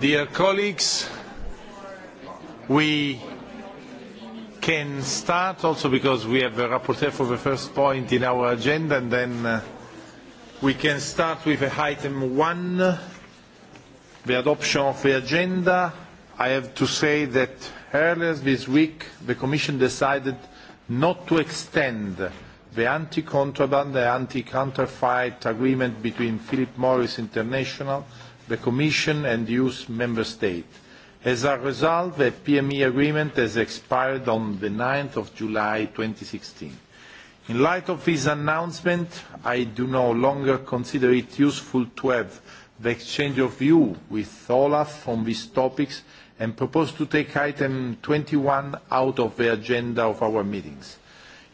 Dear colleagues, we can start also because we have a rapporteur for the first point in our agenda and then uh, we can start with item one, the adoption of the agenda. I have to say that earlier this week the Commission decided not to extend the anti-contraband, the anti-counterfeit agreement between Philip Morris International the Commission and US member state. As a result, the PME agreement has expired on the 9th of July 2016. In light of this announcement, I do no longer consider it useful to have the exchange of view with Olaf on these topics and propose to take item 21 out of the agenda of our meetings.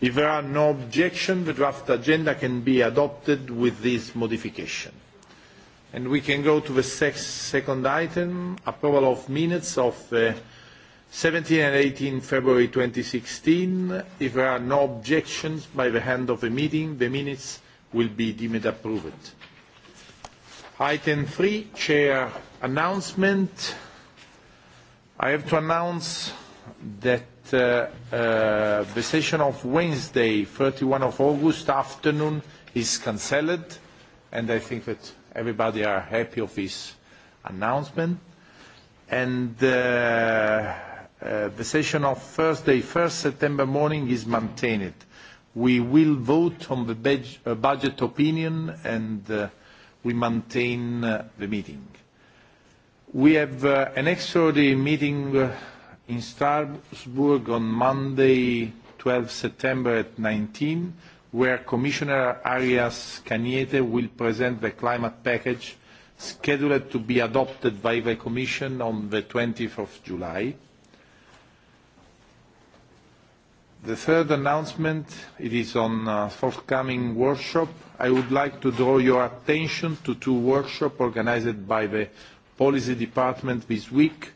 If there are no objections, the draft agenda can be adopted with this modification. And we can go to the sex, second item, approval of minutes of uh, 17 and 18 February 2016. If there are no objections by the hand of the meeting, the minutes will be deemed approved. Item 3, Chair announcement. I have to announce that uh, uh, the session of Wednesday, 31 of August afternoon is cancelled, and I think that Everybody are happy of this announcement. And uh, uh, the session of Thursday, 1st September morning is maintained. We will vote on the budget, uh, budget opinion and uh, we maintain uh, the meeting. We have uh, an extraordinary meeting uh, in Strasbourg on Monday, 12 September at 19 where Commissioner Arias Caniete will present the climate package scheduled to be adopted by the Commission on the 20th of July. The third announcement, it is on a uh, forthcoming workshop. I would like to draw your attention to two workshops organized by the Policy Department this week.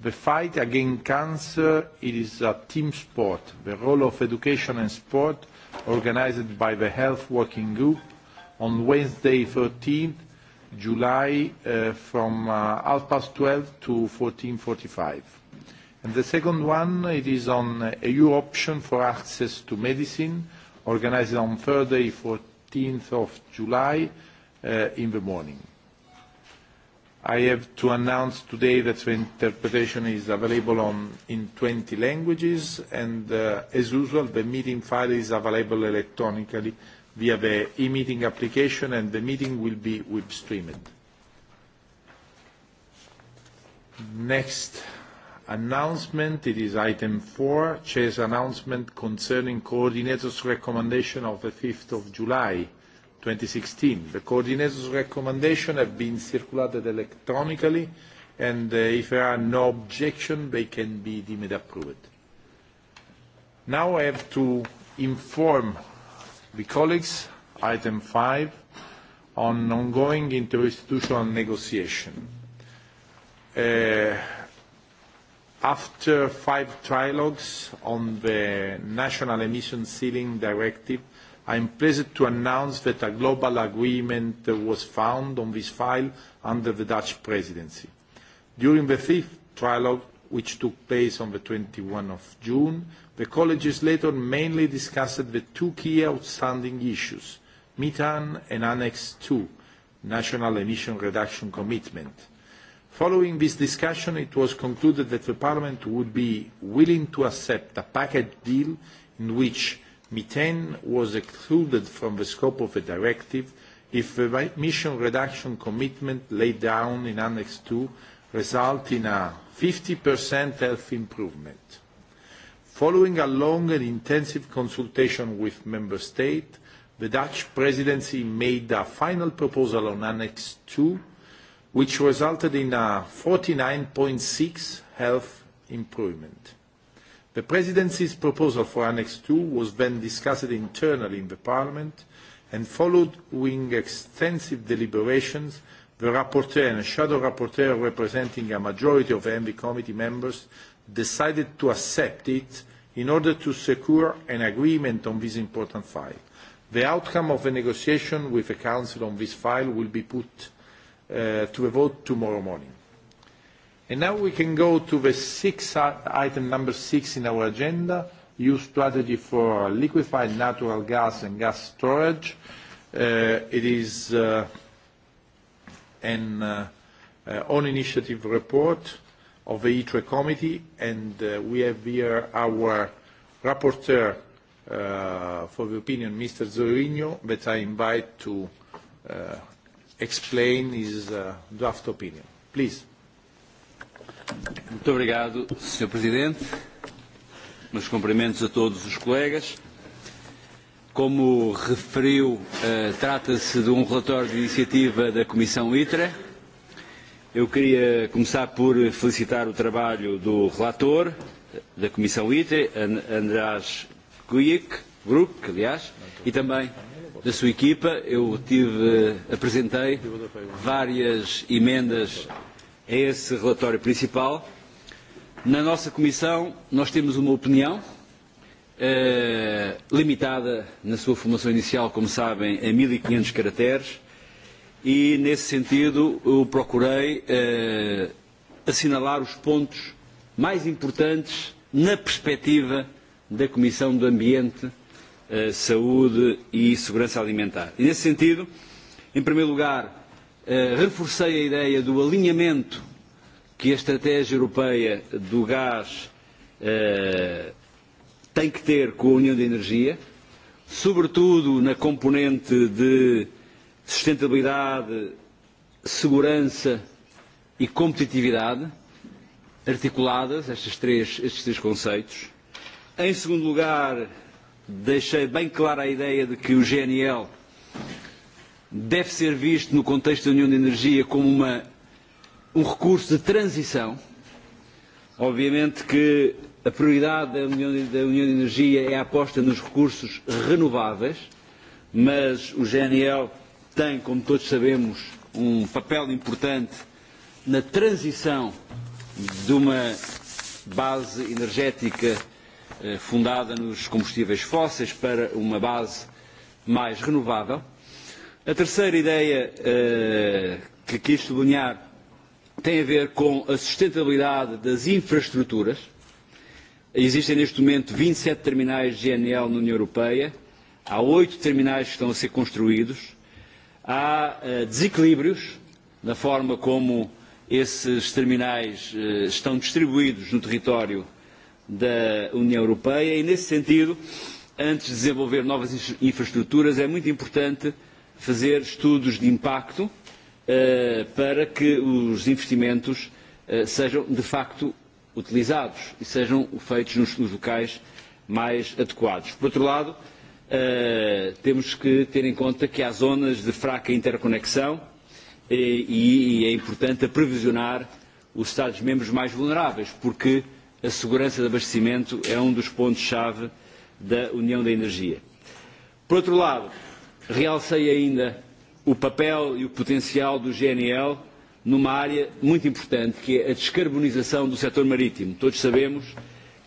The fight against cancer it is a team sport. The role of education and sport – organized by the Health Working Group on Wednesday 13th July uh, from uh, half past 12 to 14.45. And the second one, it is on uh, a EU option for access to medicine, organized on Thursday 14th of July uh, in the morning. I have to announce today that the interpretation is available on, in 20 languages and uh, as usual the meeting file is available electronically via the e-meeting application and the meeting will be web streamed. Next announcement, it is item 4, Chair's announcement concerning coordinators' recommendation of the 5th of July 2016. The coordinators' recommendations have been circulated electronically, and uh, if there are no objections, they can be deemed approved. Now I have to inform the colleagues, item 5, on ongoing interinstitutional negotiation. Uh, after five trilogues on the National Emission Ceiling Directive, I am pleased to announce that a global agreement was found on this file under the Dutch presidency. During the fifth trilogue, which took place on the 21 of June, the co-legislator mainly discussed the two key outstanding issues, methane and Annex II, National Emission Reduction Commitment. Following this discussion, it was concluded that the Parliament would be willing to accept a package deal in which methane was excluded from the scope of the directive if the emission reduction commitment laid down in Annex II result in a 50% health improvement. Following a long and intensive consultation with Member States, the Dutch presidency made a final proposal on Annex II, which resulted in a 49.6 health improvement. The Presidency's proposal for Annex II was then discussed internally in the Parliament and followed with extensive deliberations, the Rapporteur and Shadow Rapporteur representing a majority of ENVI Committee members decided to accept it in order to secure an agreement on this important file. The outcome of the negotiation with the Council on this file will be put uh, to a vote tomorrow morning. And now we can go to the six, item number six in our agenda, EU strategy for liquefied natural gas and gas storage. Uh, it is uh, an uh, own initiative report of the ITRE committee, and uh, we have here our rapporteur uh, for the opinion, Mr. Zorino, that I invite to uh, explain his uh, draft opinion. Please. Muito obrigado, Sr. Presidente. Meus cumprimentos a todos os colegas. Como referiu, eh, trata-se de um relatório de iniciativa da Comissão ITRA. Eu queria começar por felicitar o trabalho do relator eh, da Comissão ITRA, András Kujik, Grup, aliás, e também da sua equipa. Eu tive, eh, apresentei várias emendas a esse relatório principal. Na nossa comissão, nós temos uma opinião eh, limitada na sua formação inicial, como sabem, a 1500 e caracteres, e nesse sentido eu procurei eh, assinalar os pontos mais importantes na perspectiva da Comissão do Ambiente, eh, Saúde e Segurança Alimentar. E nesse sentido, em primeiro lugar, Eh, reforcei a ideia do alinhamento que a estratégia europeia do gás eh, tem que ter com a União de Energia, sobretudo na componente de sustentabilidade, segurança e competitividade, articuladas estes três, estes três conceitos. Em segundo lugar, deixei bem clara a ideia de que o GNL deve ser visto no contexto da União de Energia como uma, um recurso de transição. Obviamente que a prioridade da União, de, da União de Energia é a aposta nos recursos renováveis, mas o GNL tem, como todos sabemos, um papel importante na transição de uma base energética eh, fundada nos combustíveis fósseis para uma base mais renovável. A terceira ideia uh, que quis sublinhar tem a ver com a sustentabilidade das infraestruturas. Existem neste momento 27 e terminais de GNL na União Europeia, há oito terminais que estão a ser construídos, há uh, desequilíbrios na forma como esses terminais uh, estão distribuídos no território da União Europeia e, nesse sentido, antes de desenvolver novas infraestruturas, é muito importante uh, fazer estudos de impacto uh, para que os investimentos uh, sejam de facto utilizados e sejam feitos nos, locais mais adequados. Por outro lado, uh, temos que ter em conta que há zonas de fraca interconexão e, e é importante aprovisionar os Estados-membros mais vulneráveis, porque a segurança de abastecimento é um dos pontos-chave da União da Energia. Por outro lado, realcei ainda o papel e o potencial do GNL numa área muito importante, que é a descarbonização do setor marítimo. Todos sabemos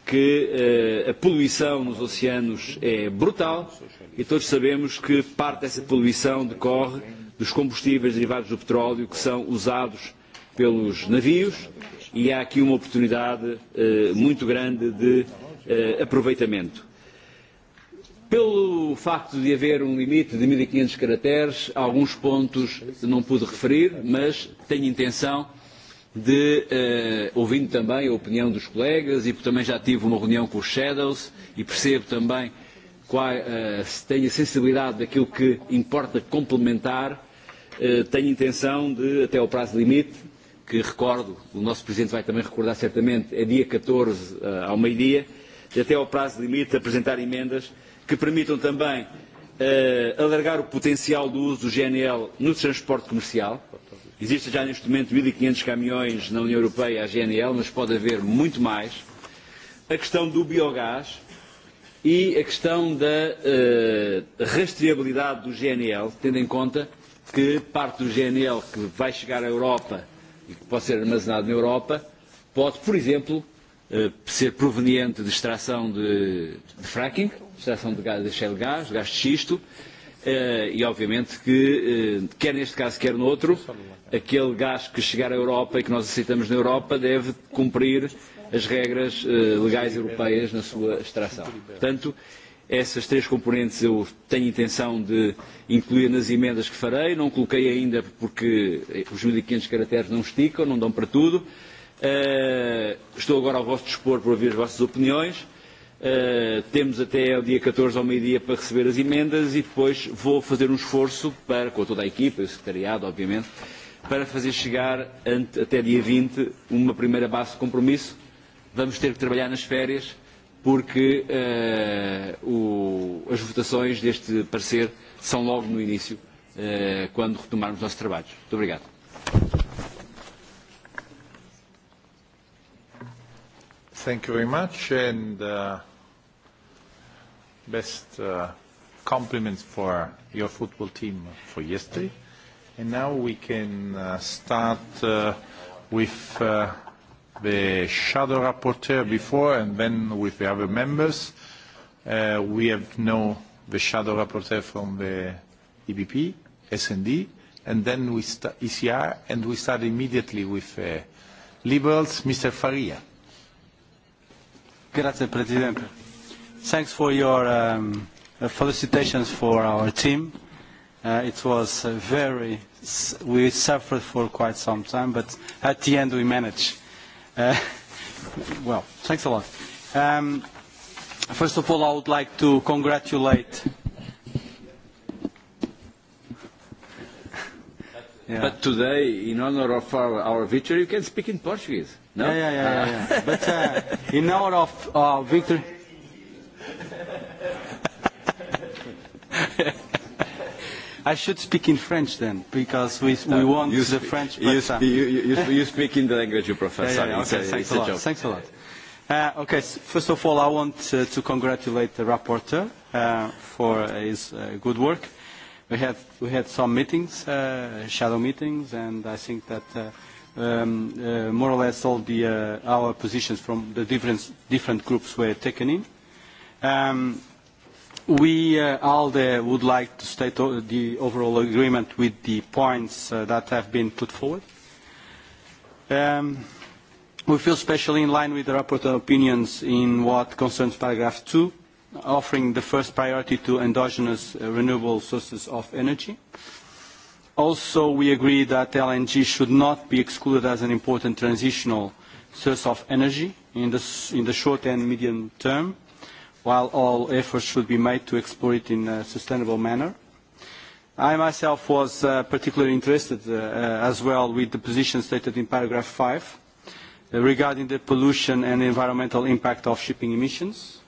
que uh, a poluição nos oceanos é brutal e todos sabemos que parte dessa poluição decorre dos combustíveis derivados do petróleo que são usados pelos navios e há aqui uma oportunidade uh, muito grande de uh, aproveitamento. Pelo facto de haver um limite de 1.500 e caracteres, alguns pontos não pude referir, mas tenho intenção de, uh, ouvindo também a opinião dos colegas, e também já tive uma reunião com os Shadows, e percebo também qual, uh, se tenho a sensibilidade daquilo que importa complementar, uh, tenho intenção de, até ao prazo limite, que recordo, o nosso Presidente vai também recordar certamente, é dia 14 uh, ao meio-dia, de até ao prazo limite apresentar emendas que permitam também uh, alargar o potencial do uso do GNL no transporte comercial. Existem já neste momento 1.500 e caminhões na União Europeia a GNL, mas pode haver muito mais. A questão do biogás e a questão da uh, rastreabilidade do GNL, tendo em conta que parte do GNL que vai chegar à Europa e que pode ser armazenado na Europa, pode, por exemplo, Eh, ser proveniente de extração de, de fracking, extração de, gás, de shell gás, de gás de xisto, eh, e obviamente que, eh, quer neste caso, quer no outro, aquele gás que chegar à Europa e que nós aceitamos na Europa deve cumprir as regras legais europeias na sua extração. Portanto, essas três componentes eu tenho intenção de incluir nas emendas que farei, não coloquei ainda porque os 1.500 e caracteres não esticam, não dão para tudo, Eh, estou agora ao vosso dispor para ouvir as vossas opiniões. Eh, temos até o dia 14 ao meio-dia para receber as emendas e depois vou fazer um esforço para, com toda a equipa, o secretariado, obviamente, para fazer chegar ante, até dia 20 uma primeira base de compromisso. Vamos ter que trabalhar nas férias porque uh, o, as votações deste parecer são logo no início, uh, quando retomarmos os nossos trabalhos. Muito obrigado. Thank you very much and uh, best uh, compliments for your football team for yesterday. And now we can uh, start uh, with uh, the shadow rapporteur before and then with the other members. Uh, we have now the shadow rapporteur from the EBP, S&D, and then we start ECR, and we start immediately with uh, Liberals, Mr. Faria. Grazie, President. Thanks for your um, uh, felicitations for our team. Uh, it was very, we suffered for quite some time, but at the end we managed. Uh, well, thanks a lot. Um, first of all, I would like to congratulate. yeah. But today, in honor of our, our victory, you can speak in Portuguese. No? Yeah, yeah, yeah. yeah, yeah. but uh, in honor of uh, Victor I should speak in French then, because we, we want you the speak, French you, sp you, you, you speak in the language you profess. Yeah, yeah, yeah, okay, thanks, a, a lot, thanks a lot. Uh, okay, so first of all, I want uh, to congratulate the rapporteur uh, for his uh, good work. We had, we had some meetings, uh, shadow meetings, and I think that uh, um, uh, more or less all the, uh, our positions from the different, different groups were taken in. Um, we, uh, ALDE, would like to state o the overall agreement with the points uh, that have been put forward. Um, we feel especially in line with the rapporteur opinions in what concerns paragraph 2, offering the first priority to endogenous uh, renewable sources of energy. Also, we agree that LNG should not be excluded as an important transitional source of energy in the, in the short and medium term, while all efforts should be made to explore it in a sustainable manner. I myself was uh, particularly interested uh, uh, as well with the position stated in paragraph 5 uh, regarding the pollution and environmental impact of shipping emissions.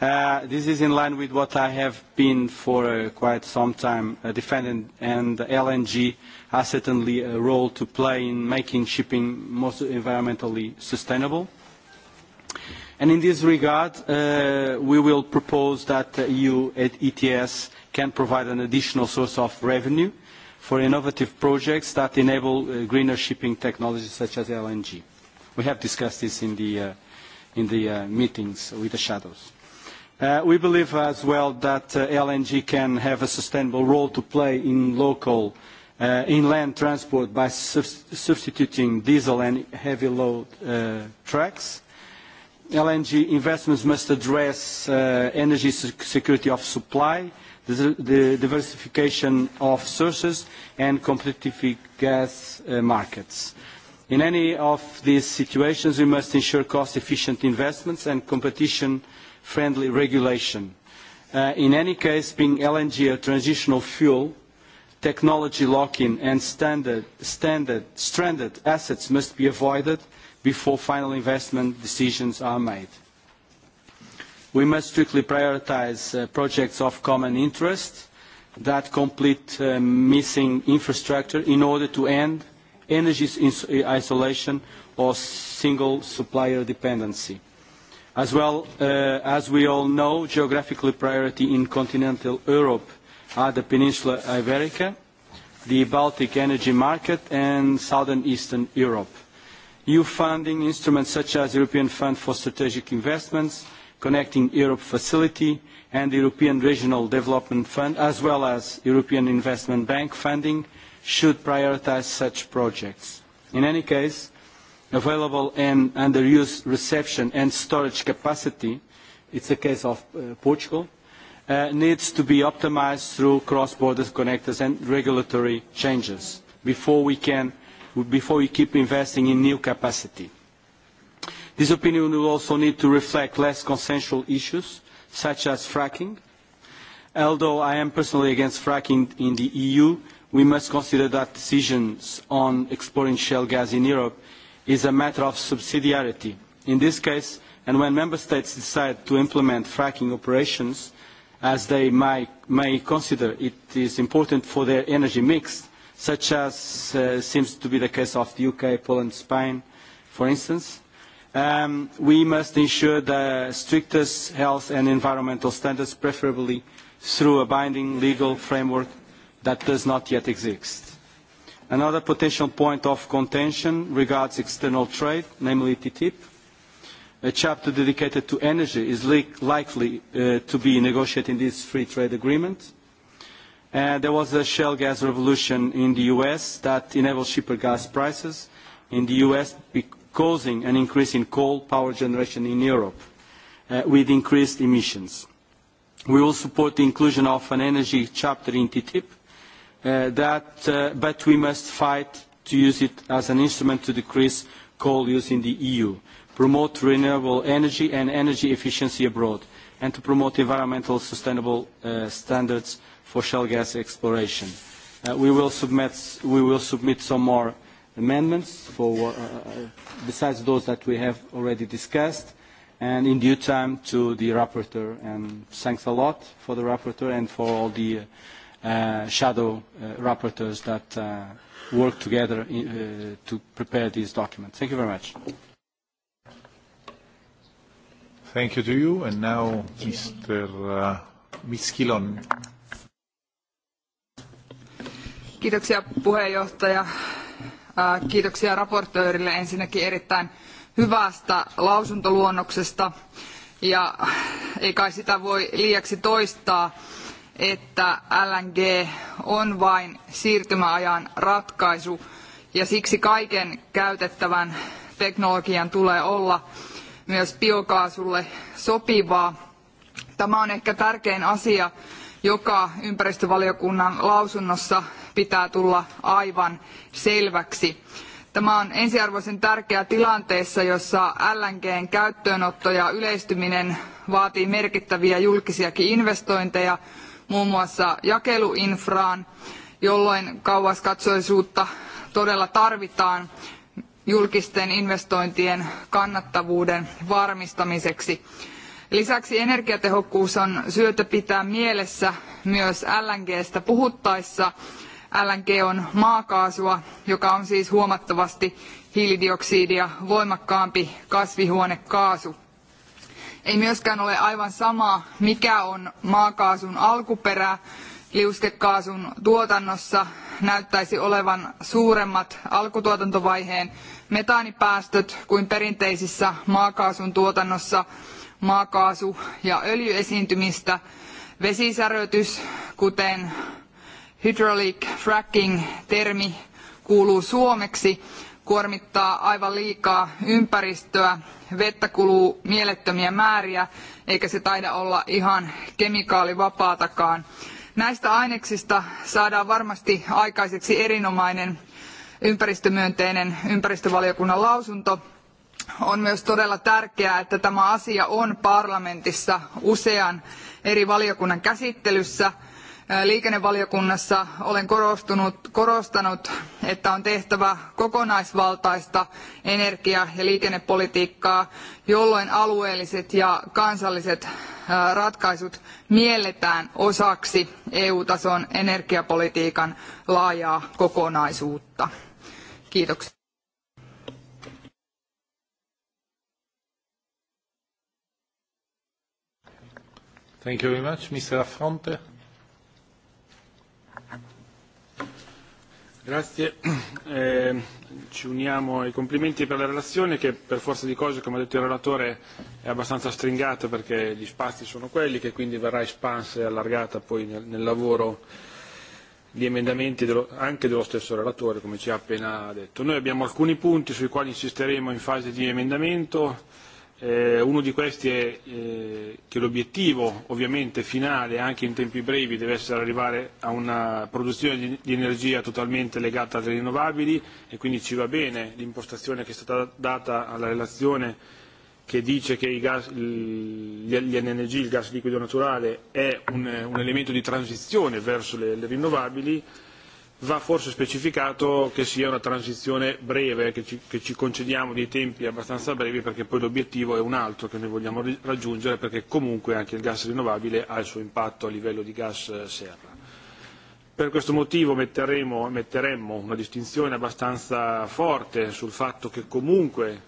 Uh, this is in line with what I have been for uh, quite some time uh, defending, and LNG has certainly a role to play in making shipping more environmentally sustainable. And in this regard, uh, we will propose that the EU ETS can provide an additional source of revenue for innovative projects that enable uh, greener shipping technologies such as LNG. We have discussed this in the, uh, in the uh, meetings with the shadows. Uh, we believe as well that uh, LNG can have a sustainable role to play in local uh, inland transport by substituting diesel and heavy load uh, trucks. LNG investments must address uh, energy security of supply, the, the diversification of sources and competitive gas uh, markets. In any of these situations, we must ensure cost-efficient investments and competition uh, friendly regulation. Uh, in any case, being LNG a transitional fuel, technology lock-in and standard, standard, stranded assets must be avoided before final investment decisions are made. We must strictly prioritise uh, projects of common interest that complete uh, missing infrastructure in order to end energy isolation or single supplier dependency. As well, uh, as we all know, geographical priority in continental Europe are the Peninsula Iberica, the Baltic energy market, and southern eastern Europe. EU funding instruments such as the European Fund for Strategic Investments, Connecting Europe Facility, and the European Regional Development Fund, as well as European Investment Bank funding, should prioritise such projects. In any case, available and underused reception and storage capacity, it's a case of uh, Portugal, uh, needs to be optimized through cross-border connectors and regulatory changes before we, can, before we keep investing in new capacity. This opinion will also need to reflect less consensual issues, such as fracking. Although I am personally against fracking in the EU, we must consider that decisions on exploring shale gas in Europe is a matter of subsidiarity. In this case, and when Member States decide to implement fracking operations, as they may, may consider it is important for their energy mix, such as uh, seems to be the case of the UK, Poland, Spain, for instance, um, we must ensure the strictest health and environmental standards, preferably through a binding legal framework that does not yet exist. Another potential point of contention regards external trade, namely TTIP. A chapter dedicated to energy is likely uh, to be negotiated in this free trade agreement. Uh, there was a shale gas revolution in the US that enabled cheaper gas prices in the US, causing an increase in coal power generation in Europe uh, with increased emissions. We will support the inclusion of an energy chapter in TTIP uh, that, uh, but we must fight to use it as an instrument to decrease coal use in the EU, promote renewable energy and energy efficiency abroad, and to promote environmental sustainable uh, standards for shale gas exploration. Uh, we, will submit, we will submit some more amendments for, uh, uh besides those that we have already discussed, and in due time to the rapporteur. And thanks a lot for the rapporteur and for all the uh, Uh, shadow uh, rapporteurs that uh, work together in, uh, to prepare these documents. Thank you very much. Thank you to you. And now Mr. Uh, Miskilon. Kiitoksia puheenjohtaja. Kiitoksia raportöörille ensinnäkin erittäin hyvästä lausuntoluonnoksesta. Ja ei kai sitä voi liiaksi toistaa että LNG on vain siirtymäajan ratkaisu ja siksi kaiken käytettävän teknologian tulee olla myös biokaasulle sopivaa. Tämä on ehkä tärkein asia, joka ympäristövaliokunnan lausunnossa pitää tulla aivan selväksi. Tämä on ensiarvoisen tärkeää tilanteessa, jossa LNGn käyttöönotto ja yleistyminen vaatii merkittäviä julkisiakin investointeja, muun muassa jakeluinfraan, jolloin kauaskatsoisuutta todella tarvitaan julkisten investointien kannattavuuden varmistamiseksi. Lisäksi energiatehokkuus on syytä pitää mielessä myös LNGstä puhuttaessa. LNG on maakaasua, joka on siis huomattavasti hiilidioksidia voimakkaampi kasvihuonekaasu ei myöskään ole aivan sama, mikä on maakaasun alkuperä. Liuskekaasun tuotannossa näyttäisi olevan suuremmat alkutuotantovaiheen metaanipäästöt kuin perinteisissä maakaasun tuotannossa maakaasu- ja öljyesiintymistä, vesisärötys, kuten hydraulic fracking termi kuuluu suomeksi, kuormittaa aivan liikaa ympäristöä, vettä kuluu mielettömiä määriä, eikä se taida olla ihan kemikaalivapaatakaan. Näistä aineksista saadaan varmasti aikaiseksi erinomainen ympäristömyönteinen ympäristövaliokunnan lausunto. On myös todella tärkeää, että tämä asia on parlamentissa usean eri valiokunnan käsittelyssä – liikennevaliokunnassa olen korostanut, että on tehtävä kokonaisvaltaista energia- ja liikennepolitiikkaa, jolloin alueelliset ja kansalliset ratkaisut mielletään osaksi EU-tason energiapolitiikan laajaa kokonaisuutta. Kiitoksia. Thank you very much, Mr. Affronte. Grazie, eh, ci uniamo ai complimenti per la relazione che per forza di cose, come ha detto il relatore, è abbastanza stringata perché gli spazi sono quelli che quindi verrà espansa e allargata poi nel, nel lavoro di emendamenti dello, anche dello stesso relatore, come ci ha appena detto. Noi abbiamo alcuni punti sui quali insisteremo in fase di emendamento Eh, uno di questi è eh, che l'obiettivo ovviamente finale, anche in tempi brevi, deve essere arrivare a una produzione di, di energia totalmente legata alle rinnovabili e quindi ci va bene l'impostazione che è stata data alla relazione che dice che i gas, NNG, il gas liquido naturale, è un, un elemento di transizione verso le, le rinnovabili va forse specificato che sia una transizione breve, che ci, che ci concediamo dei tempi abbastanza brevi perché poi l'obiettivo è un altro che noi vogliamo raggiungere perché comunque anche il gas rinnovabile ha il suo impatto a livello di gas eh, serra. Per questo motivo metteremo, metteremmo una distinzione abbastanza forte sul fatto che comunque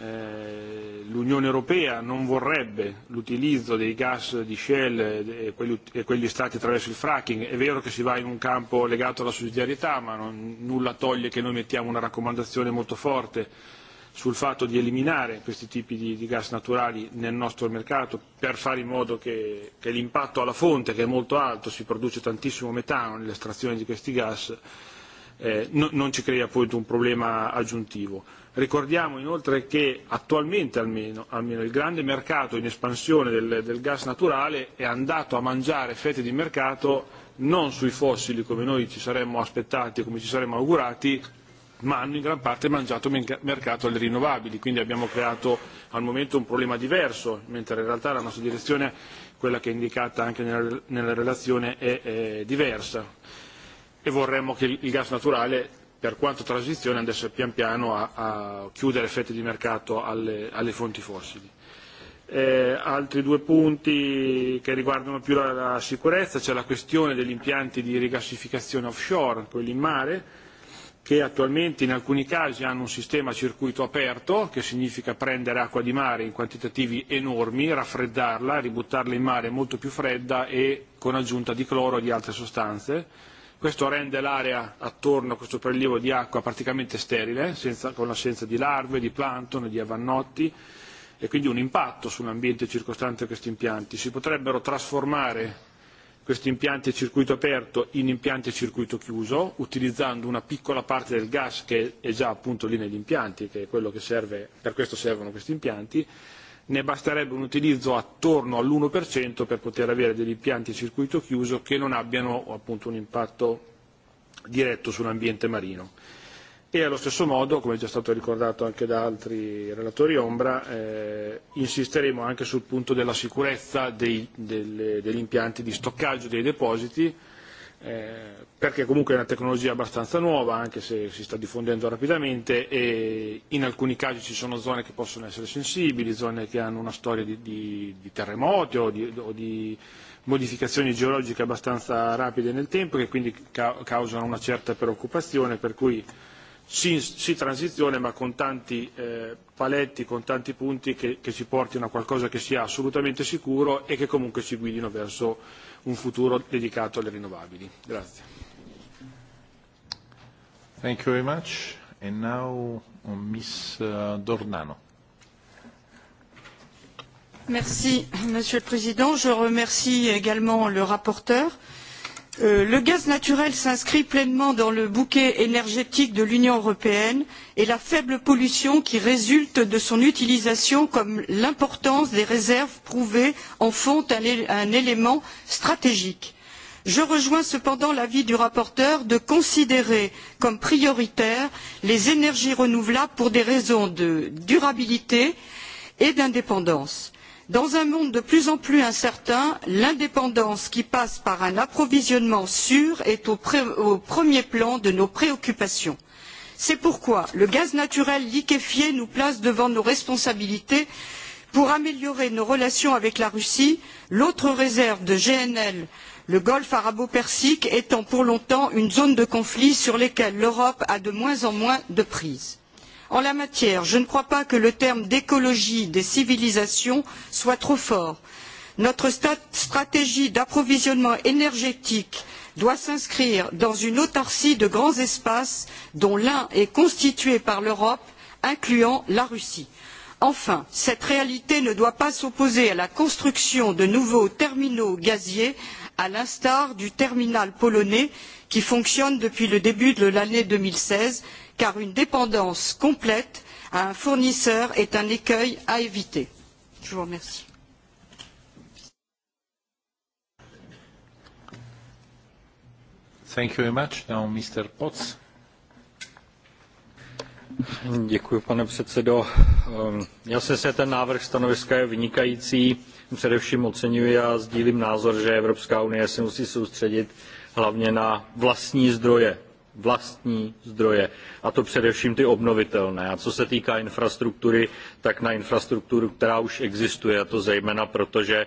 Eh, l'Unione Europea non vorrebbe l'utilizzo dei gas di Shell e quelli, e quelli e stati attraverso il fracking. È vero che si va in un campo legato alla sussidiarietà, ma non, nulla toglie che noi mettiamo una raccomandazione molto forte sul fatto di eliminare questi tipi di, di gas naturali nel nostro mercato per fare in modo che, che l'impatto alla fonte, che è molto alto, si produce tantissimo metano nell'estrazione di questi gas, eh, no, non ci crea appunto un problema aggiuntivo. Ricordiamo inoltre che attualmente almeno, almeno il grande mercato in espansione del, del gas naturale è andato a mangiare fette di mercato non sui fossili come noi ci saremmo aspettati e come ci saremmo augurati, ma hanno in gran parte mangiato mercato alle rinnovabili, quindi abbiamo creato al momento un problema diverso, mentre in realtà la nostra direzione, quella che è indicata anche nella, nella relazione, è, è diversa. E vorremmo che il gas naturale per quanto transizione andasse pian piano a, a chiudere effetti di mercato alle, alle fonti fossili. Eh, altri due punti che riguardano più la, la sicurezza, c'è la questione degli impianti di rigassificazione offshore, quelli in mare, che attualmente in alcuni casi hanno un sistema a circuito aperto, che significa prendere acqua di mare in quantitativi enormi, raffreddarla, ributtarla in mare molto più fredda e con aggiunta di cloro e di altre sostanze Questo rende l'area attorno a questo prelievo di acqua praticamente sterile, senza, con l'assenza di larve, di plancton e di avannotti, e quindi un impatto sull'ambiente circostante a questi impianti. Si potrebbero trasformare questi impianti a circuito aperto in impianti a circuito chiuso, utilizzando una piccola parte del gas che è già appunto lì negli impianti, che è quello che serve, per questo servono questi impianti, ne basterebbe un utilizzo attorno all'1% per poter avere degli impianti a circuito chiuso che non abbiano appunto un impatto diretto sull'ambiente marino. E allo stesso modo, come è già stato ricordato anche da altri relatori ombra, eh, insisteremo anche sul punto della sicurezza dei, delle, degli impianti di stoccaggio dei depositi, Eh, perché comunque è una tecnologia abbastanza nuova, anche se si sta diffondendo rapidamente e in alcuni casi ci sono zone che possono essere sensibili, zone che hanno una storia di, di, di terremoti o di, o di modificazioni geologiche abbastanza rapide nel tempo che quindi ca causano una certa preoccupazione per cui si si transizione ma con tanti eh, paletti, con tanti punti che, che ci portino a qualcosa che sia assolutamente sicuro e che comunque ci guidino verso un futuro dedicato alle rinnovabili. Grazie. Thank you very much. And now uh, Miss uh, Dornano. Merci, Monsieur le Président. Je remercie également le rapporteur Euh, le gaz naturel s'inscrit pleinement dans le bouquet énergétique de l'Union européenne et la faible pollution qui résulte de son utilisation comme l'importance des réserves prouvées en font un, élément stratégique. Je rejoins cependant l'avis du rapporteur de considérer comme prioritaires les énergies renouvelables pour des raisons de durabilité et d'indépendance. Dans un monde de plus en plus incertain, l'indépendance qui passe par un approvisionnement sûr est au, au premier plan de nos préoccupations. C'est pourquoi le gaz naturel liquéfié nous place devant nos responsabilités pour améliorer nos relations avec la Russie, l'autre réserve de GNL, le golfe arabo-persique, étant pour longtemps une zone de conflit sur laquelle l'Europe a de moins en moins de prise. En la matière, je ne crois pas que le terme d'écologie des civilisations soit trop fort. Notre stratégie d'approvisionnement énergétique doit s'inscrire dans une autarcie de grands espaces dont l'un est constitué par l'Europe, incluant la Russie. Enfin, cette réalité ne doit pas s'opposer à la construction de nouveaux terminaux gaziers, à l'instar du terminal polonais qui fonctionne depuis le début de l'année deux mille seize car une dépendance complète à un fournisseur est un écueil à éviter. Je vous remercie. Thank you very much. Now Mr. Potts. Děkuji, pane předsedo. Um, já si se ten návrh stanoviska je vynikající. Především oceňuji a sdílím názor, že Evropská unie se musí soustředit hlavně na vlastní zdroje vlastní zdroje, a to především ty obnovitelné. A co se týká infrastruktury, tak na infrastrukturu, která už existuje, a to zejména proto, že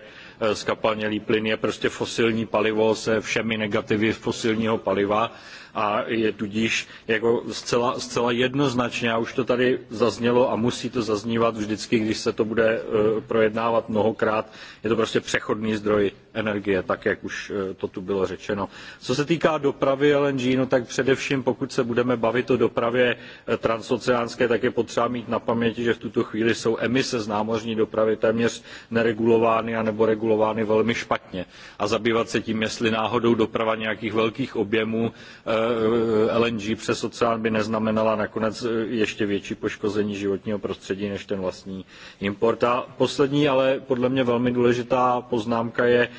skapalnělý eh, plyn je prostě fosilní palivo se všemi negativy fosilního paliva, a je tudíž jako zcela, zcela jednoznačně, a už to tady zaznělo a musí to zaznívat vždycky, když se to bude e, projednávat mnohokrát, je to prostě přechodný zdroj energie, tak jak už e, to tu bylo řečeno. Co se týká dopravy LNG, no tak především pokud se budeme bavit o dopravě e, transoceánské, tak je potřeba mít na paměti, že v tuto chvíli jsou emise z námořní dopravy téměř neregulovány anebo regulovány velmi špatně. A zabývat se tím, jestli náhodou doprava nějakých velkých objemů Eh, LNG přes oceán by neznamenala nakonec eh, ještě větší poškození životního prostředí než ten vlastní import. A poslední, ale podle mě velmi důležitá poznámka je,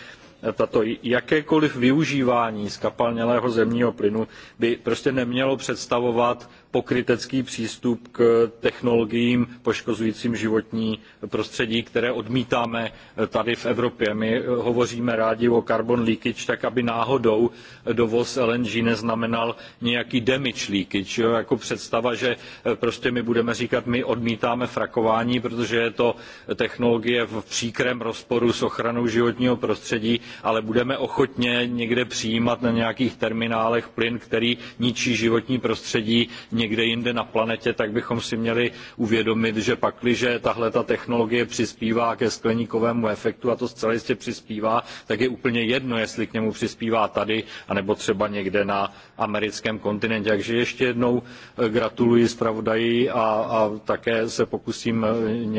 eh, tato jakékoliv využívání skapalnělého zemního plynu by prostě nemělo představovat pokrytecký přístup k technologiím poškozujícím životní prostředí, které odmítáme tady v Evropě. My hovoříme rádi o carbon leakage, tak aby náhodou dovoz LNG neznamenal nějaký damage leakage. Jo? Jako představa, že prostě my budeme říkat, my odmítáme frakování, protože je to technologie v příkrém rozporu s ochranou životního prostředí, ale budeme ochotně někde přijímat na nějakých terminálech plyn, který ničí životní prostředí, někde jinde na planetě, tak bychom si měli uvědomit, že pakliže tahle ta technologie přispívá ke skleníkovému efektu a to zcela jistě přispívá, tak je úplně jedno, jestli k němu přispívá tady, anebo třeba někde na americkém kontinentě. Takže ještě jednou eh, gratuluji zpravodaji a, a také se pokusím eh,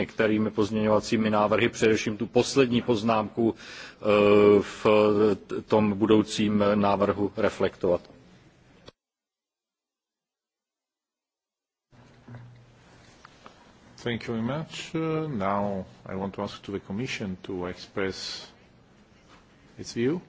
některými pozměňovacími návrhy, především tu poslední poznámku eh, v tom budoucím návrhu reflektovat. Thank you very much. Uh, now I want to ask to the Commission to express its view.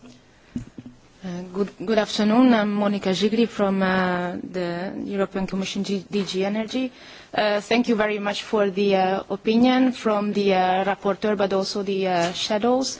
Uh, good, good afternoon. I'm Monica Gigli from uh, the European Commission G DG Energy. Uh, thank you very much for the uh, opinion from the uh, rapporteur, but also the uh, shadows.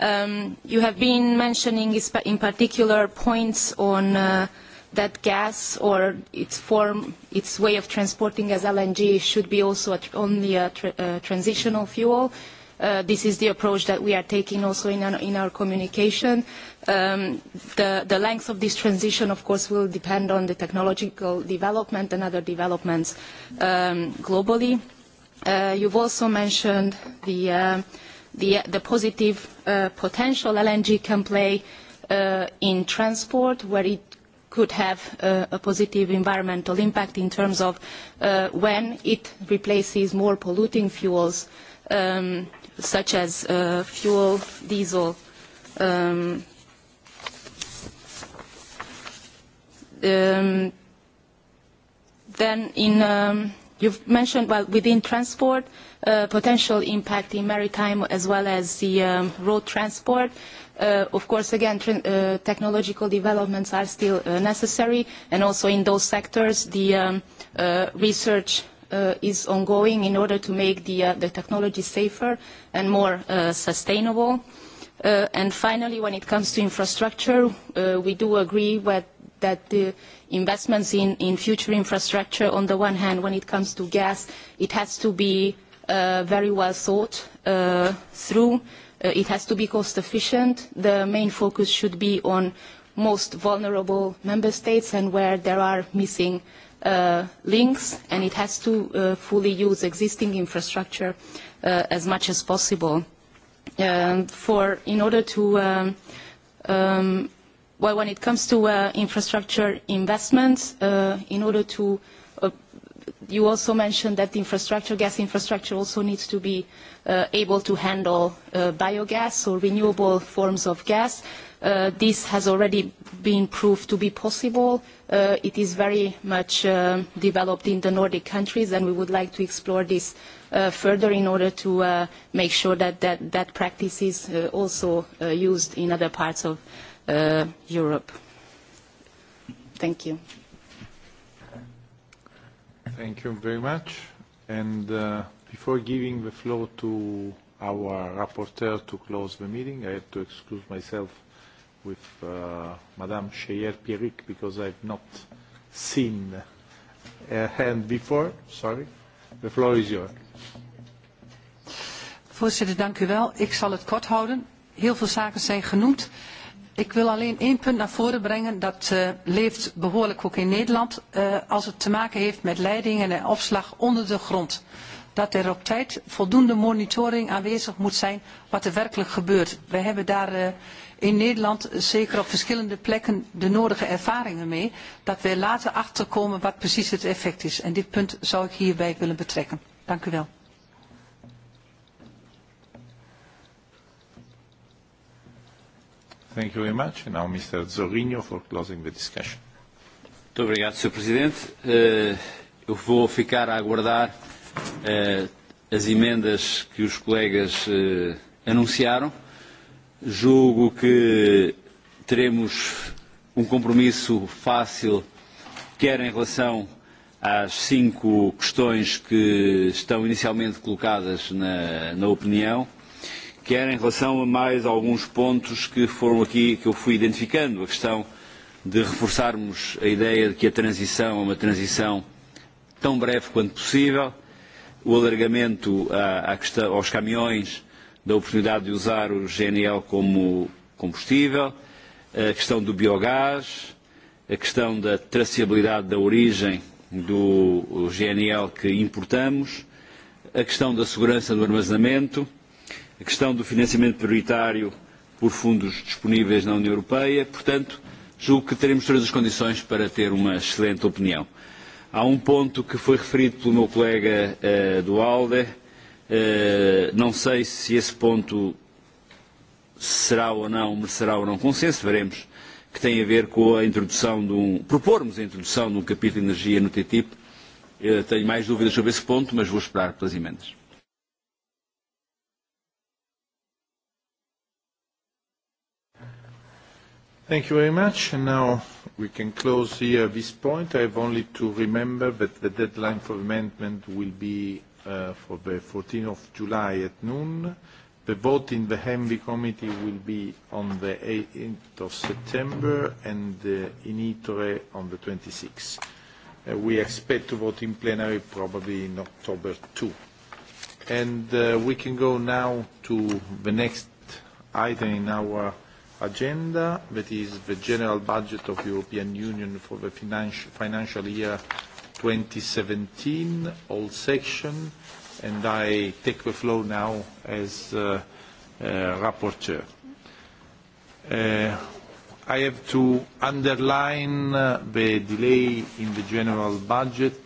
Um, you have been mentioning in particular points on uh, that gas or its form, its way of transporting as LNG should be also a tr only a tr a transitional fuel. Uh, this is the approach that we are taking also in our, in our communication. Um, the, the length of this transition, of course, will depend on the technological development and other developments um, globally. Uh, you've also mentioned the, uh, the, the positive uh, potential LNG can play uh, in transport, where it could have uh, a positive environmental impact in terms of uh, when it replaces more polluting fuels um, such as uh, fuel, diesel, um, um, then in um, you've mentioned well within transport uh, potential impact in maritime as well as the um, road transport uh, Uh, of course, again, uh, technological developments are still uh, necessary, and also in those sectors, the um, uh, research uh, is ongoing in order to make the, uh, the technology safer and more uh, sustainable. Uh, and finally, when it comes to infrastructure, uh, we do agree with, that the investments in, in future infrastructure, on the one hand, when it comes to gas, it has to be uh, very well thought uh, through Uh, it has to be cost efficient. The main focus should be on most vulnerable member states and where there are missing uh, links, and it has to uh, fully use existing infrastructure uh, as much as possible. And um, for in order to um, um, well, when it comes to uh, infrastructure investments, uh, in order to uh, you also mentioned that the infrastructure, gas infrastructure also needs to be uh, able to handle uh, biogas or renewable forms of gas. Uh, this has already been proved to be possible. Uh, it is very much uh, developed in the Nordic countries and we would like to explore this uh, further in order to uh, make sure that that, that practice is uh, also uh, used in other parts of uh, Europe. Thank you. Thank you very much. And uh, before giving the floor to our rapporteur to close the meeting, I have to excuse myself with uh, Madame Cheyer Pierric because I've not seen her hand before. Sorry. The floor is yours. Voorzitter, dank u wel. Ik zal het kort houden. Heel veel zaken zijn genoemd. Ik wil alleen één punt naar voren brengen. Dat uh, leeft behoorlijk ook in Nederland. Uh, als het te maken heeft met leidingen en opslag onder de grond. Dat er op tijd voldoende monitoring aanwezig moet zijn wat er werkelijk gebeurt. Wij hebben daar uh, in Nederland zeker op verschillende plekken de nodige ervaringen mee. Dat we later achterkomen wat precies het effect is. En dit punt zou ik hierbij willen betrekken. Dank u wel. Thank you very much. And now Mr. Zorrinho for closing the discussion. Muito obrigado, Sr. Presidente. Eh, eu vou ficar a aguardar eh, as emendas que os colegas eh, anunciaram. Julgo que teremos um compromisso fácil, quer em relação às cinco questões que estão inicialmente colocadas na, na opinião, que era em relação a mais alguns pontos que foram aqui, que eu fui identificando, a questão de reforçarmos a ideia de que a transição é uma transição tão breve quanto possível, o alargamento à, à questão, aos caminhões da oportunidade de usar o GNL como combustível, a questão do biogás, a questão da traceabilidade da origem do GNL que importamos, a questão da segurança do armazenamento, a questão do financiamento prioritário por fundos disponíveis na União Europeia. Portanto, julgo que teremos todas as condições para ter uma excelente opinião. Há um ponto que foi referido pelo meu colega uh, do ALDE. Uh, não sei se esse ponto será ou não, merecerá ou não consenso, veremos, que tem a ver com a introdução de um... Propormos a introdução de um capítulo de energia no TTIP. Eu eh, tenho mais dúvidas sobre esse ponto, mas vou esperar pelas emendas. Thank you very much. And now we can close here this point. I have only to remember that the deadline for amendment will be uh, for the 14th of July at noon. The vote in the HEMVI committee will be on the 18th of September and uh, in ITRE on the 26th. Uh, we expect to vote in plenary probably in October 2. And uh, we can go now to the next item in our agenda, that is the general budget of the European Union for the financial, financial year 2017, all section, and I take the floor now as uh, uh, rapporteur. Uh, I have to underline uh, the delay in the general budget,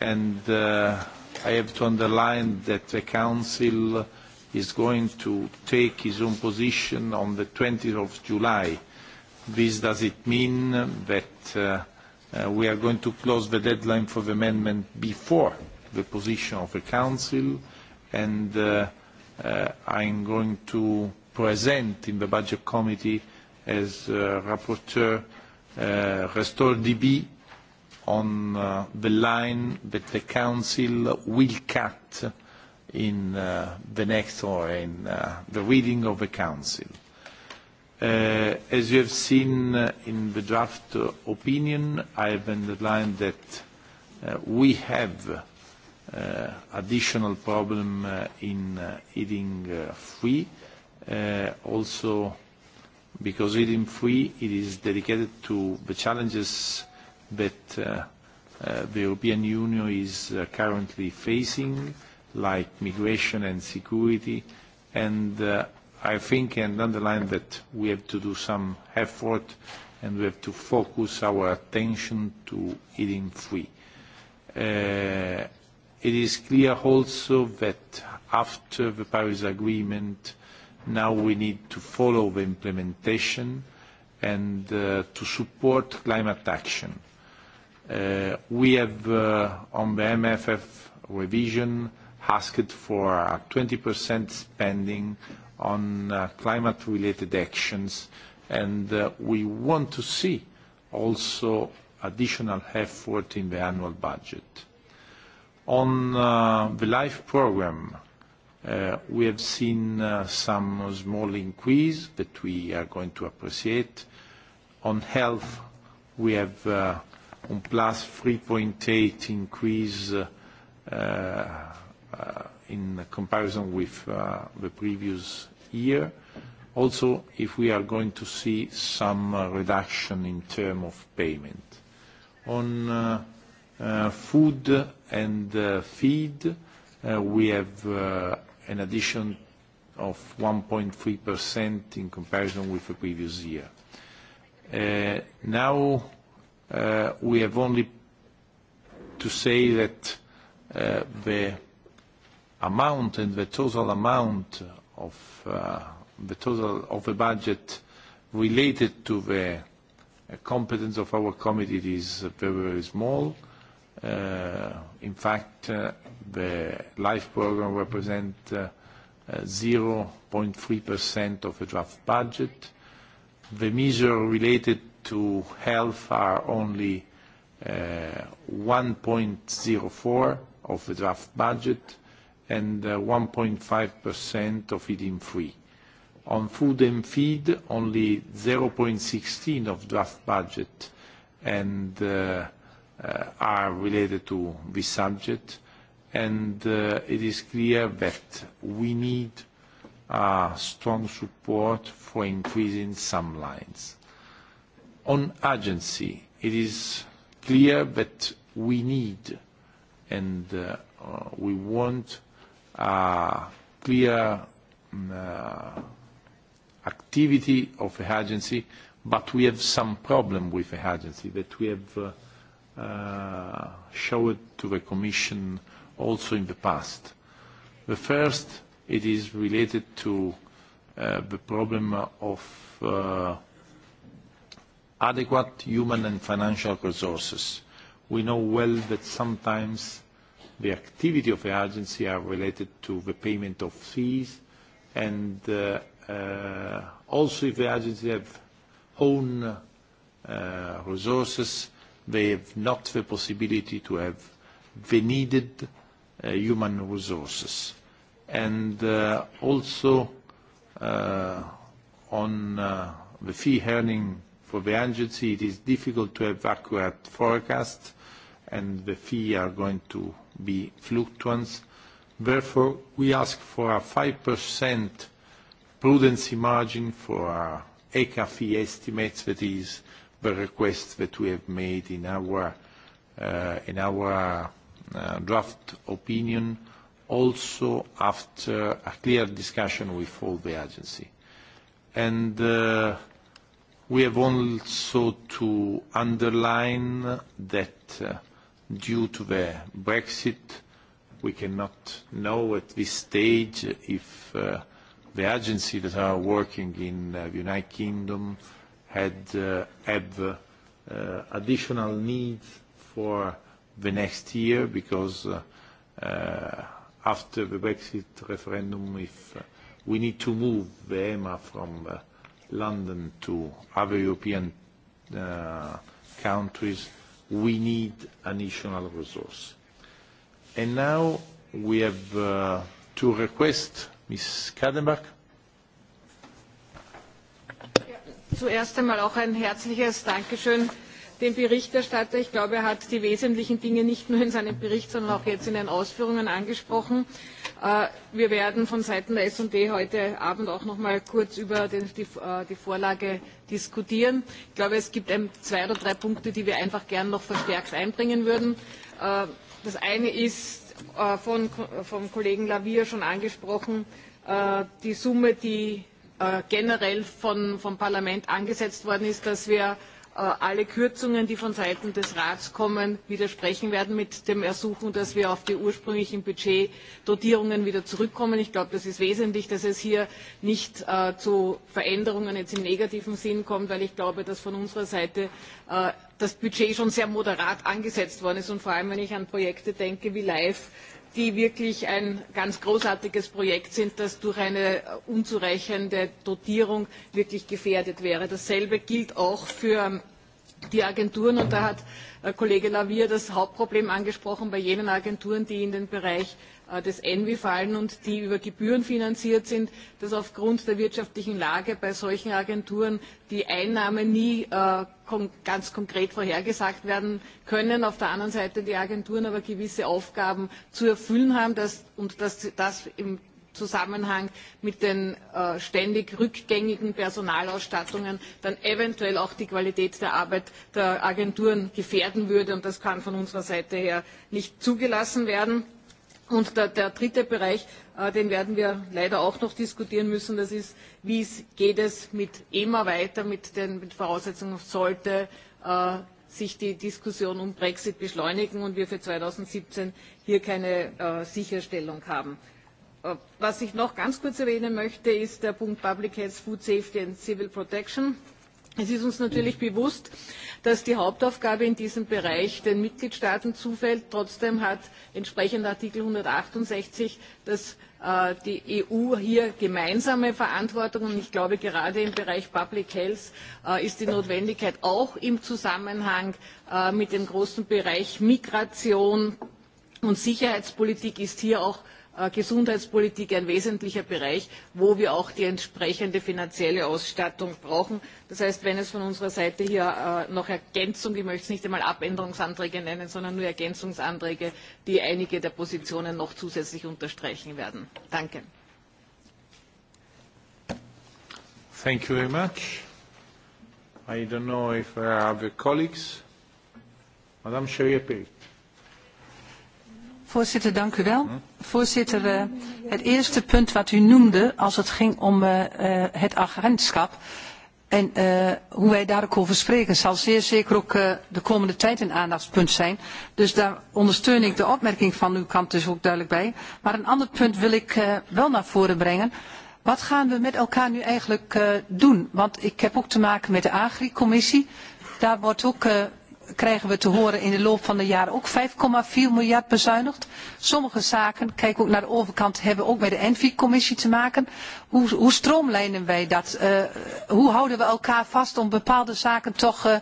and uh, I have to underline that the Council is going to take his own position on the 20th of July. This does it mean that uh, uh, we are going to close the deadline for the amendment before the position of the Council and uh, uh, I'm going to present in the Budget Committee as uh, Rapporteur uh, Restore DB on uh, the line that the Council will cut in uh, the next or in uh, the reading of the Council. Uh, as you have seen uh, in the draft opinion, I have underlined that uh, we have uh, additional problem uh, in uh, eating uh, free, uh, also because eating free it is dedicated to the challenges that uh, uh, the European Union is uh, currently facing like migration and security. And uh, I think and underline that we have to do some effort and we have to focus our attention to eating free. Uh, it is clear also that after the Paris Agreement, now we need to follow the implementation and uh, to support climate action. Uh, we have uh, on the MFF revision asked for uh, 20% spending on uh, climate-related actions, and uh, we want to see also additional effort in the annual budget. On uh, the LIFE program, uh, we have seen uh, some small increase that we are going to appreciate. On health, we have uh, on plus 3.8 increase uh, uh Uh, in comparison with uh, the previous year. Also, if we are going to see some uh, reduction in term of payment. On food and feed, we have an addition of 1.3% in comparison with the previous year. now, we have only to say that the amount and the total amount of uh, the total of the budget related to the uh, competence of our committee is very, very small. Uh, in fact, uh, the LIFE program represents uh, uh, 0.3% of the draft budget. The measures related to health are only uh, 1.04 of the draft budget and 1.5% uh, of feed-in free. On food and feed, only 0.16 of draft budget and uh, uh, are related to this subject. and It is clear that we need strong support for increasing some lines. On agency, it is clear that we need and we want clear mm, uh, activity of the agency, but we have some problem with the agency that we have uh, uh, showed to the Commission also in the past. The first, it is related to uh, the problem of uh, adequate human and financial resources. We know well that sometimes the activity of the agency are related to the payment of fees and uh, uh, also if the agency have own uh, resources, they have not the possibility to have the needed uh, human resources. And uh, also uh, on uh, the fee earning for the agency, it is difficult to have accurate forecasts and the fee are going to be fluctuants. Therefore, we ask for a 5% prudency margin for our ECA fee estimates. That is the request that we have made in our, uh, uh, draft opinion, also after a clear discussion with all the agency. And uh, we have also to underline that due to the Brexit, we cannot know at this stage if uh, the agency that are working in uh, the United Kingdom had uh, have uh, additional needs for the next year because uh, uh, after the Brexit referendum, if uh, we need to move the EMA from uh, London to other European uh, countries, we need additional resource. And now we have uh, two requests. Ms. Kadenbach. Zuerst einmal auch ein herzliches Dankeschön dem Berichterstatter. Ich glaube, er hat die wesentlichen Dinge nicht nur in seinem Bericht, sondern auch jetzt in den Ausführungen angesprochen. Äh, wir werden von Seiten der S&D heute Abend auch noch mal kurz über den, die, äh, die Vorlage diskutieren. Ich glaube, es gibt ein, ähm, zwei oder drei Punkte, die wir einfach gern noch verstärkt einbringen würden. Äh, das eine ist von, vom Kollegen Lavier schon angesprochen, die Summe, die generell von, vom Parlament angesetzt worden ist, dass wir Äh, alle Kürzungen, die von Seiten des Rats kommen, widersprechen werden mit dem Ersuchen, dass wir auf die ursprünglichen Budgetdotierungen wieder zurückkommen. Ich glaube, das ist wesentlich, dass es hier nicht äh, zu Veränderungen jetzt im negativen Sinn kommt, weil ich glaube, dass von unserer Seite äh, das Budget schon sehr moderat angesetzt worden ist und vor allem, wenn ich an Projekte denke wie LIFE, die wirklich ein ganz großartiges Projekt sind, das durch eine unzureichende Dotierung wirklich gefährdet wäre. Dasselbe gilt auch für ähm, die Agenturen und da hat äh, Kollege Lavier das Hauptproblem angesprochen bei jenen Agenturen, die in den Bereich Äh, des Envi-Fallen und die über Gebühren finanziert sind, dass aufgrund der wirtschaftlichen Lage bei solchen Agenturen die Einnahmen nie äh, kon ganz konkret vorhergesagt werden können, auf der anderen Seite die Agenturen aber gewisse Aufgaben zu erfüllen haben dass, und dass das im Zusammenhang mit den äh, ständig rückgängigen Personalausstattungen dann eventuell auch die Qualität der Arbeit der Agenturen gefährden würde. Und das kann von unserer Seite her nicht zugelassen werden. Und der, der dritte Bereich, äh, den werden wir leider auch noch diskutieren müssen, das ist, wie es, geht es mit EMA weiter, mit den mit Voraussetzungen, sollte äh, sich die Diskussion um Brexit beschleunigen und wir für 2017 hier keine äh, Sicherstellung haben. Äh, was ich noch ganz kurz erwähnen möchte, ist der Punkt Public Health, Food Safety and Civil Protection. Es ist uns natürlich bewusst, dass die Hauptaufgabe in diesem Bereich den Mitgliedstaaten zufällt. Trotzdem hat entsprechend Artikel 168 das, äh, die EU hier gemeinsame Verantwortung. Und ich glaube, gerade im Bereich Public Health äh, ist die Notwendigkeit auch im Zusammenhang äh, mit dem großen Bereich Migration und Sicherheitspolitik ist hier auch Äh, Gesundheitspolitik ein wesentlicher Bereich, wo wir auch die entsprechende finanzielle Ausstattung brauchen. Das heißt, wenn es von unserer Seite hier äh, noch Ergänzung, ich möchte es nicht einmal Abänderungsanträge nennen, sondern nur Ergänzungsanträge, die einige der Positionen noch zusätzlich unterstreichen werden. Danke. Thank you very much. I don't know if there uh, are other colleagues. Madame Voorzitter, dank u wel. Voorzitter, eh, het eerste punt wat u noemde als het ging om eh, eh, het agentschap en hoe wij daar ook over spreken zal zeer zeker ook de komende tijd een aandachtspunt zijn. Dus daar ondersteun ik de opmerking van uw kant dus ook duidelijk bij. Maar een ander punt wil ik wel naar voren brengen. Wat gaan we met elkaar nu eigenlijk doen? Want ik heb ook te maken met de Agri-commissie. Daar wordt ook krijgen we te horen in de loop van de jaren ook 5,4 miljard bezuinigd. Sommige zaken, kijk ook naar de overkant, hebben ook met de ENVI-commissie te maken. Hoe, hoe stroomlijnen wij dat? Uh, hoe houden we elkaar vast om bepaalde zaken toch, uh,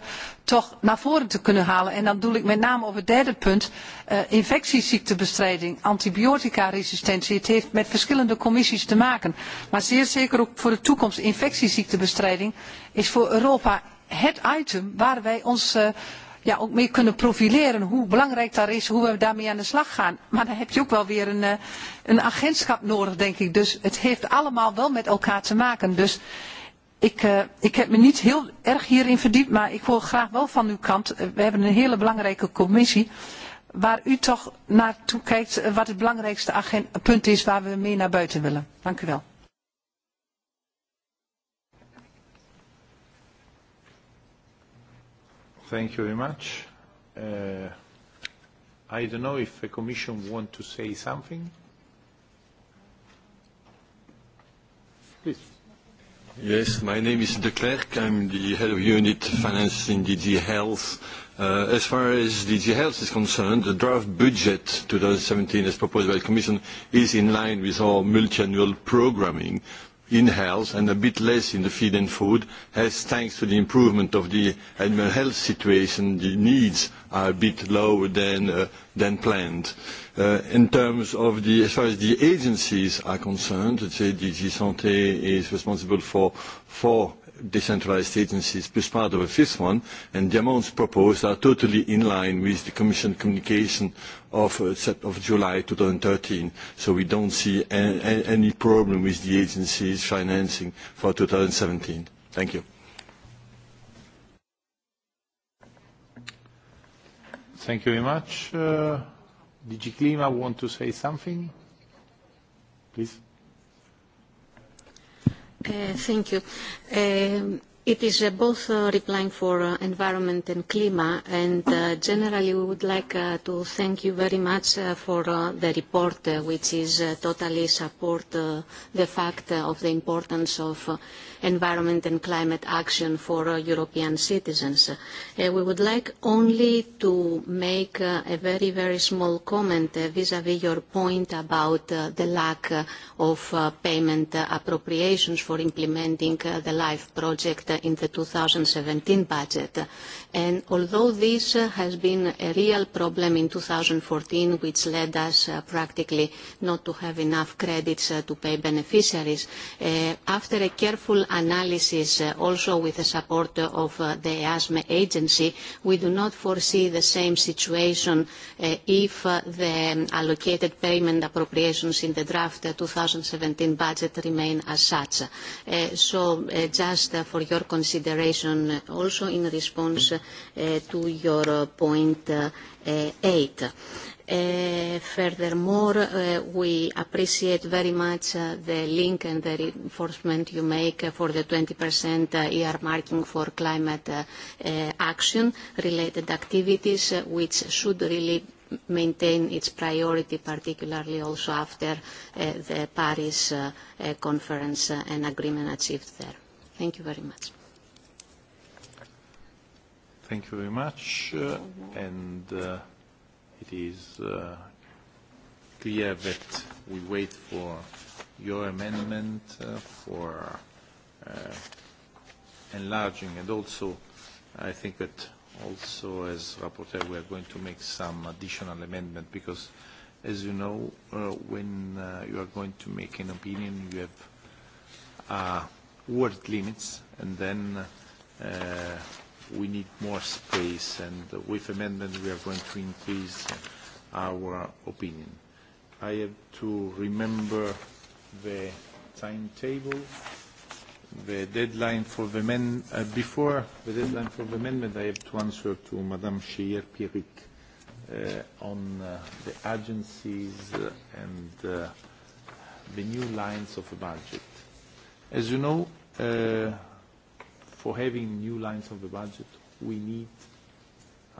toch naar voren te kunnen halen? En dan doe ik met name op het derde punt, uh, infectieziektebestrijding, antibiotica-resistentie. Het heeft met verschillende commissies te maken. Maar zeer zeker ook voor de toekomst, infectieziektebestrijding is voor Europa het item waar wij ons... Uh, ja, ook mee kunnen profileren hoe belangrijk dat is, hoe we daarmee aan de slag gaan. Maar dan heb je ook wel weer een, eh, een agentschap nodig, denk ik. Dus het heeft allemaal wel met elkaar te maken. Dus ik, uh, ik heb me niet heel erg hierin verdiept, maar ik hoor graag wel van uw kant. Eh, we hebben een hele belangrijke commissie waar u toch naartoe kijkt wat het belangrijkste punt is waar we mee naar buiten willen. Dank u wel. Thank you very much. Uh, I don't know if the Commission want to say something. Please. Yes, my name is De Klerk. I'm the head of unit finance in DG Health. Uh, as far as DG Health is concerned, the draft budget 2017 as proposed by the Commission is in line with our multi-annual programming in health and a bit less in the feed and food as thanks to the improvement of the animal health situation, the needs are a bit lower than, uh, than planned. Uh, in terms of the, as far as the agencies are concerned, let's say the Santé is responsible for four decentralized agencies plus part of a fifth one, and the amounts proposed are totally in line with the Commission communication of, uh, of July 2013. So we don't see any, any problem with the agency's financing for 2017. Thank you. Thank you very much. Uh, DG Klima want to say something? Please. Eh, thank you. Um, It is uh, both uh, replying for uh, environment and clima, and uh, generally we would like uh, to thank you very much uh, for uh, the report, uh, which is uh, totally support uh, the fact uh, of the importance of uh, environment and climate action for uh, European citizens. Uh, we would like only to make uh, a very, very small comment uh, vis-à-vis uh, -vis your point about uh, the lack uh, of uh, payment uh, appropriations for implementing uh, the LIFE project uh, in the 2017 budget. And although this uh, has been a real problem in 2014, which led us uh, practically not to have enough credits uh, to pay beneficiaries, uh, after a careful analysis uh, also with the support of uh, the EASME agency, we do not foresee the same situation uh, if uh, the um, allocated payment appropriations in the draft uh, 2017 budget remain as such. Uh, so uh, just uh, for your consideration, uh, also in response uh, uh, to your point uh, uh, Uh, furthermore, uh, we appreciate very much uh, the link and the reinforcement you make uh, for the 20% uh, earmarking for climate uh, uh, action-related activities, uh, which should really maintain its priority, particularly also after uh, the Paris uh, uh, conference uh, and agreement achieved there. Thank you very much. Thank you very much. Uh, and uh, it is uh, clear that we wait for your amendment uh, for uh, enlarging and also I think that also as rapporteur we are going to make some additional amendment because as you know uh, when uh, you are going to make an opinion you have uh, word limits and then uh, we need more space, and with amendment we are going to increase our opinion. I have to remember the timetable, the deadline for the amendment. Uh, before the deadline for the amendment, I have to answer to Madame Cheyer-Pierric uh, on uh, the agencies uh, and uh, the new lines of the budget. As you know, uh, for having new lines of the budget, we need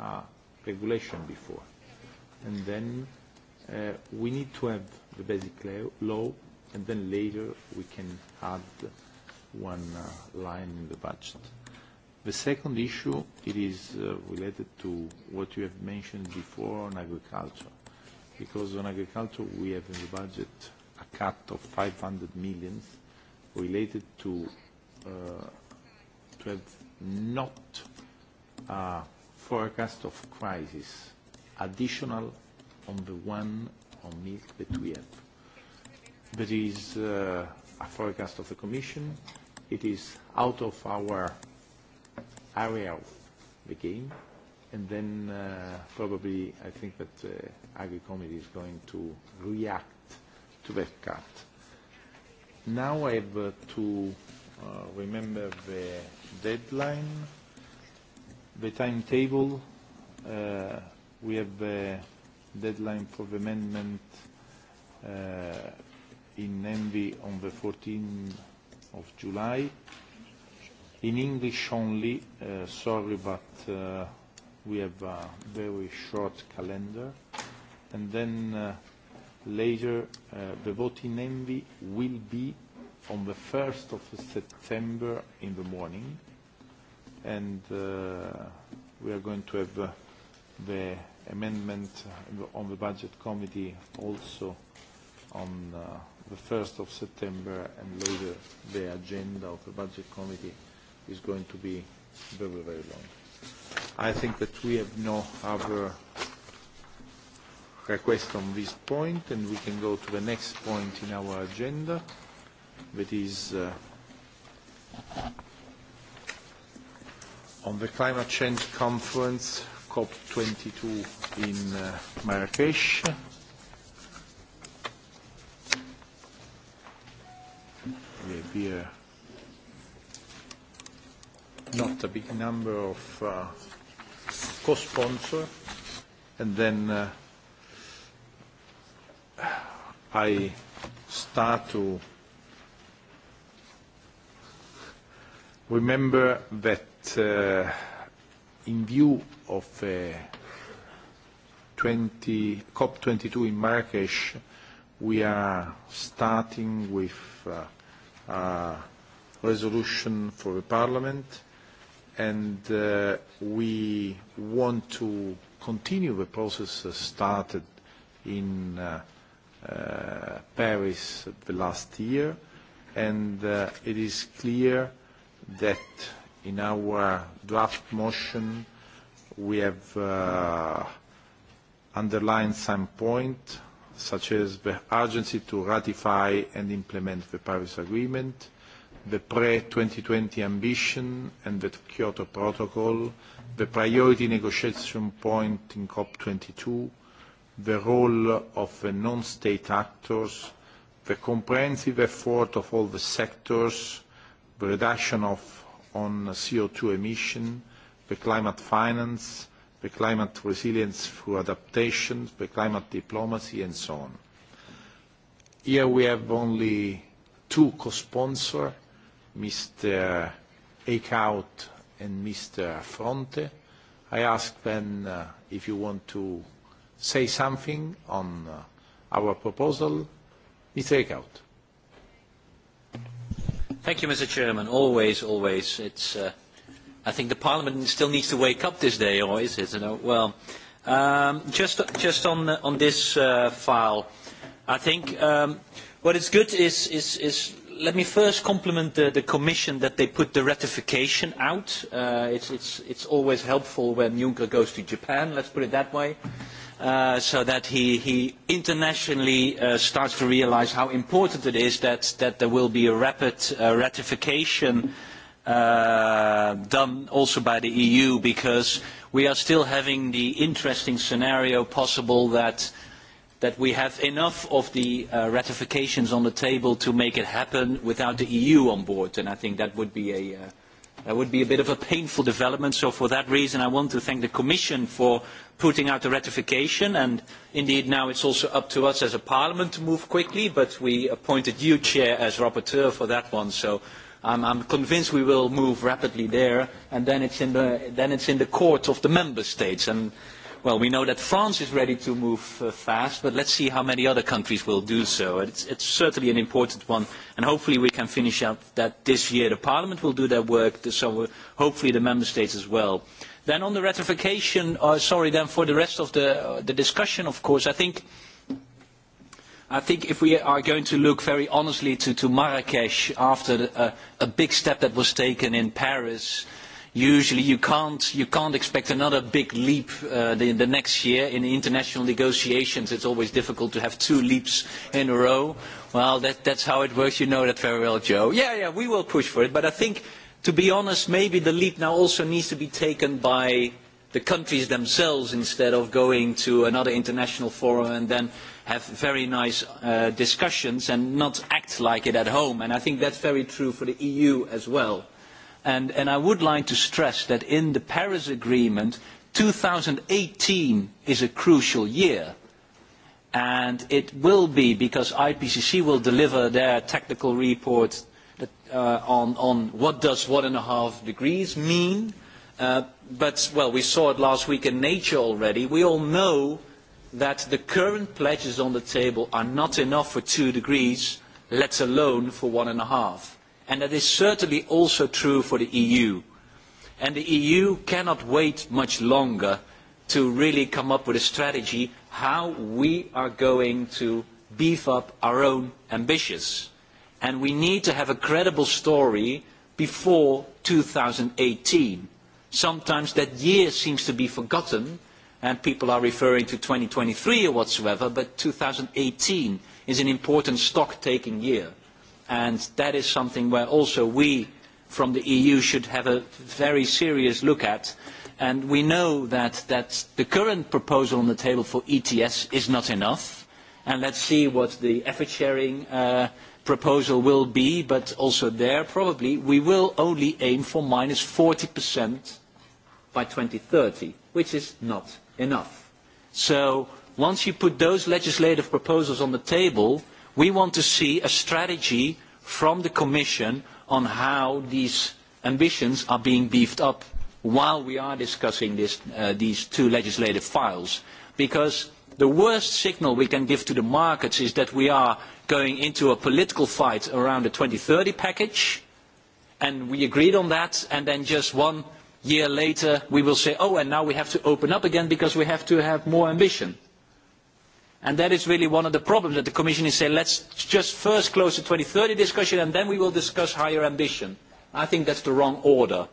uh, regulation before. And then uh, we need to have the basic law, and then later we can add one uh, line in the budget. The second issue, it is uh, related to what you have mentioned before on agriculture, because on agriculture we have in the budget a cut of 500 million related to uh, different, not a uh, forecast of crisis, additional on the one on milk that we have. There is uh, a forecast of the Commission. It is out of our area of the game. And then uh, probably I think that uh, Agri-Committee is going to react to that cut. Now I have uh, to uh, remember the deadline, the timetable. Uh, we have the deadline for the amendment uh, in envy on the 14th of July. In English only, uh, sorry, but uh, we have a very short calendar. And then uh, later, uh, the vote in envy will be on the 1st of September in the morning, and uh, we are going to have uh, the amendment on the budget committee also on uh, the 1st of September, and later the agenda of the budget committee is going to be very, very long. I think that we have no other request on this point, and we can go to the next point in our agenda with is uh, on the climate change conference COP22 in uh, Marrakesh. We appear not a big number of uh, co-sponsor and then uh, I start to remember that uh, in view of uh, 20, COP22 in Marrakesh, we are starting with uh, a resolution for the Parliament and uh, we want to continue the process started in uh, uh, Paris the last year and uh, it is clear that in our draft motion we have uh, underlined some point such as the urgency to ratify and implement the Paris Agreement, the pre-2020 ambition and the Kyoto Protocol, the priority negotiation point in COP22, the role of the non-state actors, the comprehensive effort of all the sectors, the reduction of on CO2 emission, the climate finance, the climate resilience through adaptation, the climate diplomacy, and so on. Here we have only two co-sponsors, Mr. Eickhout and Mr. Fronte. I ask then uh, if you want to say something on uh, our proposal. Mr. Eickhout. Thank you, Mr. Chairman. Always, always. It's, uh, I think the Parliament still needs to wake up this day, or is it? You know? Well, um, just, just on, on this uh, file, I think um, what is good is, is, is let me first compliment the, the Commission that they put the ratification out. Uh, it's, it's, it's always helpful when Juncker goes to Japan, let's put it that way uh, so that he, he internationally uh, starts to realize how important it is that, that there will be a rapid uh, ratification uh, done also by the EU because we are still having the interesting scenario possible that that we have enough of the uh, ratifications on the table to make it happen without the EU on board and I think that would be a uh, that would be a bit of a painful development so for that reason I want to thank the Commission for putting out the ratification and indeed now it's also up to us as a parliament to move quickly but we appointed you chair as rapporteur for that one so I'm, I'm convinced we will move rapidly there and then it's in the, then it's in the court of the member states and well we know that France is ready to move uh, fast but let's see how many other countries will do so it's, it's certainly an important one and hopefully we can finish up that this year the parliament will do their work so hopefully the member states as well. Then on the ratification, uh, sorry, then for the rest of the, uh, the discussion, of course, I think, I think if we are going to look very honestly to, to Marrakesh after the, uh, a big step that was taken in Paris, usually you can't, you can't expect another big leap uh, the, the next year. In international negotiations, it's always difficult to have two leaps in a row. Well, that, that's how it works. You know that very well, Joe. Yeah, yeah, we will push for it. But I think to be honest, maybe the leap now also needs to be taken by the countries themselves instead of going to another international forum and then have very nice uh, discussions and not act like it at home. And I think that's very true for the EU as well. And, and I would like to stress that in the Paris Agreement, 2018 is a crucial year. And it will be because IPCC will deliver their technical report uh, on, on what does one and a half degrees mean. Uh, but, well, we saw it last week in Nature already. We all know that the current pledges on the table are not enough for two degrees, let alone for one and a half. And that is certainly also true for the EU. And the EU cannot wait much longer to really come up with a strategy how we are going to beef up our own ambitions and we need to have a credible story before eighteen. Sometimes that year seems to be forgotten and people are referring to twenty three or whatsoever, but eighteen is an important stock-taking year. And that is something where also we from the EU should have a very serious look at. And we know that, that the current proposal on the table for ETS is not enough. And let's see what the effort sharing uh, proposal will be, but also there probably, we will only aim for minus 40% by 2030, which is not enough. So once you put those legislative proposals on the table, we want to see a strategy from the Commission on how these ambitions are being beefed up while we are discussing this, uh, these two legislative files. Because the worst signal we can give to the markets is that we are going into a political fight around the thirty package, and we agreed on that, and then just one year later we will say, oh, and now we have to open up again because we have to have more ambition. And that is really one of the problems that the Commission is saying, let's just first close the thirty discussion and then we will discuss higher ambition. I think that's the wrong order.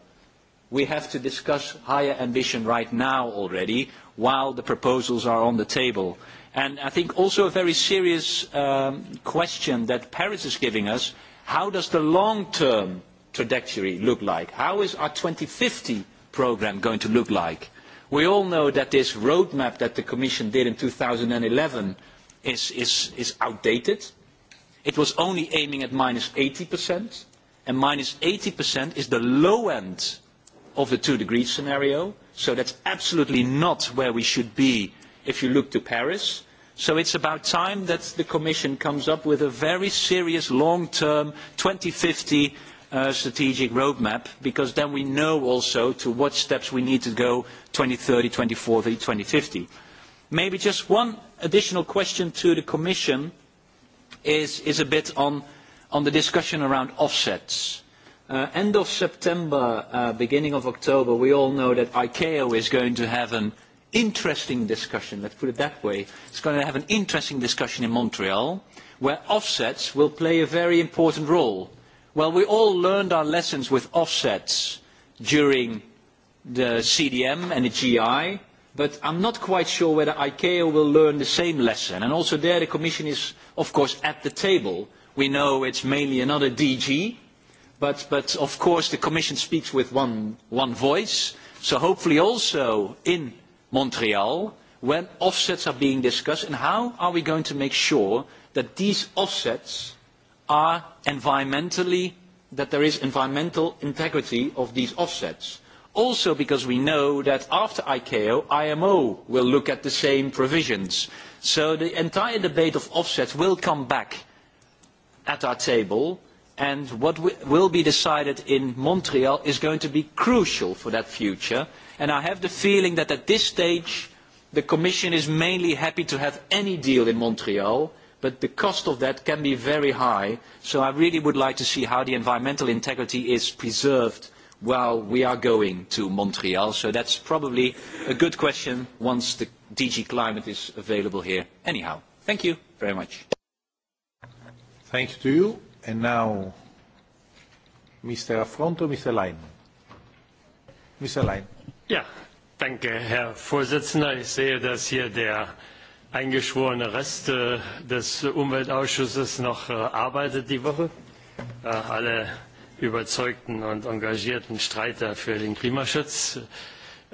We have to discuss higher ambition right now already while the proposals are on the table. And I think also a very serious um, question that Paris is giving us, how does the long-term trajectory look like? How is our fifty programme going to look like? We all know that this roadmap that the Commission did in eleven is, is, is outdated. It was only aiming at minus 80%, and minus 80% is the low end of the two-degree scenario, so that's absolutely not where we should be if you look to Paris. So it is about time that the Commission comes up with a very serious long-term fifty uh, strategic roadmap because then we know also to what steps we need to go 2030, 2040, 2050. Maybe just one additional question to the Commission is, is a bit on, on the discussion around offsets. Uh, end of September, uh, beginning of October, we all know that ICAO is going to have an interesting discussion, let's put it that way. It's going to have an interesting discussion in Montreal where offsets will play a very important role. Well, we all learned our lessons with offsets during the CDM and the GI, but I am not quite sure whether ICAO will learn the same lesson. And also there the Commission is, of course, at the table. We know it is mainly another DG, but, but of course the Commission speaks with one, one voice. So hopefully also in Montreal when offsets are being discussed and how are we going to make sure that these offsets are environmentally, that there is environmental integrity of these offsets. Also because we know that after ICAO, IMO will look at the same provisions. So the entire debate of offsets will come back at our table and what will be decided in Montreal is going to be crucial for that future. And I have the feeling that at this stage, the Commission is mainly happy to have any deal in Montreal, but the cost of that can be very high. So I really would like to see how the environmental integrity is preserved while we are going to Montreal. So that's probably a good question once the DG Climate is available here. Anyhow, thank you very much. Thank you to you. And now, Mr. Affronto, Mr. Lein. Mr. Lein. Ja, danke, Herr Vorsitzender. Ich sehe, dass hier der eingeschworene Rest äh, des Umweltausschusses noch äh, arbeitet die Woche. Äh, alle überzeugten und engagierten Streiter für den Klimaschutz. Äh,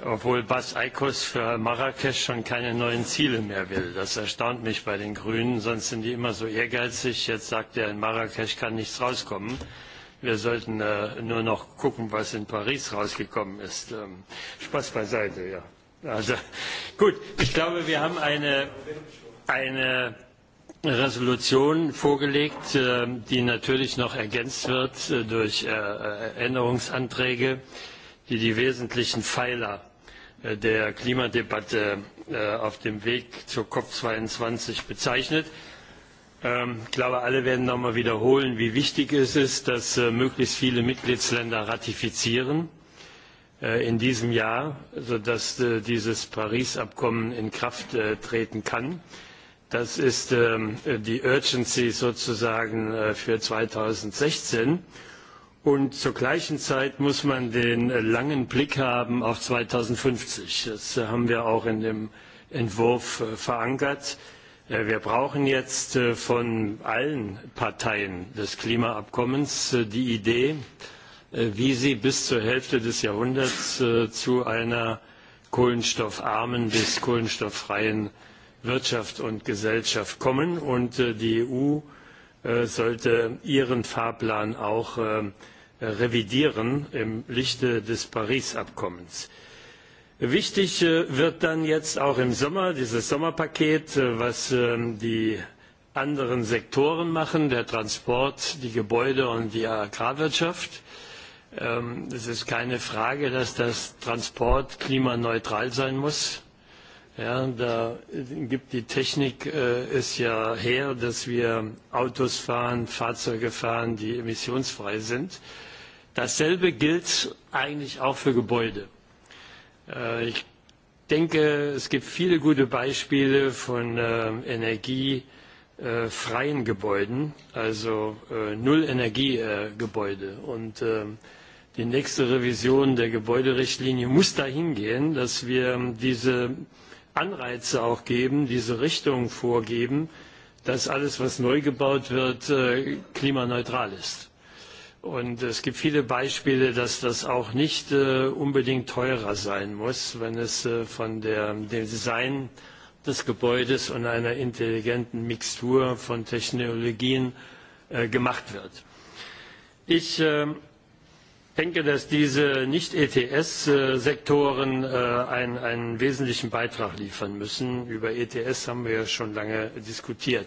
obwohl Bas Eikos für Marrakesch schon keine neuen Ziele mehr will. Das erstaunt mich bei den Grünen, sonst sind die immer so ehrgeizig. Jetzt sagt er, in Marrakesch kann nichts rauskommen. Wir sollten äh, nur noch gucken, was in Paris rausgekommen ist. Ähm, Spaß beiseite, ja. Also, gut, ich glaube, wir haben eine, eine Resolution vorgelegt, äh, die natürlich noch ergänzt wird äh, durch äh, Änderungsanträge die die wesentlichen Pfeiler der Klimadebatte äh, auf dem Weg zur COP22 bezeichnet. Ähm, ich glaube, alle werden noch einmal wiederholen, wie wichtig es ist, dass äh, möglichst viele Mitgliedsländer ratifizieren äh, in diesem Jahr, sodass dieses Paris-Abkommen in Kraft treten kann. Das ist ähm, die Urgency sozusagen für 2016. Und zur gleichen Zeit muss man den langen Blick haben auf 2050. Das äh, haben wir auch in dem Entwurf äh, verankert. Äh, wir brauchen jetzt von allen Parteien des Klimaabkommens die Idee, wie sie bis zur Hälfte des Jahrhunderts zu einer kohlenstoffarmen bis kohlenstofffreien Wirtschaft und Gesellschaft kommen. Und die EU Äh, sollte ihren Fahrplan auch ähm, revidieren im Lichte des Paris-Abkommens. Wichtig äh, wird dann jetzt auch im Sommer dieses Sommerpaket, äh, was ähm, die anderen Sektoren machen, der Transport, die Gebäude und die Agrarwirtschaft. Ähm, es ist keine Frage, dass das Transport klimaneutral sein muss. Ja, da gibt die Technik äh, es ja her, dass wir Autos fahren, Fahrzeuge fahren, die emissionsfrei sind. Dasselbe gilt eigentlich auch für Gebäude. Äh, ich denke, es gibt viele gute Beispiele von äh, energiefreien äh, Gebäuden, also äh, Null-Energie-Gebäude. Äh, Und äh, die nächste Revision der Gebäuderichtlinie muss dahin gehen, dass wir diese Anreize auch geben, diese Richtung vorgeben, dass alles, was neu gebaut wird, äh, klimaneutral ist. Und es gibt viele Beispiele, dass das auch nicht äh, unbedingt teurer sein muss, wenn es äh, von der, dem Design des Gebäudes und einer intelligenten Mixtur von Technologien gemacht wird. Ich ähm, denke, dass diese Nicht-ETS-Sektoren äh, einen, einen wesentlichen Beitrag liefern müssen. Über ETS haben wir ja schon lange diskutiert.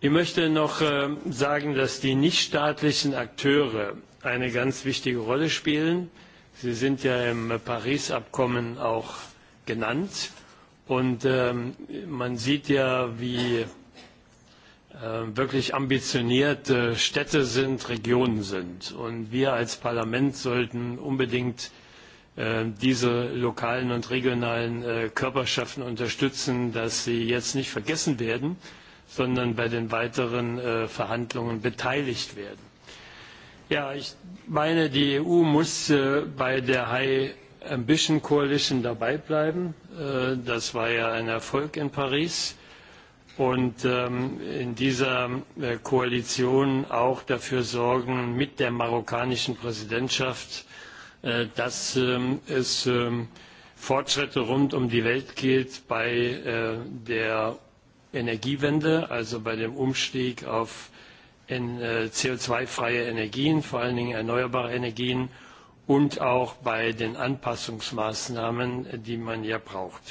Ich möchte noch äh, sagen, dass die nichtstaatlichen Akteure eine ganz wichtige Rolle spielen. Sie sind ja im Paris-Abkommen auch genannt. Und ähm, man sieht ja, wie Äh, wirklich ambitionierte Städte sind, Regionen sind. Und wir als Parlament sollten unbedingt äh, diese lokalen und regionalen äh, Körperschaften unterstützen, dass sie jetzt nicht vergessen werden, sondern bei den weiteren Verhandlungen beteiligt werden. Ja, ich meine, die EU muss bei der High Ambition Coalition dabei bleiben. Das war ja ein Erfolg in Paris und ähm, in dieser äh, Koalition auch dafür sorgen, mit der marokkanischen Präsidentschaft, äh, dass ähm, es ähm, Fortschritte rund um die Welt geht bei äh, der Energiewende, also bei dem Umstieg auf äh, CO2-freie Energien, vor allen Dingen erneuerbare Energien und auch bei den Anpassungsmaßnahmen, äh, die man ja braucht.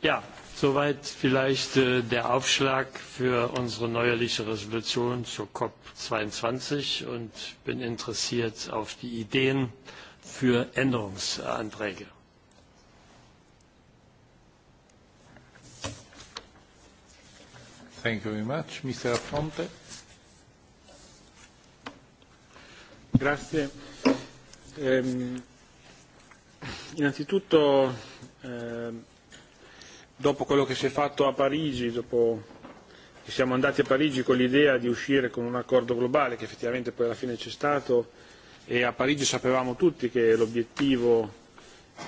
Ja, Soweit vielleicht äh, der Aufschlag für unsere neuerliche Resolution zur COP22 und bin interessiert auf die Ideen für Änderungsanträge. Thank you very much. Mr. Fonte. Grazie. Ehm, innanzitutto ehm, dopo quello che si è fatto a Parigi, dopo che siamo andati a Parigi con l'idea di uscire con un accordo globale, che effettivamente poi alla fine c'è stato, e a Parigi sapevamo tutti che l'obiettivo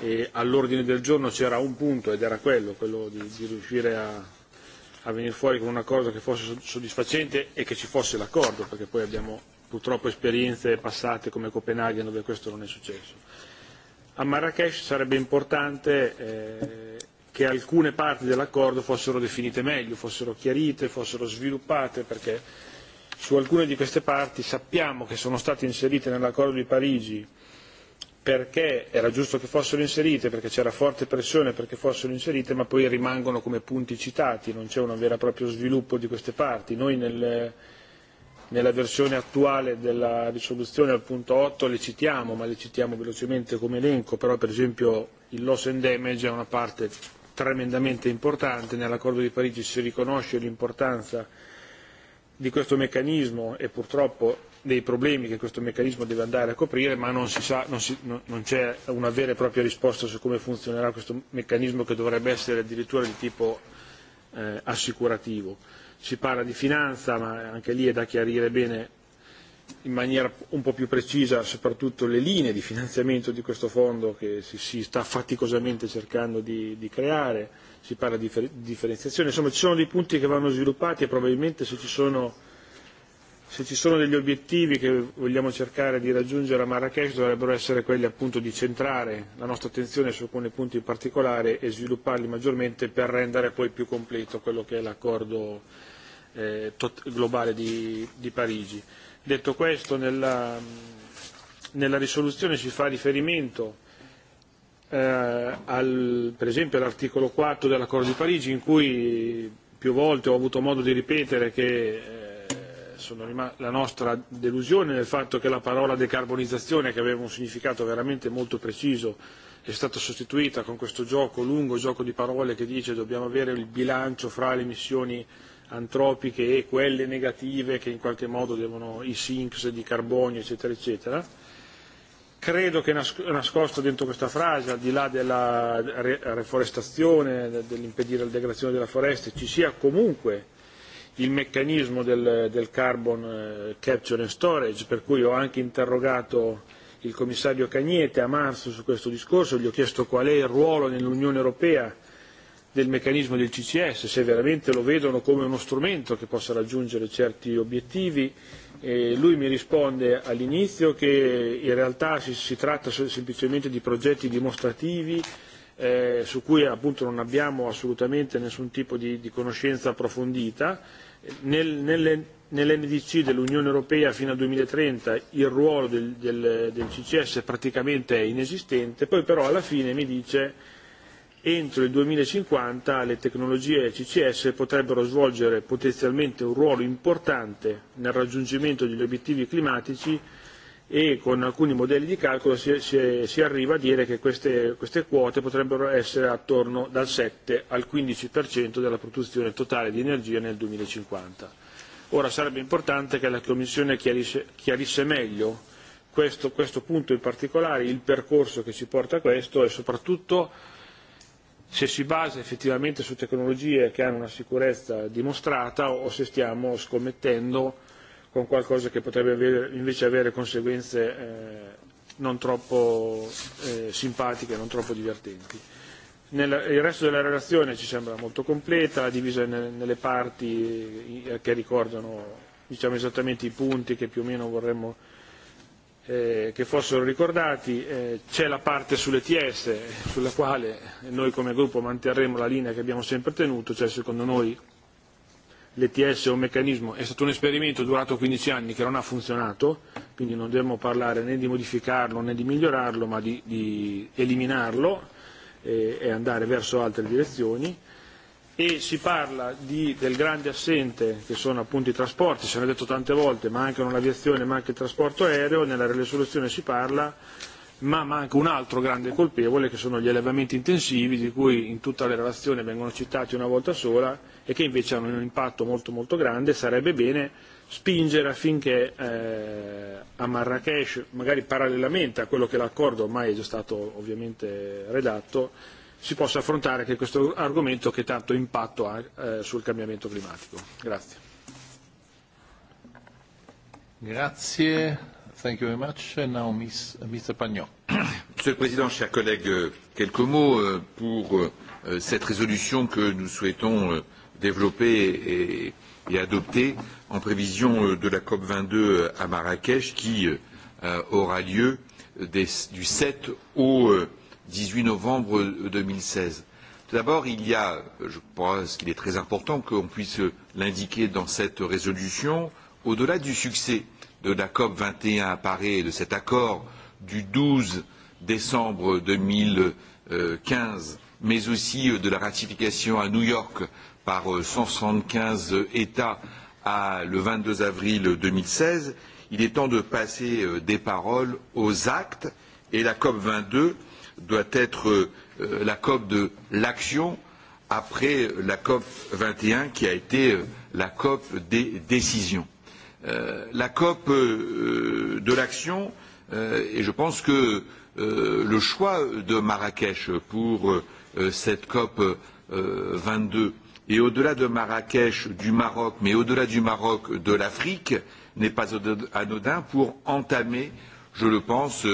e all'ordine del giorno c'era un punto ed era quello, quello di, di riuscire a, a venire fuori con un accordo che fosse soddisfacente e che ci fosse l'accordo, perché poi abbiamo purtroppo esperienze passate come Copenaghen dove questo non è successo. A Marrakesh sarebbe importante eh, che alcune parti dell'accordo fossero definite meglio, fossero chiarite, fossero sviluppate, perché su alcune di queste parti sappiamo che sono state inserite nell'accordo di Parigi perché era giusto che fossero inserite, perché c'era forte pressione perché fossero inserite, ma poi rimangono come punti citati, non c'è un vero e proprio sviluppo di queste parti. Noi nel, nella versione attuale della risoluzione al punto 8 le citiamo, ma le citiamo velocemente come elenco, però per esempio il loss and damage è una parte tremendamente importante. Nell'accordo di Parigi si riconosce l'importanza di questo meccanismo e purtroppo dei problemi che questo meccanismo deve andare a coprire, ma non, si sa, non, si, non, non c'è una vera e propria risposta su come funzionerà questo meccanismo che dovrebbe essere addirittura di tipo eh, assicurativo. Si parla di finanza, ma anche lì è da chiarire bene in maniera un po' più precisa soprattutto le linee di finanziamento di questo fondo che si, si sta faticosamente cercando di, di creare, si parla di differenziazione, insomma ci sono dei punti che vanno sviluppati e probabilmente se ci sono, se ci sono degli obiettivi che vogliamo cercare di raggiungere a Marrakesh dovrebbero essere quelli appunto di centrare la nostra attenzione su alcuni punti in particolare e svilupparli maggiormente per rendere poi più completo quello che è l'accordo eh, globale di, di Parigi. Detto questo, nella, nella risoluzione si fa riferimento eh, al, per esempio all'articolo 4 dell'accordo di Parigi in cui più volte ho avuto modo di ripetere che eh, sono la nostra delusione nel fatto che la parola decarbonizzazione, che aveva un significato veramente molto preciso, è stata sostituita con questo gioco lungo, gioco di parole che dice dobbiamo avere il bilancio fra le emissioni antropiche e quelle negative che in qualche modo devono i sinks di carbonio eccetera eccetera credo che nascosta dentro questa frase al di là della reforestazione dell'impedire la degradazione della foresta ci sia comunque il meccanismo del, del carbon eh, capture and storage per cui ho anche interrogato il commissario Cagnete a marzo su questo discorso gli ho chiesto qual è il ruolo nell'Unione Europea del meccanismo del CCS, se veramente lo vedono come uno strumento che possa raggiungere certi obiettivi. E lui mi risponde all'inizio che in realtà si, si tratta semplicemente di progetti dimostrativi eh, su cui appunto non abbiamo assolutamente nessun tipo di, di conoscenza approfondita. Nel, nelle, nell'NDC dell'Unione Europea fino al 2030 il ruolo del, del, del CCS praticamente è inesistente, poi però alla fine mi dice entro il 2050 le tecnologie CCS potrebbero svolgere potenzialmente un ruolo importante nel raggiungimento degli obiettivi climatici e con alcuni modelli di calcolo si, si, si arriva a dire che queste, queste quote potrebbero essere attorno dal 7 al 15% della produzione totale di energia nel 2050. Ora sarebbe importante che la Commissione chiarisse, chiarisse meglio questo, questo punto in particolare, il percorso che ci porta a questo e soprattutto se si basa effettivamente su tecnologie che hanno una sicurezza dimostrata o se stiamo scommettendo con qualcosa che potrebbe avere, invece avere conseguenze eh, non troppo eh, simpatiche, non troppo divertenti. Nel, il resto della relazione ci sembra molto completa, divisa nel, nelle parti eh, che ricordano diciamo, esattamente i punti che più o meno vorremmo eh, che fossero ricordati, eh, c'è la parte sull'ETS sulla quale noi come gruppo manterremo la linea che abbiamo sempre tenuto, cioè secondo noi l'ETS è un meccanismo, è stato un esperimento durato 15 anni che non ha funzionato, quindi non dobbiamo parlare né di modificarlo né di migliorarlo, ma di, di eliminarlo e, e andare verso altre direzioni e si parla di, del grande assente che sono appunto i trasporti, se ne è detto tante volte, mancano l'aviazione, manca il trasporto aereo, nella risoluzione si parla ma manca un altro grande colpevole che sono gli allevamenti intensivi di cui in tutta la relazione vengono citati una volta sola e che invece hanno un impatto molto molto grande, sarebbe bene spingere affinché eh, a Marrakesh, magari parallelamente a quello che l'accordo ormai è già stato ovviamente redatto, si possa affrontare anche questo argomento che tanto impatto ha eh, sul cambiamento climatico. Grazie. Grazie. Thank you very much. And now, Miss, Mr. Pagnon. Monsieur le Président, chers collègues, euh, quelques mots euh, pour euh, cette résolution que nous souhaitons développer et, et adopter en prévision de la COP22 à Marrakech qui aura lieu des, du 7 au dix huit novembre deux mille seize. Tout d'abord, il y a, je pense qu'il est très important qu'on puisse l'indiquer dans cette résolution, au delà du succès de la COP vingt et un à Paris et de cet accord du douze décembre deux mille quinze, mais aussi de la ratification à New York par cent soixante quinze États le vingt deux avril deux mille seize, il est temps de passer euh, des paroles aux actes et la COP vingt deux doit être euh, la COP de l'action après la COP 21 qui a été euh, la COP des décisions. Euh, la COP de l'action, et je pense que le choix de Marrakech pour cette COP vingt deux et au-delà de Marrakech, du Maroc, mais au-delà du Maroc, de l'Afrique, n'est pas anodin pour entamer, je le pense,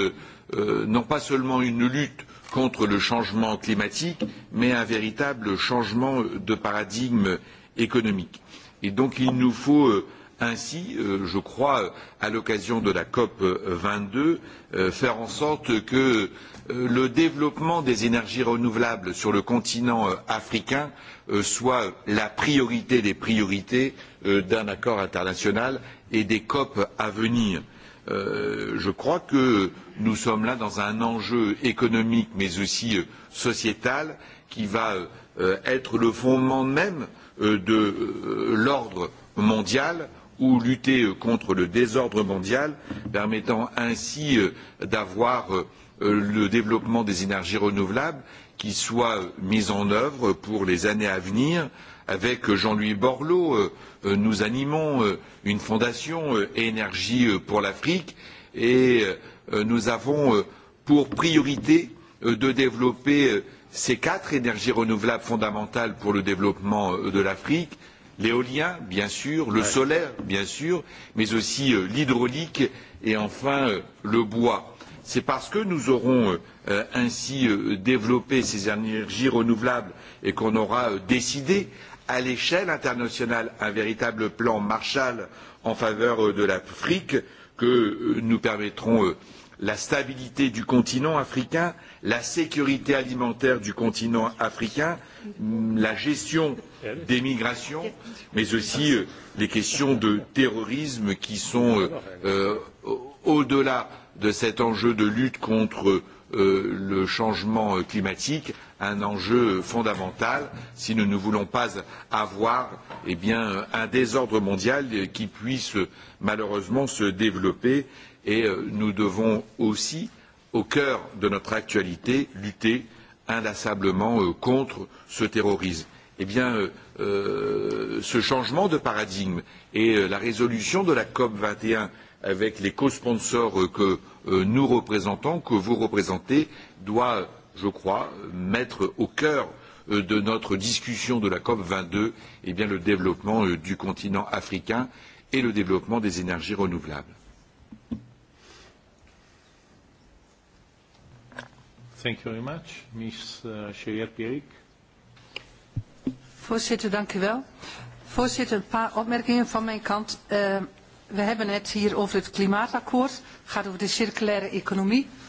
euh, non pas seulement une lutte contre le changement climatique, mais un véritable changement de paradigme économique. Et donc il nous faut euh, ainsi, euh, je crois, à l'occasion de la COP 22, euh, faire en sorte que euh, le développement des énergies renouvelables sur le continent euh, africain euh, soit la priorité des priorités d'un accord international et des COP à venir. Euh, je crois que nous sommes là dans un enjeu économique mais aussi euh, sociétal qui va euh, être le fondement même euh, de euh, l'ordre mondial ou lutter euh, contre le désordre mondial, permettant ainsi d'avoir le développement des énergies renouvelables qui soit mis en œuvre pour les années à venir avec Jean-Louis Borloo, Euh, nous animons euh, une fondation euh, Énergie pour l'Afrique et nous avons pour priorité de développer ces quatre énergies renouvelables fondamentales pour le développement de l'Afrique l'éolien, bien sûr, le ouais. solaire, bien sûr, mais aussi l'hydraulique et enfin le bois. C'est parce que nous aurons ainsi développé ces énergies renouvelables et qu'on aura décidé à l'échelle internationale un véritable plan Marshall en faveur euh, de l'Afrique que euh, nous permettrons euh, la stabilité du continent africain, la sécurité alimentaire du continent africain, la gestion des migrations, mais aussi les questions de terrorisme qui sont euh, au-delà de cet enjeu de lutte contre euh, le changement climatique, un enjeu fondamental si nous ne voulons pas avoir eh bien, un désordre mondial qui puisse malheureusement se développer et euh, nous devons aussi, au cœur de notre actualité, lutter inlassablement euh, contre ce terrorisme. Eh bien, euh, euh ce changement de paradigme et la résolution de la COP 21 avec les co-sponsors que nous représentons, que vous représentez, doit je crois, mettre au cœur euh, de notre discussion de la COP 22 eh bien, le développement euh, du continent africain et le développement des énergies renouvelables. Thank you very much. Ms. Uh, pierik Voorzitter, dank u wel. Voorzitter, een paar opmerkingen van mijn kant. Uh, we hebben het hier over het klimaatakkoord. Het gaat over de circulaire economie. Uh,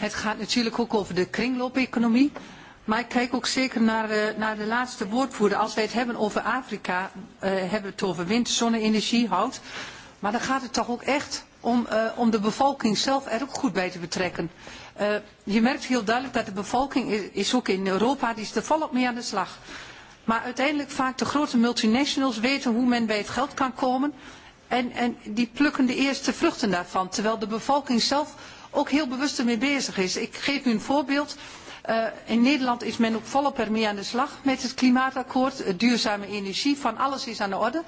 Het gaat natuurlijk ook over de kringloopeconomie. Maar ik kijk ook zeker naar, uh, naar de laatste woordvoerder. Als wij het hebben over Afrika, uh, hebben we het over wind, zonne-energie, hout. Maar dan gaat het toch ook echt om, uh, om de bevolking zelf er ook goed bij te betrekken. Uh, je merkt heel duidelijk dat de bevolking is, is ook in Europa, die is er volop mee aan de slag. Maar uiteindelijk vaak de grote multinationals weten hoe men bij het geld kan komen. En, en die plukken de eerste vruchten daarvan. Terwijl de bevolking zelf ook heel bewust ermee bezig is. Ik geef u een voorbeeld. Uh, in Nederland is men ook volop ermee aan de slag met het klimaatakkoord, duurzame energie, van alles is aan de orde.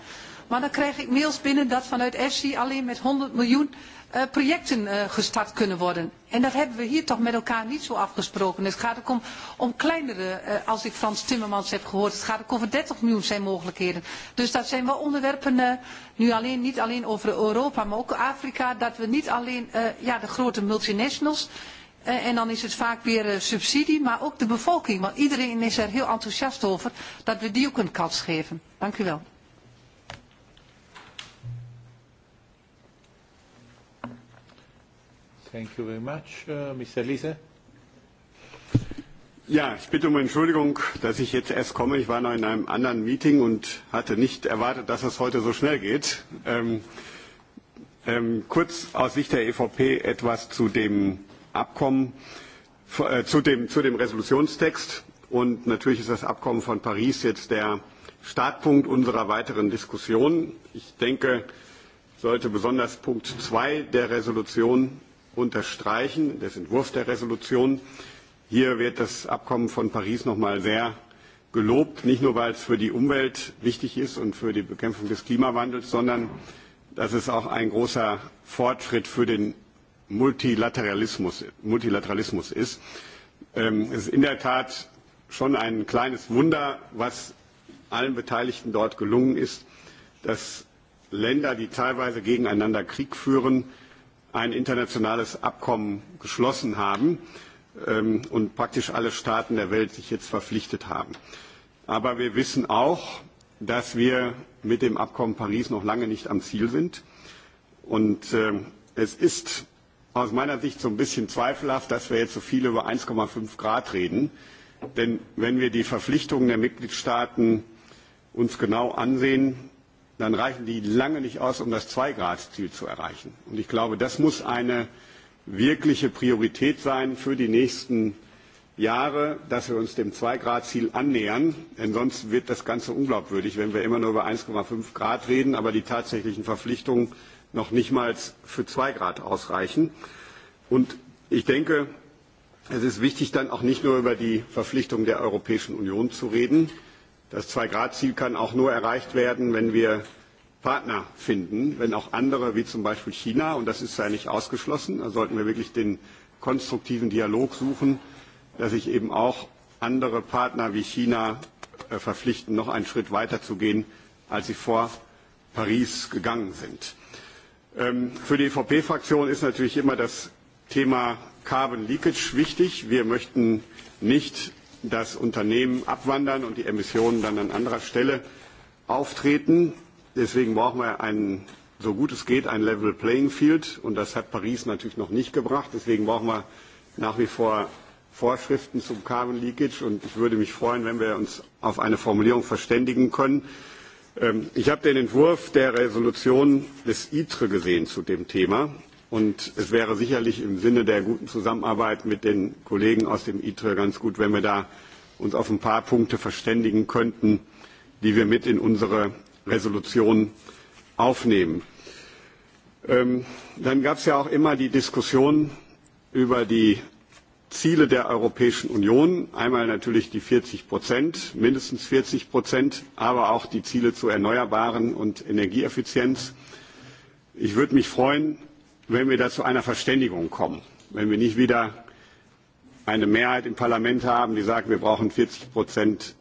Maar dan krijg ik mails binnen dat vanuit EFSI alleen met 100 miljoen uh, projecten uh, gestart kunnen worden. En dat hebben we hier toch met elkaar niet zo afgesproken. Het gaat ook om, om kleinere, uh, als ik Frans Timmermans heb gehoord, het gaat ook over 30 miljoen zijn mogelijkheden. Dus dat zijn wel onderwerpen, uh, nu alleen, niet alleen over Europa, maar ook Afrika, dat we niet alleen uh, ja, de grote multinationals... en dan is het vaak weer subsidie, maar ook de bevolking. Want iedereen is er heel enthousiast over dat we die ook een kans geven. Dank u wel. Thank you very much. Uh, Mr. Liese? Ja, ich bitte um Entschuldigung, dass ich jetzt erst komme. Ich war noch in einem anderen Meeting und hatte nicht erwartet, dass es heute so schnell geht. Ähm, ähm, kurz aus Sicht der EVP etwas zu dem Abkommen, äh, zu, dem, zu dem Resolutionstext. Und natürlich ist das Abkommen von Paris jetzt der Startpunkt unserer weiteren Diskussion. Ich denke, sollte besonders Punkt 2 der Resolution unterstreichen, des Entwurfs der Resolution. Hier wird das Abkommen von Paris noch mal sehr gelobt, nicht nur weil es für die Umwelt wichtig ist und für die Bekämpfung des Klimawandels, sondern dass es auch ein großer Fortschritt für den Multilateralismus, Multilateralismus ist. Ähm, es ist in der Tat schon ein kleines Wunder, was allen Beteiligten dort gelungen ist, dass Länder, die teilweise gegeneinander Krieg führen, ein internationales Abkommen geschlossen haben ähm, und praktisch alle Staaten der Welt sich jetzt verpflichtet haben. Aber wir wissen auch, dass wir mit dem Abkommen Paris noch lange nicht am Ziel sind. Und äh, es ist aus meiner Sicht so ein bisschen zweifelhaft, dass wir jetzt so viel über 1,5 Grad reden. Denn wenn wir die Verpflichtungen der Mitgliedstaaten uns genau ansehen, dann reichen die lange nicht aus, um das Zwei-Grad-Ziel zu erreichen. Und ich glaube, das muss eine wirkliche Priorität sein für die nächsten Jahre, dass wir uns dem Zwei-Grad-Ziel annähern. Denn sonst wird das Ganze unglaubwürdig, wenn wir immer nur über 1,5 Grad reden, aber die tatsächlichen Verpflichtungen noch nicht mal für zwei Grad ausreichen. Und ich denke, es ist wichtig, dann auch nicht nur über die Verpflichtung der Europäischen Union zu reden, Das Zwei-Grad-Ziel kann auch nur erreicht werden, wenn wir Partner finden, wenn auch andere, wie zum Beispiel China, und das ist ja nicht ausgeschlossen, da sollten wir wirklich den konstruktiven Dialog suchen, dass sich eben auch andere Partner wie China äh, verpflichten, noch einen Schritt weiter zu gehen, als sie vor Paris gegangen sind. Ähm, für die EVP-Fraktion ist natürlich immer das Thema Carbon Leakage wichtig. Wir möchten nicht dass Unternehmen abwandern und die Emissionen dann an anderer Stelle auftreten. Deswegen brauchen wir ein, so gut es geht, ein Level Playing Field. Und das hat Paris natürlich noch nicht gebracht. Deswegen brauchen wir nach wie vor Vorschriften zum Carbon Leakage. Und ich würde mich freuen, wenn wir uns auf eine Formulierung verständigen können. Ähm, ich habe den Entwurf der Resolution des ITRE gesehen zu dem Thema. Und es wäre sicherlich im Sinne der guten Zusammenarbeit mit den Kollegen aus dem ITRE ganz gut, wenn wir da uns auf ein paar Punkte verständigen könnten, die wir mit in unsere Resolution aufnehmen. Ähm, dann gab es ja auch immer die Diskussion über die Ziele der Europäischen Union. Einmal natürlich die 40 Prozent, mindestens 40 Prozent, aber auch die Ziele zu Erneuerbaren und Energieeffizienz. Ich würde mich freuen, wenn wir da zu einer Verständigung kommen, wenn wir nicht wieder eine Mehrheit im Parlament haben, die sagt, wir brauchen 40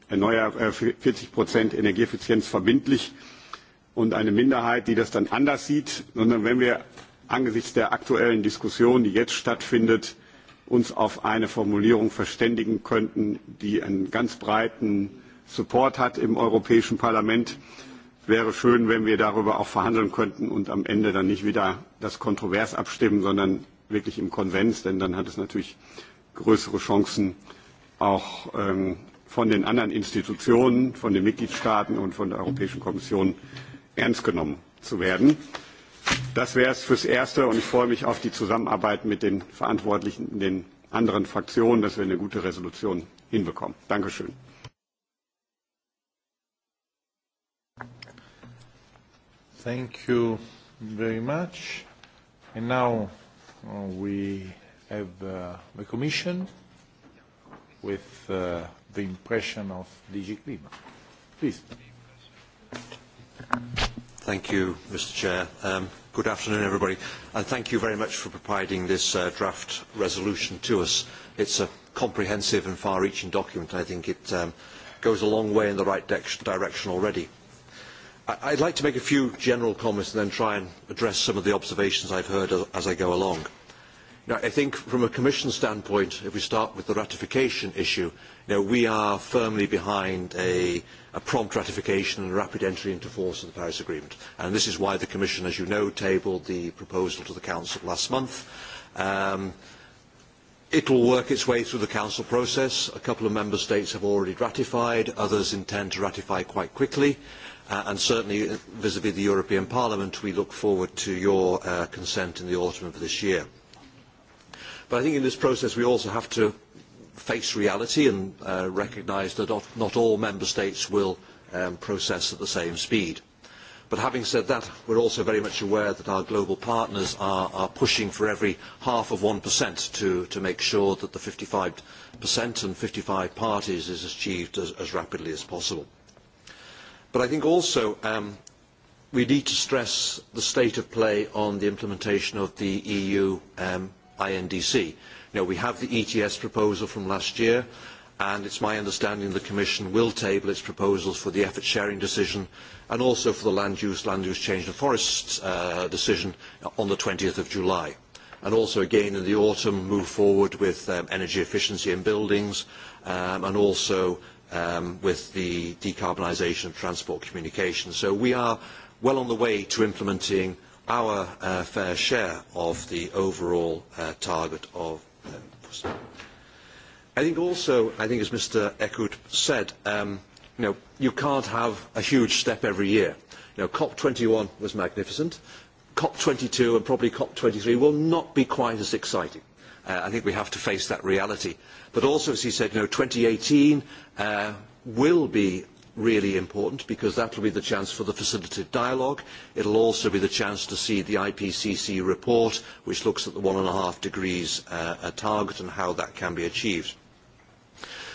erneuer, äh, 40 Energieeffizienz verbindlich und eine Minderheit, die das dann anders sieht, sondern wenn wir angesichts der aktuellen Diskussion, die jetzt stattfindet, uns auf eine Formulierung verständigen könnten, die einen ganz breiten Support hat im Europäischen Parlament wäre schön, wenn wir darüber auch verhandeln könnten und am Ende dann nicht wieder das kontrovers abstimmen, sondern wirklich im Konvens, denn dann hat es natürlich größere Chancen, auch ähm, von den anderen Institutionen, von den Mitgliedstaaten und von der Europäischen Kommission ernst genommen zu werden. Das wäre es fürs Erste und ich freue mich auf die Zusammenarbeit mit den Verantwortlichen in den anderen Fraktionen, dass wir eine gute Resolution hinbekommen. Dankeschön. Thank you very much. And now uh, we have uh, the Commission with uh, the impression of DG Clima. Please. Thank you, Mr. Chair. Um, good afternoon, everybody, and thank you very much for providing this uh, draft resolution to us. It's a comprehensive and far-reaching document, I think it um, goes a long way in the right direction already. I would like to make a few general comments and then try and address some of the observations I have heard as I go along. Now, I think from a Commission standpoint, if we start with the ratification issue, you know, we are firmly behind a, a prompt ratification and rapid entry into force of the Paris Agreement. And this is why the Commission, as you know, tabled the proposal to the Council last month. Um, It will work its way through the Council process. A couple of Member States have already ratified, others intend to ratify quite quickly. Uh, and certainly vis-à-vis -vis the European Parliament, we look forward to your uh, consent in the autumn of this year. But I think in this process we also have to face reality and uh, recognise that not, not all Member States will um, process at the same speed. But having said that, we are also very much aware that our global partners are, are pushing for every half of 1% to, to make sure that the 55% and 55 parties is achieved as, as rapidly as possible. But I think also um, we need to stress the state of play on the implementation of the EU um, INDC. You know, we have the ETS proposal from last year, and it is my understanding the Commission will table its proposals for the effort sharing decision and also for the land use, land use change and forests uh, decision on the 20th of July. And also again in the autumn move forward with um, energy efficiency in buildings um, and also um, with the decarbonisation of transport communication. So we are well on the way to implementing our uh, fair share of the overall uh, target of uh, I think also, I think as Mr Eckhout said, um, you, know, you can't have a huge step every year. You know, COP21 was magnificent. COP22 and probably COP23 will not be quite as exciting. Uh, I think we have to face that reality. But also, as he said, you know, 2018, Uh, will be really important because that will be the chance for the facilitative dialogue. It will also be the chance to see the IPCC report, which looks at the one and a half degrees uh, target and how that can be achieved.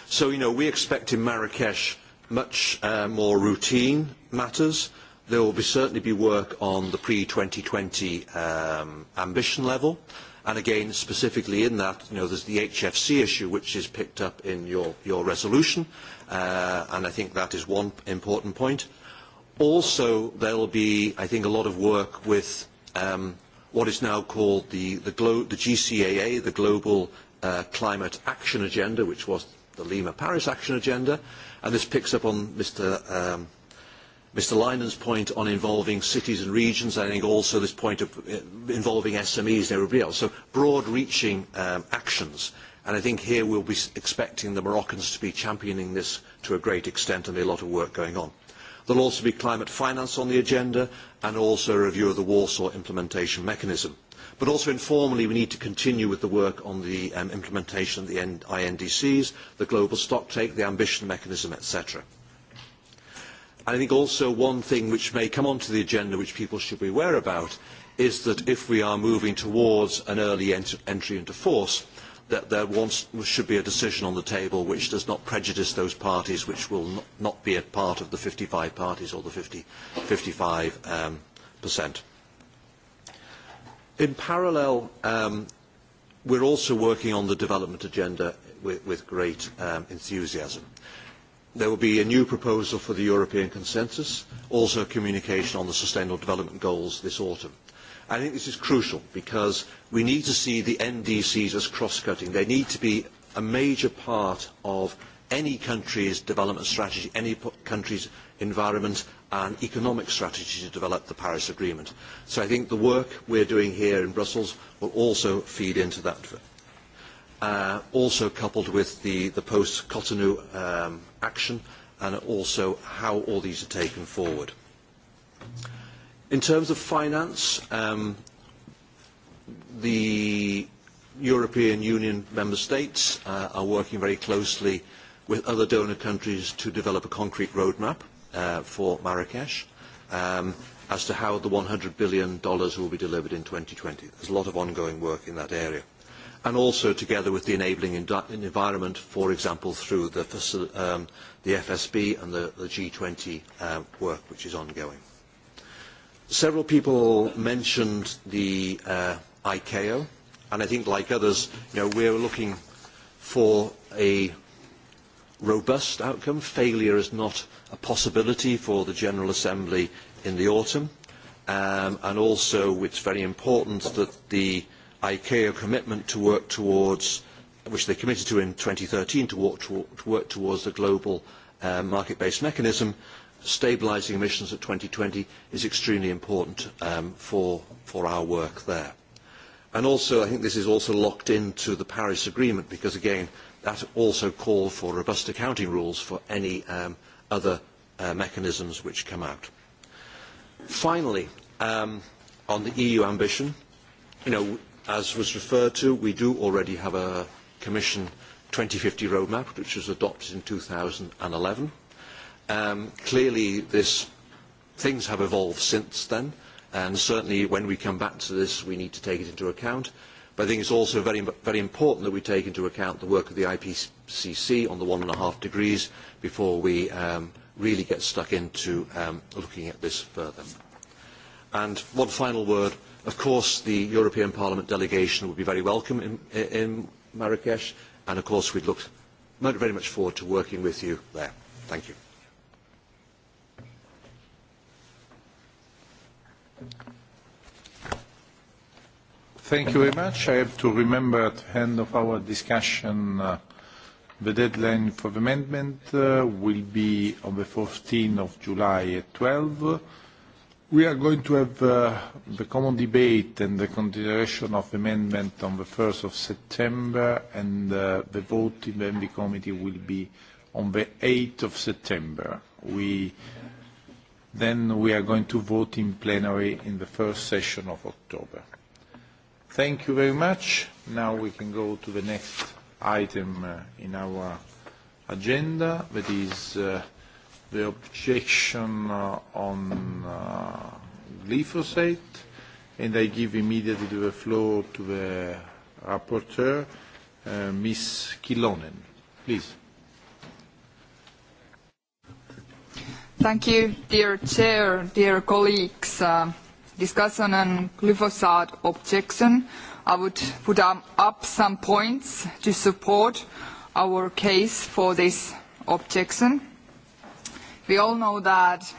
So, you know, we expect in Marrakesh much uh, more routine matters. There will be, certainly be work on the pre-2020 um, ambition level. And again, specifically in that, you know, there's the HFC issue, which is picked up in your, your resolution, uh, and I think that is one important point. Also, there will be, I think, a lot of work with um, what is now called the, the, Glo the GCAA, the Global uh, Climate Action Agenda, which was the Lima-Paris Action Agenda, and this picks up on Mr. Um, Mr. Leinen's point on involving cities and regions, I think also this point of uh, involving SMEs and everybody else. So broad-reaching um, actions. And I think here we'll be expecting the Moroccans to be championing this to a great extent and be a lot of work going on. There will also be climate finance on the agenda and also a review of the Warsaw implementation mechanism. But also informally, we need to continue with the work on the um, implementation of the INDCs, the global stocktake, the ambition mechanism, etc. And I think also one thing which may come onto the agenda which people should be aware about is that if we are moving towards an early ent entry into force, that there wants, should be a decision on the table which does not prejudice those parties which will not, not be a part of the 55 parties or the 50, 55 um, percent. In parallel, um, we're also working on the development agenda with, with great um, enthusiasm. There will be a new proposal for the European consensus, also a communication on the Sustainable Development Goals this autumn. I think this is crucial because we need to see the NDCs as cross-cutting. They need to be a major part of any country's development strategy, any country's environment and economic strategy to develop the Paris Agreement. So I think the work we are doing here in Brussels will also feed into that. Uh, also coupled with the, the post-Cotonou um, action and also how all these are taken forward. In terms of finance, um, the European Union member states uh, are working very closely with other donor countries to develop a concrete roadmap uh, for Marrakesh um, as to how the $100 billion will be delivered in 2020. There's a lot of ongoing work in that area and also together with the enabling environment, for example, through the, um, the FSB and the, the G20 uh, work, which is ongoing. Several people mentioned the uh, ICAO, and I think, like others, you know, we're looking for a robust outcome. Failure is not a possibility for the General Assembly in the autumn, um, and also it's very important that the ICAO commitment to work towards, which they committed to in 2013, to work, to, to work towards the global uh, market-based mechanism, stabilising emissions at 2020 is extremely important um, for, for our work there. And also, I think this is also locked into the Paris Agreement because, again, that also called for robust accounting rules for any um, other uh, mechanisms which come out. Finally, um, on the EU ambition, you know, As was referred to, we do already have a Commission 2050 roadmap, which was adopted in 2011. Um, clearly, this, things have evolved since then, and certainly when we come back to this, we need to take it into account. But I think it's also very, very important that we take into account the work of the IPCC on the one and a half degrees before we um, really get stuck into um, looking at this further. And one final word Of course, the European Parliament delegation would be very welcome in, in Marrakesh, and of course we'd look very much forward to working with you there. Thank you. Thank you very much. I have to remember at the end of our discussion uh, the deadline for the amendment uh, will be on the 14th of July at 12. We are going to have uh, the common debate and the consideration of amendment on the 1st of September and uh, the vote in the MV committee will be on the 8th of September. We, then we are going to vote in plenary in the first session of October. Thank you very much. Now we can go to the next item uh, in our agenda that is uh, the objection uh, on uh, glyphosate, and I give immediately the floor to the rapporteur, uh, Ms. Kilonen. Please. Thank you, dear Chair, dear colleagues. Uh, discussion on glyphosate objection. I would put up some points to support our case for this objection. We all know that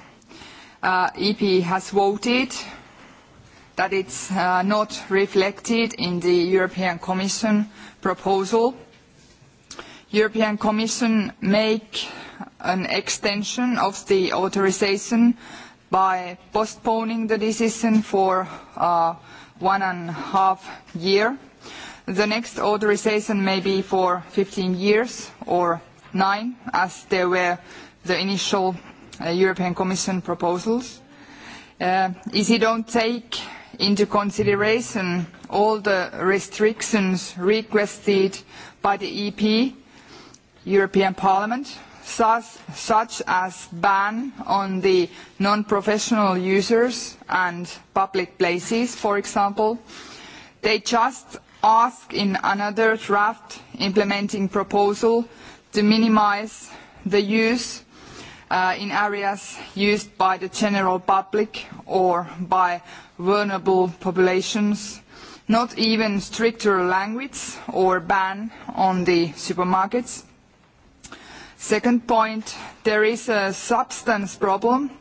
uh, EP has voted that it's uh, not reflected in the European Commission proposal. European Commission make an extension of the authorization by postponing the decision for uh, one and a half year. The next authorization may be for 15 years or nine, as there were the initial uh, European Commission proposals, uh, is you don't take into consideration all the restrictions requested by the EP, European Parliament, such, such as ban on the non-professional users and public places, for example. They just ask in another draft implementing proposal to minimise the use uh, in areas used by the general public or by vulnerable populations, not even stricter language or ban on the supermarkets. Second point, there is a substance problem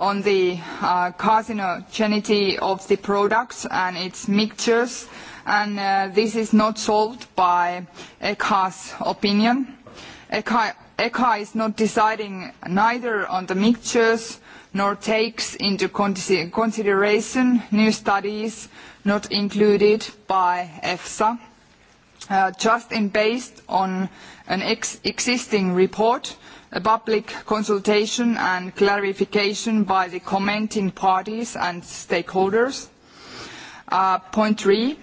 on the uh, carcinogenity of the products and its mixtures, and uh, this is not solved by ECHA's opinion. ECHA ECHA is not deciding neither on the mixtures nor takes into consideration new studies not included by EFSA. Uh, just in based on an ex existing report, a public consultation and clarification by the commenting parties and stakeholders. Uh, point three,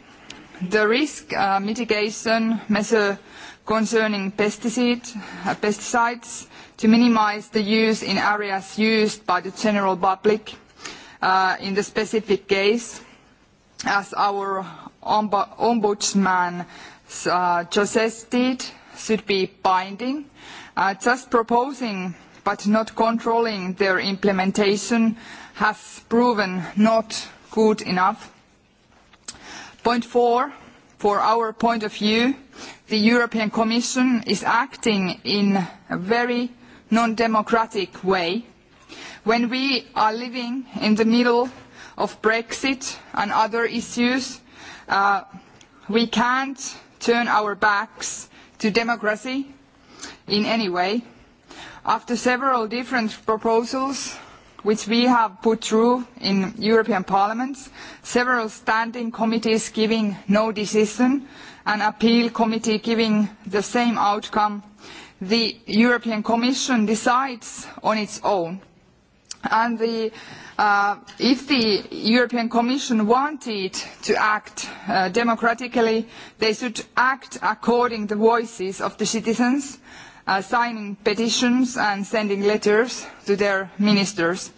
the risk uh, mitigation measure concerning pesticide, uh, pesticides to minimize the use in areas used by the general public uh, in the specific case, as our ombudsman uh, suggested, should be binding. Uh, just proposing but not controlling their implementation has proven not good enough. Point four, for our point of view, the European Commission is acting in a very non-democratic way. When we are living in the middle of Brexit and other issues, uh, we can't turn our backs to democracy in any way. After several different proposals, which we have put through in European Parliament, several standing committees giving no decision, an appeal committee giving the same outcome, the European Commission decides on its own. And the, uh, if the European Commission wanted to act uh, democratically, they should act according to the voices of the citizens uh, signing petitions and sending letters to their ministers.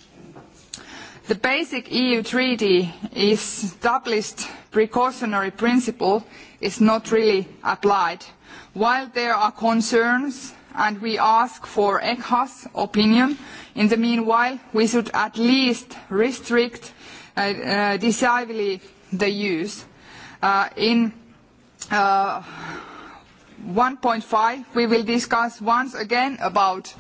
The basic EU treaty established precautionary principle is not really applied. While there are concerns and we ask for ECHA's opinion, in the meanwhile we should at least restrict uh, uh, decisively the use. Uh, in uh, 1.5, we will discuss once again about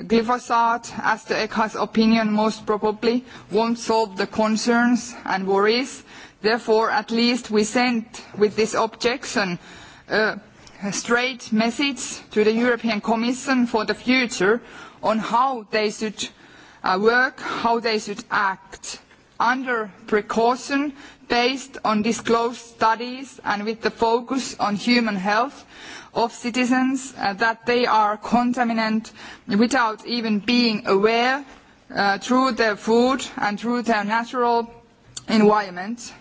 glyphosate, as the ECHA's opinion most probably won't solve the concerns and worries. Therefore, at least we sent with this objection uh, a straight message to the European Commission for the future on how they should uh, work, how they should act under precaution based on disclosed studies and with the focus on human health of citizens uh, that they are contaminant without even being aware uh, through their food and through their natural environment.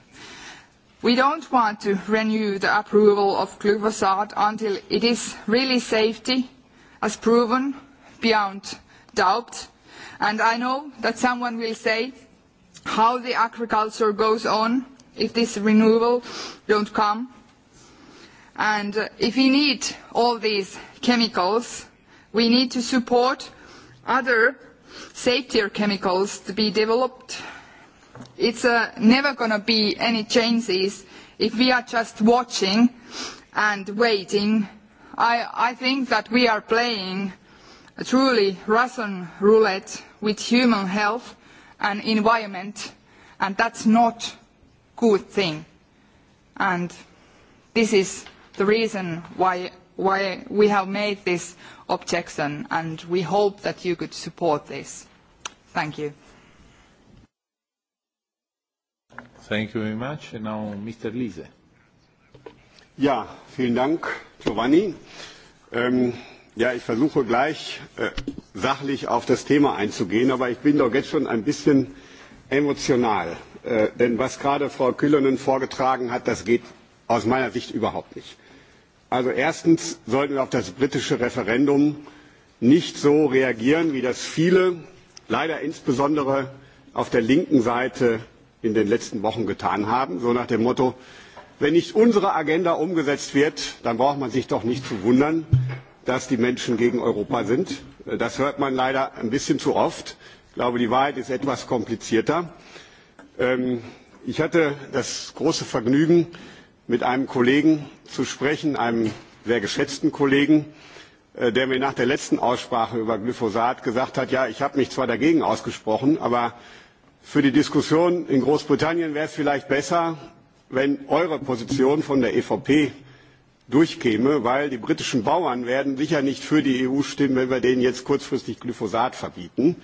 We don't want to renew the approval of glyphosate until it is really safety as proven beyond doubt. And I know that someone will say how the agriculture goes on if this renewal don't come. And if we need all these chemicals, we need to support other safety chemicals to be developed. It's uh, never going to be any changes if we are just watching and waiting. I, I think that we are playing a truly Russian roulette with human health and environment, and that's not a good thing. And this is the reason why, why we have made this objection, and we hope that you could support this. Thank you. Thank you very much. And now Mr. Liese. Ja, vielen Dank, Giovanni. Ähm, ja, ich versuche gleich äh, sachlich auf das Thema einzugehen, aber ich bin doch jetzt schon ein bisschen emotional. Äh, denn was gerade Frau Kyllönen vorgetragen hat, das geht aus meiner Sicht überhaupt nicht. Also erstens sollten wir auf das britische Referendum nicht so reagieren, wie das viele, leider insbesondere auf der linken Seite in den letzten Wochen getan haben, so nach dem Motto, wenn nicht unsere Agenda umgesetzt wird, dann braucht man sich doch nicht zu wundern, dass die Menschen gegen Europa sind. Das hört man leider ein bisschen zu oft. Ich glaube, die Wahrheit ist etwas komplizierter. Ähm, ich hatte das große Vergnügen, mit einem Kollegen zu sprechen, einem sehr geschätzten Kollegen, äh, der mir nach der letzten Aussprache über Glyphosat gesagt hat, ja, ich habe mich zwar dagegen ausgesprochen, aber für die Diskussion in Großbritannien wäre es vielleicht besser, wenn eure Position von der EVP durchkäme, weil die britischen Bauern werden sicher nicht für die EU stimmen, wenn wir denen jetzt kurzfristig Glyphosat verbieten.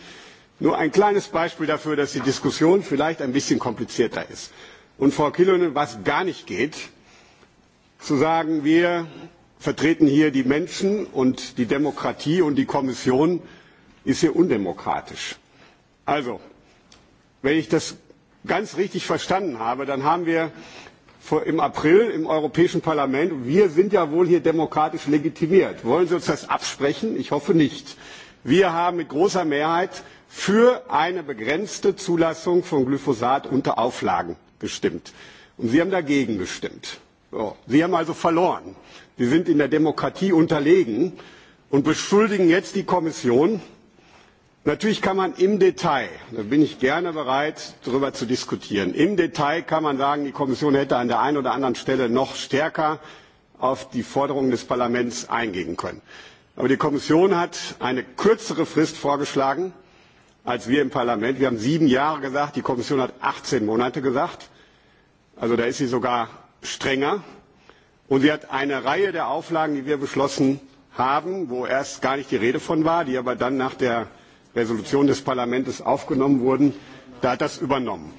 Nur ein kleines Beispiel dafür, dass die Diskussion vielleicht ein bisschen komplizierter ist. Und Frau Kilonen, was gar nicht geht, zu sagen, wir vertreten hier die Menschen und die Demokratie und die Kommission ist hier undemokratisch. Also, wenn ich das ganz richtig verstanden habe, dann haben wir im April im Europäischen Parlament, wir sind ja wohl hier demokratisch legitimiert. Wollen Sie uns das absprechen? Ich hoffe nicht. Wir haben mit großer Mehrheit für eine begrenzte Zulassung von Glyphosat unter Auflagen gestimmt. Und Sie haben dagegen gestimmt. Oh, Sie haben also verloren. Sie sind in der Demokratie unterlegen und beschuldigen jetzt die Kommission. Natürlich kann man im Detail, da bin ich gerne bereit, darüber zu diskutieren, im Detail kann man sagen, die Kommission hätte an der einen oder anderen Stelle noch stärker auf die Forderungen des Parlaments eingehen können. Aber die Kommission hat eine kürzere Frist vorgeschlagen als wir im Parlament. Wir haben sieben Jahre gesagt, die Kommission hat achtzehn Monate gesagt. Also da ist sie sogar strenger. Und sie hat eine Reihe der Auflagen, die wir beschlossen haben, wo erst gar nicht die Rede von war, die aber dann nach der Resolution des Parlaments aufgenommen wurden, da hat das übernommen.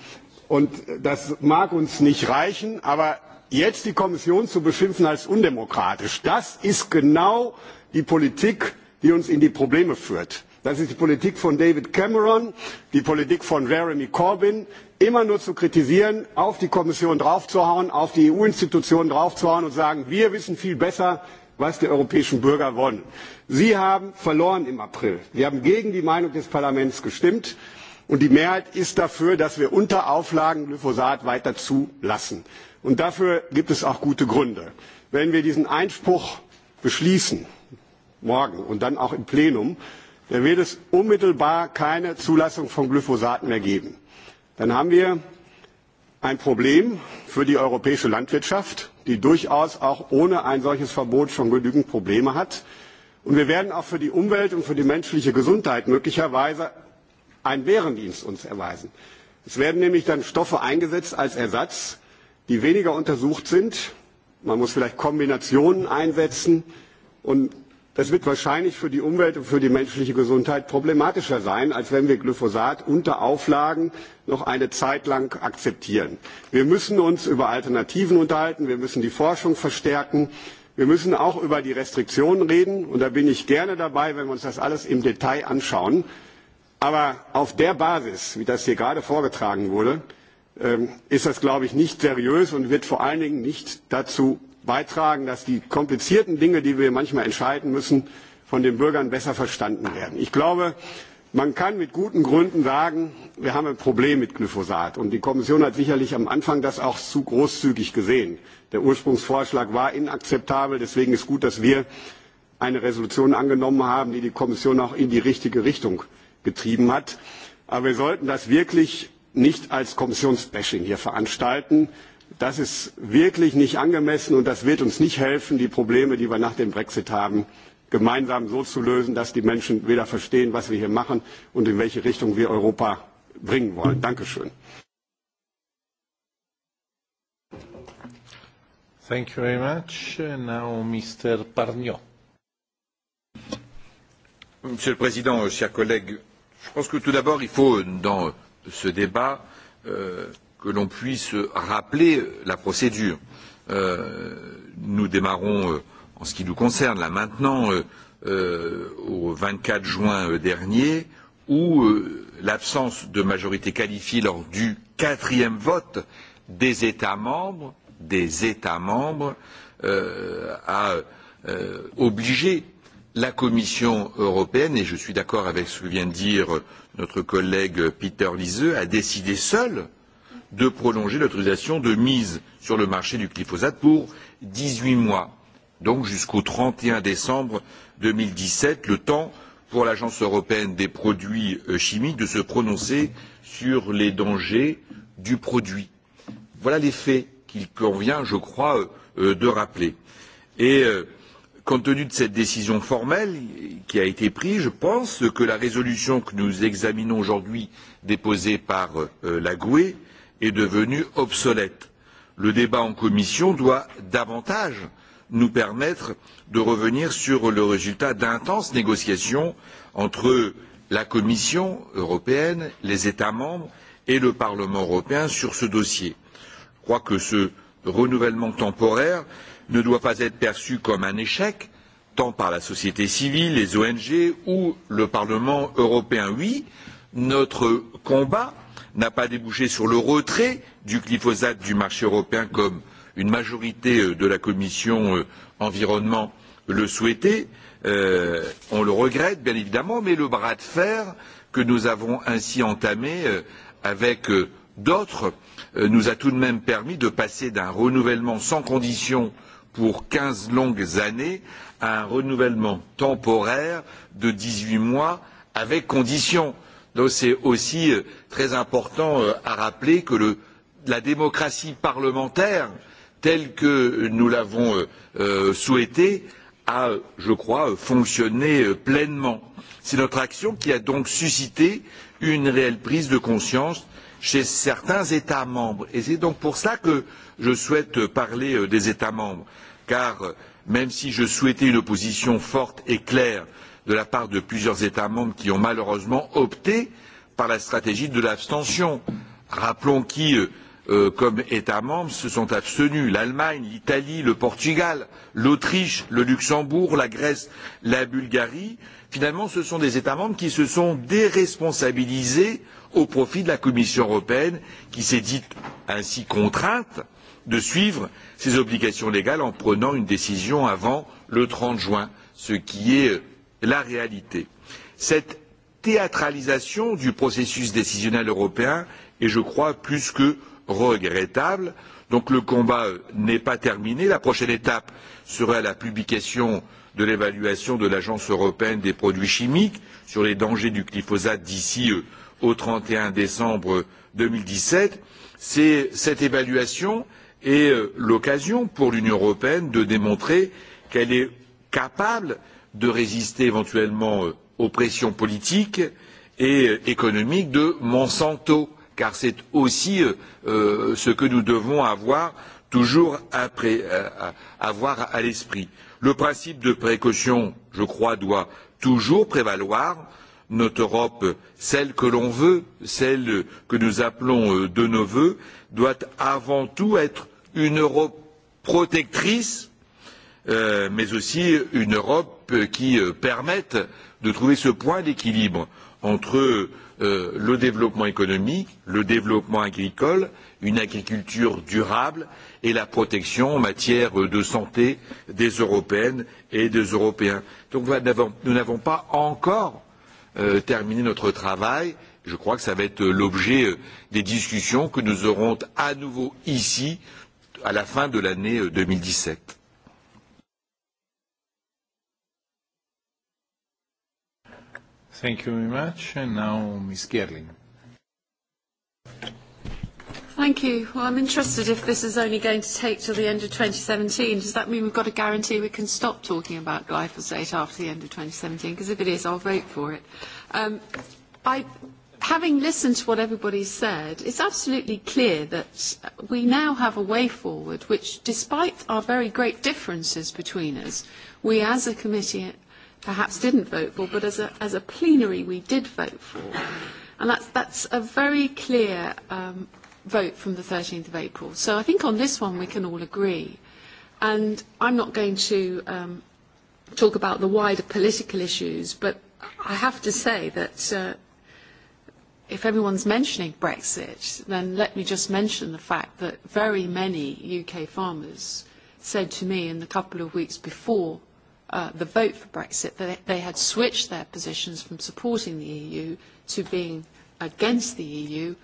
Und das mag uns nicht reichen, aber jetzt die Kommission zu beschimpfen als undemokratisch, das ist genau die Politik, die uns in die Probleme führt. Das ist die Politik von David Cameron, die Politik von Jeremy Corbyn, immer nur zu kritisieren, auf die Kommission draufzuhauen, auf die EU-Institutionen draufzuhauen und sagen, wir wissen viel besser, was die europäischen Bürger wollen. Sie haben verloren im April. Wir haben gegen die Meinung des Parlaments gestimmt und die Mehrheit ist dafür, dass wir unter Auflagen Glyphosat weiter zulassen. Und dafür gibt es auch gute Gründe. Wenn wir diesen Einspruch beschließen, morgen und dann auch im Plenum, dann wird es unmittelbar keine Zulassung von Glyphosat mehr geben. Dann haben wir ein Problem für die europäische Landwirtschaft, die durchaus auch ohne ein solches Verbot schon genügend Probleme hat. Und wir werden auch für die Umwelt und für die menschliche Gesundheit möglicherweise einen Bärendienst uns erweisen. Es werden nämlich dann Stoffe eingesetzt als Ersatz, die weniger untersucht sind. Man muss vielleicht Kombinationen einsetzen und Das wird wahrscheinlich für die Umwelt und für die menschliche Gesundheit problematischer sein, als wenn wir Glyphosat unter Auflagen noch eine Zeit lang akzeptieren. Wir müssen uns über Alternativen unterhalten, wir müssen die Forschung verstärken, wir müssen auch über die Restriktionen reden, und da bin ich gerne dabei, wenn wir uns das alles im Detail anschauen. Aber auf der Basis, wie das hier gerade vorgetragen wurde, ähm, ist das, glaube ich, nicht seriös und wird vor allen Dingen nicht dazu beitragen, dass die komplizierten Dinge, die wir manchmal entscheiden müssen, von den Bürgern besser verstanden werden. Ich glaube, man kann mit guten Gründen sagen, wir haben ein Problem mit Glyphosat. Und die Kommission hat sicherlich am Anfang das auch zu großzügig gesehen. Der Ursprungsvorschlag war inakzeptabel. Deswegen ist gut, dass wir eine Resolution angenommen haben, die die Kommission auch in die richtige Richtung getrieben hat. Aber wir sollten das wirklich nicht als Kommissionsbashing hier veranstalten. Das ist wirklich nicht angemessen und das wird uns nicht helfen, die Probleme, die wir nach dem Brexit haben, gemeinsam so zu lösen, dass die Menschen wieder verstehen, was wir hier machen und in welche Richtung wir Europa bringen wollen. Dankeschön. Thank you very much. Now, Mr. Parnio. Monsieur le Président, chers collègues, je pense que tout d'abord, il faut, dans ce débat, euh, que l'on puisse rappeler la procédure. Euh, nous démarrons, euh, en ce qui nous concerne, là maintenant, euh, euh, au 24 juin euh, dernier, où euh, l'absence de majorité qualifiée lors du quatrième vote des États membres, des États membres, euh, a euh, obligé la Commission européenne, et je suis d'accord avec ce que vient de dire notre collègue Peter Liseux, a décidé seule de prolonger l'autorisation de mise sur le marché du glyphosate pour dix huit mois, donc jusqu'au trente et un décembre deux mille dix sept, le temps pour l'Agence européenne des produits euh, chimiques de se prononcer sur les dangers du produit. Voilà les faits qu'il convient, je crois, euh, euh, de rappeler. Et compte tenu de cette décision formelle qui a été prise, je pense que la résolution que nous examinons aujourd'hui, déposée par la GUE, est devenue obsolète. Le débat en commission doit davantage nous permettre de revenir sur le résultat d'intenses négociations entre la Commission européenne, les États membres et le Parlement européen sur ce dossier. Je crois que ce renouvellement temporaire ne doit pas être perçu comme un échec, tant par la société civile, les ONG ou le Parlement européen. Oui, notre combat n'a pas débouché sur le retrait du glyphosate du marché européen comme une majorité euh, de la commission euh, environnement le souhaitait. Euh, on le regrette bien évidemment, mais le bras de fer que nous avons ainsi entamé euh, avec d'autres nous a tout de même permis de passer d'un renouvellement sans condition pour quinze longues années à un renouvellement temporaire de dix huit mois avec conditions. Donc c'est aussi euh, très important euh, à rappeler que le, la démocratie parlementaire telle que nous l'avons euh, souhaitée a, je crois, fonctionné pleinement. C'est notre action qui a donc suscité une réelle prise de conscience chez certains États membres. Et c'est donc pour cela que je souhaite parler des États membres, car même si je souhaitais une opposition forte et claire, de la part de plusieurs États membres qui ont malheureusement opté par la stratégie de l'abstention. Rappelons qui, euh, euh, comme États membres, se sont abstenus l'Allemagne, l'Italie, le Portugal, l'Autriche, le Luxembourg, la Grèce, la Bulgarie. Finalement, ce sont des États membres qui se sont déresponsabilisés au profit de la Commission européenne, qui s'est dite ainsi contrainte de suivre ses obligations légales en prenant une décision avant le trente juin, ce qui est euh, la réalité. Cette théâtralisation du processus décisionnel européen est, je crois, plus que regrettable. Donc le combat euh, n'est pas terminé. La prochaine étape sera la publication de l'évaluation de l'Agence européenne des produits chimiques sur les dangers du glyphosate d'ici euh, au trente et un décembre deux mille dix sept. Cette évaluation est euh, l'occasion pour l'Union européenne de démontrer qu'elle est capable de résister éventuellement euh, aux pressions politiques et euh, économiques de Monsanto, car c'est aussi euh, ce que nous devons avoir toujours après, avoir à l'esprit. Le principe de précaution, je crois, doit toujours prévaloir. Notre Europe, celle que l'on veut, celle que nous appelons de nos vœux, doit avant tout être une Europe protectrice Euh, mais aussi une Europe qui euh, permette de trouver ce point d'équilibre entre euh, le développement économique, le développement agricole, une agriculture durable et la protection en matière de santé des Européennes et des Européens. Donc nous n'avons pas encore terminé notre travail. Je crois que cela va être l'objet des discussions que nous aurons à nouveau ici à la fin de l'année deux mille dix sept. Thank you very much. And now Ms. Gerling. Thank you. Well, I'm interested if this is only going to take till the end of 2017. Does that mean we've got a guarantee we can stop talking about glyphosate after the end of 2017? Because if it is, I'll vote for it. Um, I, having listened to what everybody said, it's absolutely clear that we now have a way forward which, despite our very great differences between us, we as a committee perhaps didn't vote for, but as a, as a plenary we did vote for. And that's, that's a very clear um, vote from the 13th of April. So I think on this one we can all agree. And I'm not going to um, talk about the wider political issues, but I have to say that uh, if everyone's mentioning Brexit, then let me just mention the fact that very many UK farmers said to me in the couple of weeks before Uh, the vote for Brexit, that they had switched their positions from supporting the EU to being against the EU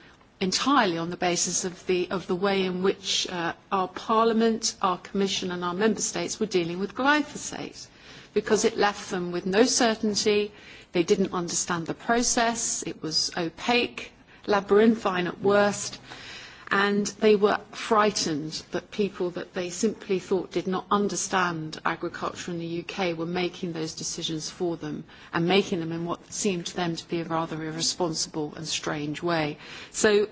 entirely on the basis of the, of the way in which uh, our Parliament, our Commission and our Member States were dealing with glyphosate, because it left them with no certainty, they didn't understand the process, it was opaque, labyrinthine at worst, and they were frightened that people that they simply thought did not understand agriculture in the UK were making those decisions for them and making them in what seemed to them to be a rather irresponsible and strange way. So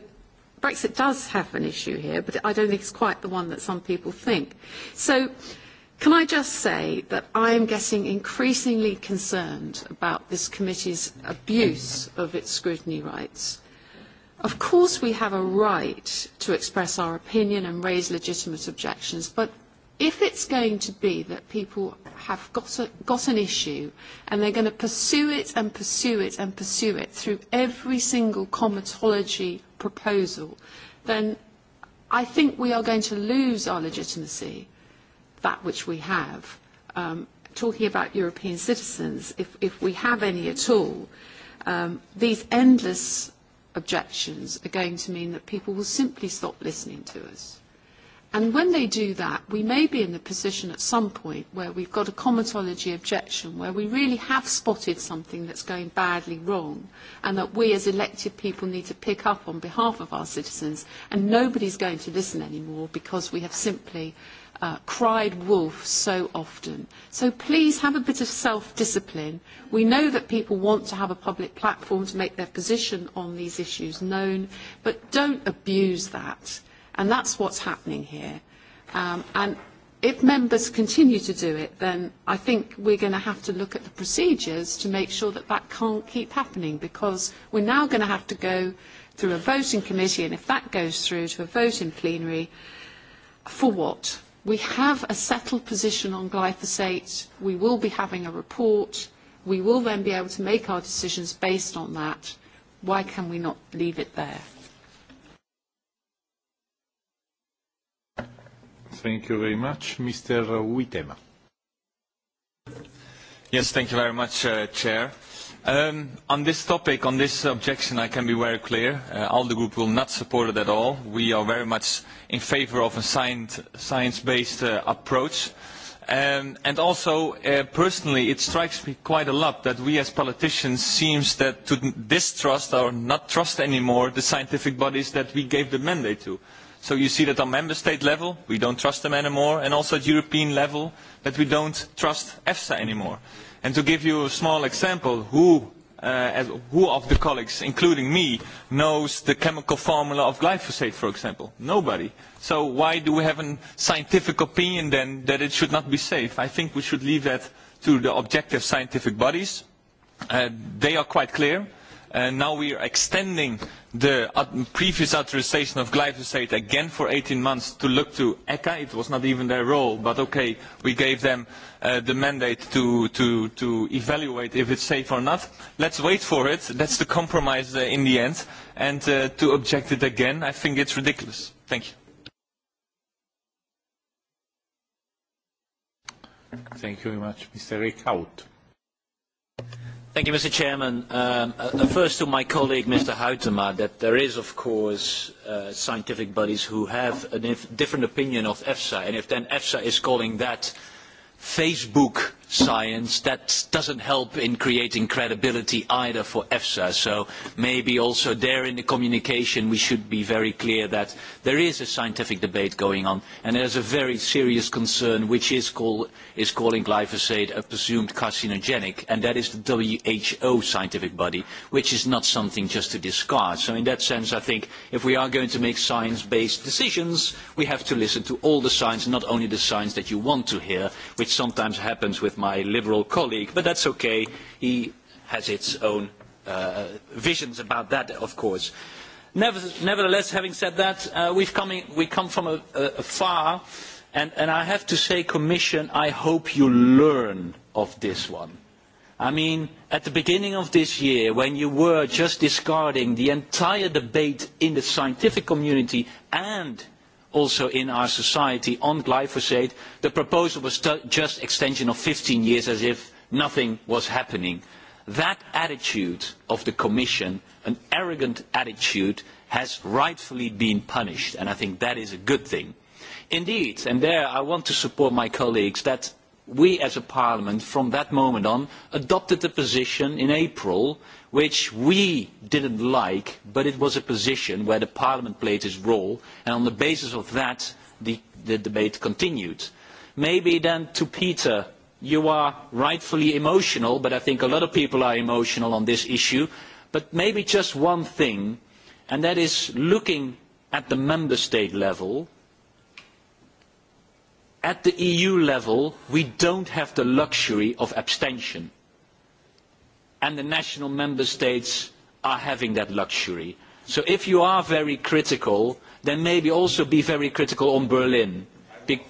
Brexit does have an issue here, but I don't think it's quite the one that some people think. So can I just say that I am getting increasingly concerned about this committee's abuse of its scrutiny rights Of course we have a right to express our opinion and raise legitimate objections, but if it's going to be that people have got, a, got an issue and they're going to pursue it and pursue it and pursue it through every single comitology proposal, then I think we are going to lose our legitimacy, that which we have, um, talking about European citizens, if, if we have any at all. Um, these endless objections are going to mean that people will simply stop listening to us. And when they do that, we may be in the position at some point where we've got a comitology objection, where we really have spotted something that's going badly wrong, and that we as elected people need to pick up on behalf of our citizens, and nobody's going to listen anymore because we have simply uh, cried wolf so often. So please have a bit of self-discipline. We know that people want to have a public platform to make their position on these issues known, but don't abuse that. And that's what's happening here. Um, and if members continue to do it, then I think we're going to have to look at the procedures to make sure that that can't keep happening because we're now going to have to go through a voting committee and if that goes through to a vote in plenary, for what? We have a settled position on glyphosate. We will be having a report. We will then be able to make our decisions based on that. Why can we not leave it there? Thank you very much. Mr. Witema. Yes, thank you very much, uh, Chair. Um, on this topic, on this objection, I can be very clear. Uh, all the Group will not support it at all. We are very much in favor of a science-based uh, approach. Um, and also, uh, personally, it strikes me quite a lot that we as politicians seems that to distrust or not trust anymore the scientific bodies that we gave the mandate to. So you see that on member state level, we don't trust them anymore, and also at European level, that we don't trust EFSA anymore. Mm And to give you a small example, who, uh, as, who of the colleagues, including me, knows the chemical formula of glyphosate, for example? Nobody. So why do we have a scientific opinion then that it should not be safe? I think we should leave that to the objective scientific bodies. Uh, they are quite clear. Uh, now we are extending the previous authorization of glyphosate again for eighteen months to look to ECHA. It was not even their role, but okay, we gave them uh, the mandate to, to, to evaluate if it's safe or not. Let's wait for it. That's the compromise uh, in the end. And uh, to object it again, I think it's ridiculous. Thank you. Thank you very much. Mr. Rick, out. Thank you, Mr. Chairman. Um, uh, uh, first to my colleague, Mr. Huitema that there is, of course, uh, scientific bodies who have a different opinion of EFSA, and if then EFSA is calling that Facebook science, that doesn't help in creating credibility either for EFSA. So maybe also there in the communication we should be very clear that there is a scientific debate going on and there is a very serious concern which is, call, is calling glyphosate a presumed carcinogenic and that is the WHO scientific body, which is not something just to discard. So in that sense I think if we are going to make science-based decisions, we have to listen to all the science, not only the science that you want to hear, which sometimes happens with my liberal colleague, but that's okay. He has its own uh, visions about that, of course. Never, nevertheless, having said that, uh, we've come in, we come from a, a, a far, and, and I have to say, Commission, I hope you learn of this one. I mean, at the beginning of this year, when you were just discarding the entire debate in the scientific community and also in our society on glyphosate. The proposal was just extension of fifteen years as if nothing was happening. That attitude of the Commission, an arrogant attitude, has rightfully been punished, and I think that is a good thing. Indeed, and there I want to support my colleagues, that we as a Parliament from that moment on adopted the position in April which we didn't like, but it was a position where the Parliament played its role, and on the basis of that, the, the debate continued. Maybe then to Peter, you are rightfully emotional, but I think a lot of people are emotional on this issue, but maybe just one thing, and that is looking at the member state level, at the EU level, we don't have the luxury of abstention and the national member states are having that luxury. So if you are very critical, then maybe also be very critical on Berlin, be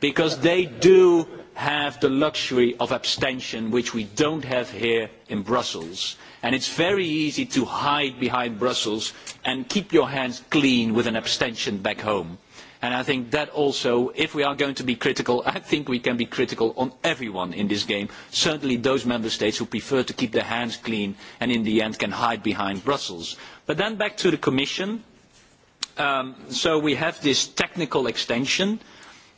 because they do have the luxury of abstention, which we do not have here in Brussels. And it is very easy to hide behind Brussels and keep your hands clean with an abstention back home. And I think that also, if we are going to be critical, I think we can be critical on everyone in this game, certainly those member states who prefer to keep their hands clean and in the end can hide behind Brussels. But then back to the Commission. Um, so we have this technical extension,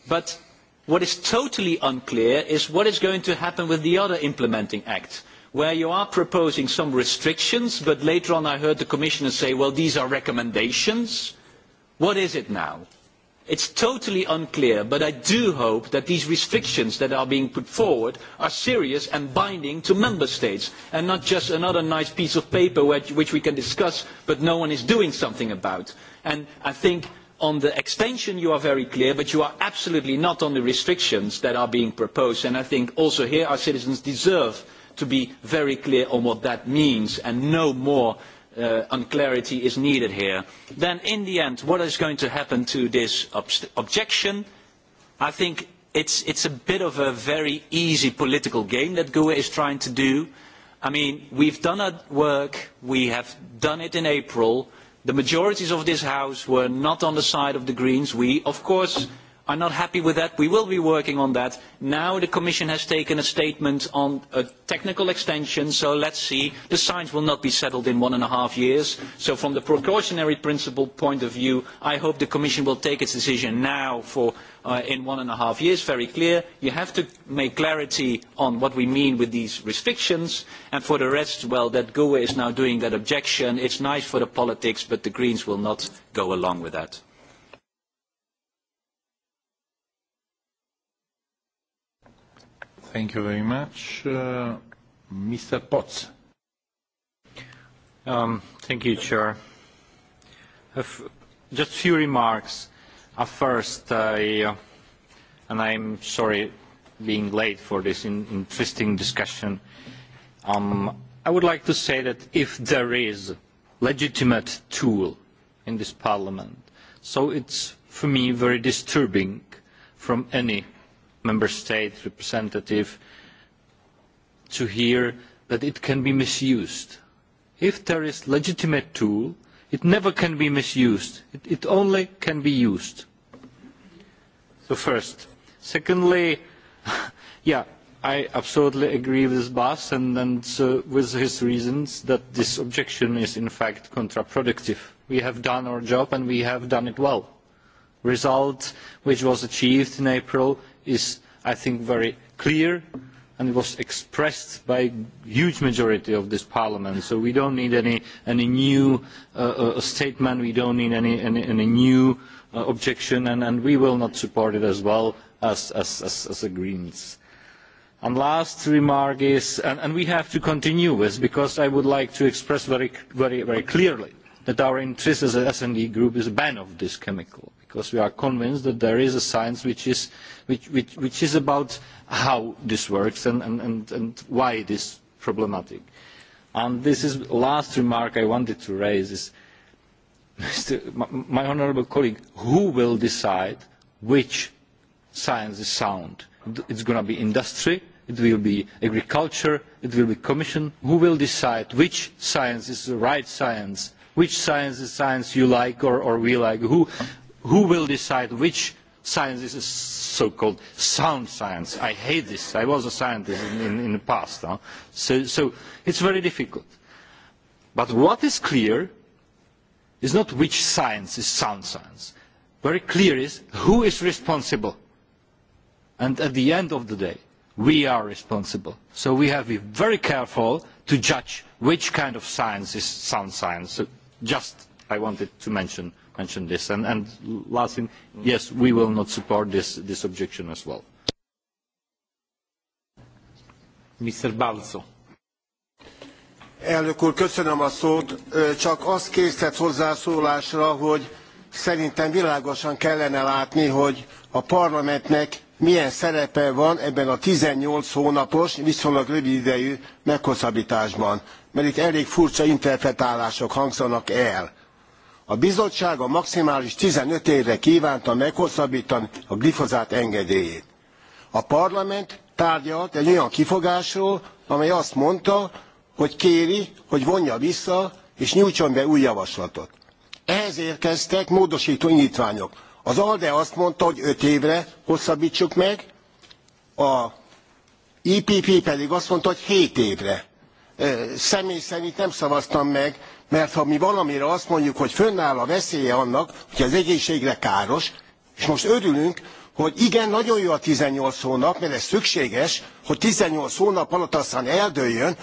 but what is totally unclear is what is going to happen with the other implementing act where you are proposing some restrictions, but later on I heard the Commissioner say, well, these are recommendations. What is it now? It is totally unclear, but I do hope that these restrictions that are being put forward are serious and binding to member states and not just another nice piece of paper which, we can discuss but no one is doing something about. And I think on the extension you are very clear, but you are absolutely not on the restrictions that are being proposed. And I think also here our citizens deserve to be very clear on what that means and no more uh, unclarity is needed here. Then in the end, what is going to happen to this ob objection? I think it's, it's a bit of a very easy political game that GUE is trying to do. I mean, we've done our work, we have done it in April. The majorities of this House were not on the side of the Greens. We, of course, am not happy with that. We will be working on that. Now the Commission has taken a statement on a technical extension, so let's see. The science will not be settled in one and a half years. So from the precautionary principle point of view, I hope the Commission will take its decision now for uh, in one and a half years, very clear. You have to make clarity on what we mean with these restrictions. And for the rest, well, that GUE is now doing that objection. It's nice for the politics, but the Greens will not go along with that. Thank you very much. Uh, Mr. Potts. Um, thank you, Chair. just a few remarks. At first, I, uh, and I'm sorry being late for this in interesting discussion. Um, I would like to say that if there is a legitimate tool in this Parliament, so it's for me very disturbing from any member state representative to hear that it can be misused. If there is legitimate tool, it never can be misused. It, it only can be used. So first. Secondly, yeah, I absolutely agree with Bas and, and uh, with his reasons that this objection is in fact counterproductive. We have done our job and we have done it well. Result which was achieved in April is, I think, very clear and was expressed by a huge majority of this parliament. So we don't need any, any new uh, uh, statement, we don't need any, any, any new uh, objection, and, and we will not support it as well as, as, as, as the Greens. And last remark is, and, and we have to continue with, because I would like to express very, very, very clearly that our interest as an S&D group is a ban of this chemical because we are convinced that there is a science which is, which, which, which is about how this works and, and, and, and why it is problematic. And this is the last remark I wanted to raise is, Mr. My, honourable colleague, who will decide which science is sound? It's going to be industry, it will be agriculture, it will be commission. Who will decide which science is the right science? Which science is science you like or, or we like? Who, who will decide which science is is so called sound science i hate this i was a scientist in, in, in the past huh? so, so it's very difficult but what is clear is not which science is sound science very clear is who is responsible and at the end of the day we are responsible so we have to be very careful to judge which kind of science is sound science so just i wanted to mention mention this. And, and last thing, yes, we will not support this, this objection as well. Mr. Balzo. Elnök úr, köszönöm a szót. Csak azt készített hozzászólásra, hogy szerintem világosan kellene látni, hogy a parlamentnek milyen szerepe van ebben a 18 hónapos, viszonylag rövid idejű meghosszabbításban. Mert itt elég furcsa interpretálások hangzanak el A bizottság a maximális 15 évre kívánta meghosszabbítani a glifozát engedélyét. A parlament tárgyalt egy olyan kifogásról, amely azt mondta, hogy kéri, hogy vonja vissza és nyújtson be új javaslatot. Ehhez érkeztek módosító nyitványok. Az ALDE azt mondta, hogy 5 évre hosszabbítsuk meg, a IPP pedig azt mondta, hogy 7 évre. Személy szerint nem szavaztam meg Mert ha mi valamire azt mondjuk, hogy fönnáll a veszélye annak, hogy az egészségre káros, és most örülünk, hogy igen, nagyon jó a 18 hónap, mert ez szükséges, hogy 18 hónap alatt aztán eldőljön,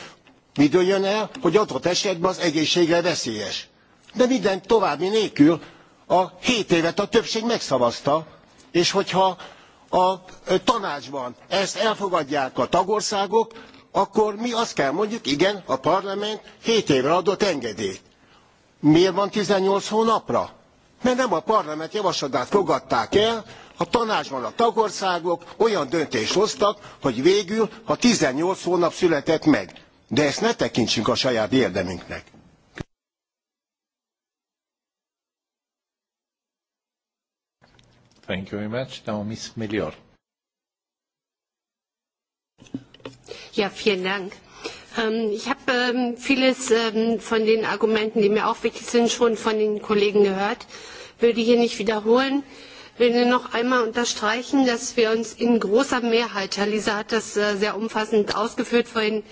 mi dőljön el, hogy adott esetben az egészségre veszélyes. De minden további nélkül a 7 évet a többség megszavazta, és hogyha a tanácsban ezt elfogadják a tagországok, akkor mi azt kell mondjuk, igen, a parlament 7 évre adott engedélyt. Miért van 18 hónapra? Mert nem a parlament javaslatát fogadták el, a tanácsban a tagországok olyan döntést hoztak, hogy végül a 18 hónap született meg. De ezt ne tekintsünk a saját érdemünknek. Thank you very much. Now, Miss Melior. Ja, vielen Dank. Ähm, ich habe ähm, vieles ähm, von den Argumenten, die mir auch wichtig sind, schon von den Kollegen gehört. Würde hier nicht wiederholen. Will nur noch einmal unterstreichen, dass wir uns in großer Mehrheit, Herr Lisa hat das äh, sehr umfassend ausgeführt vorhin,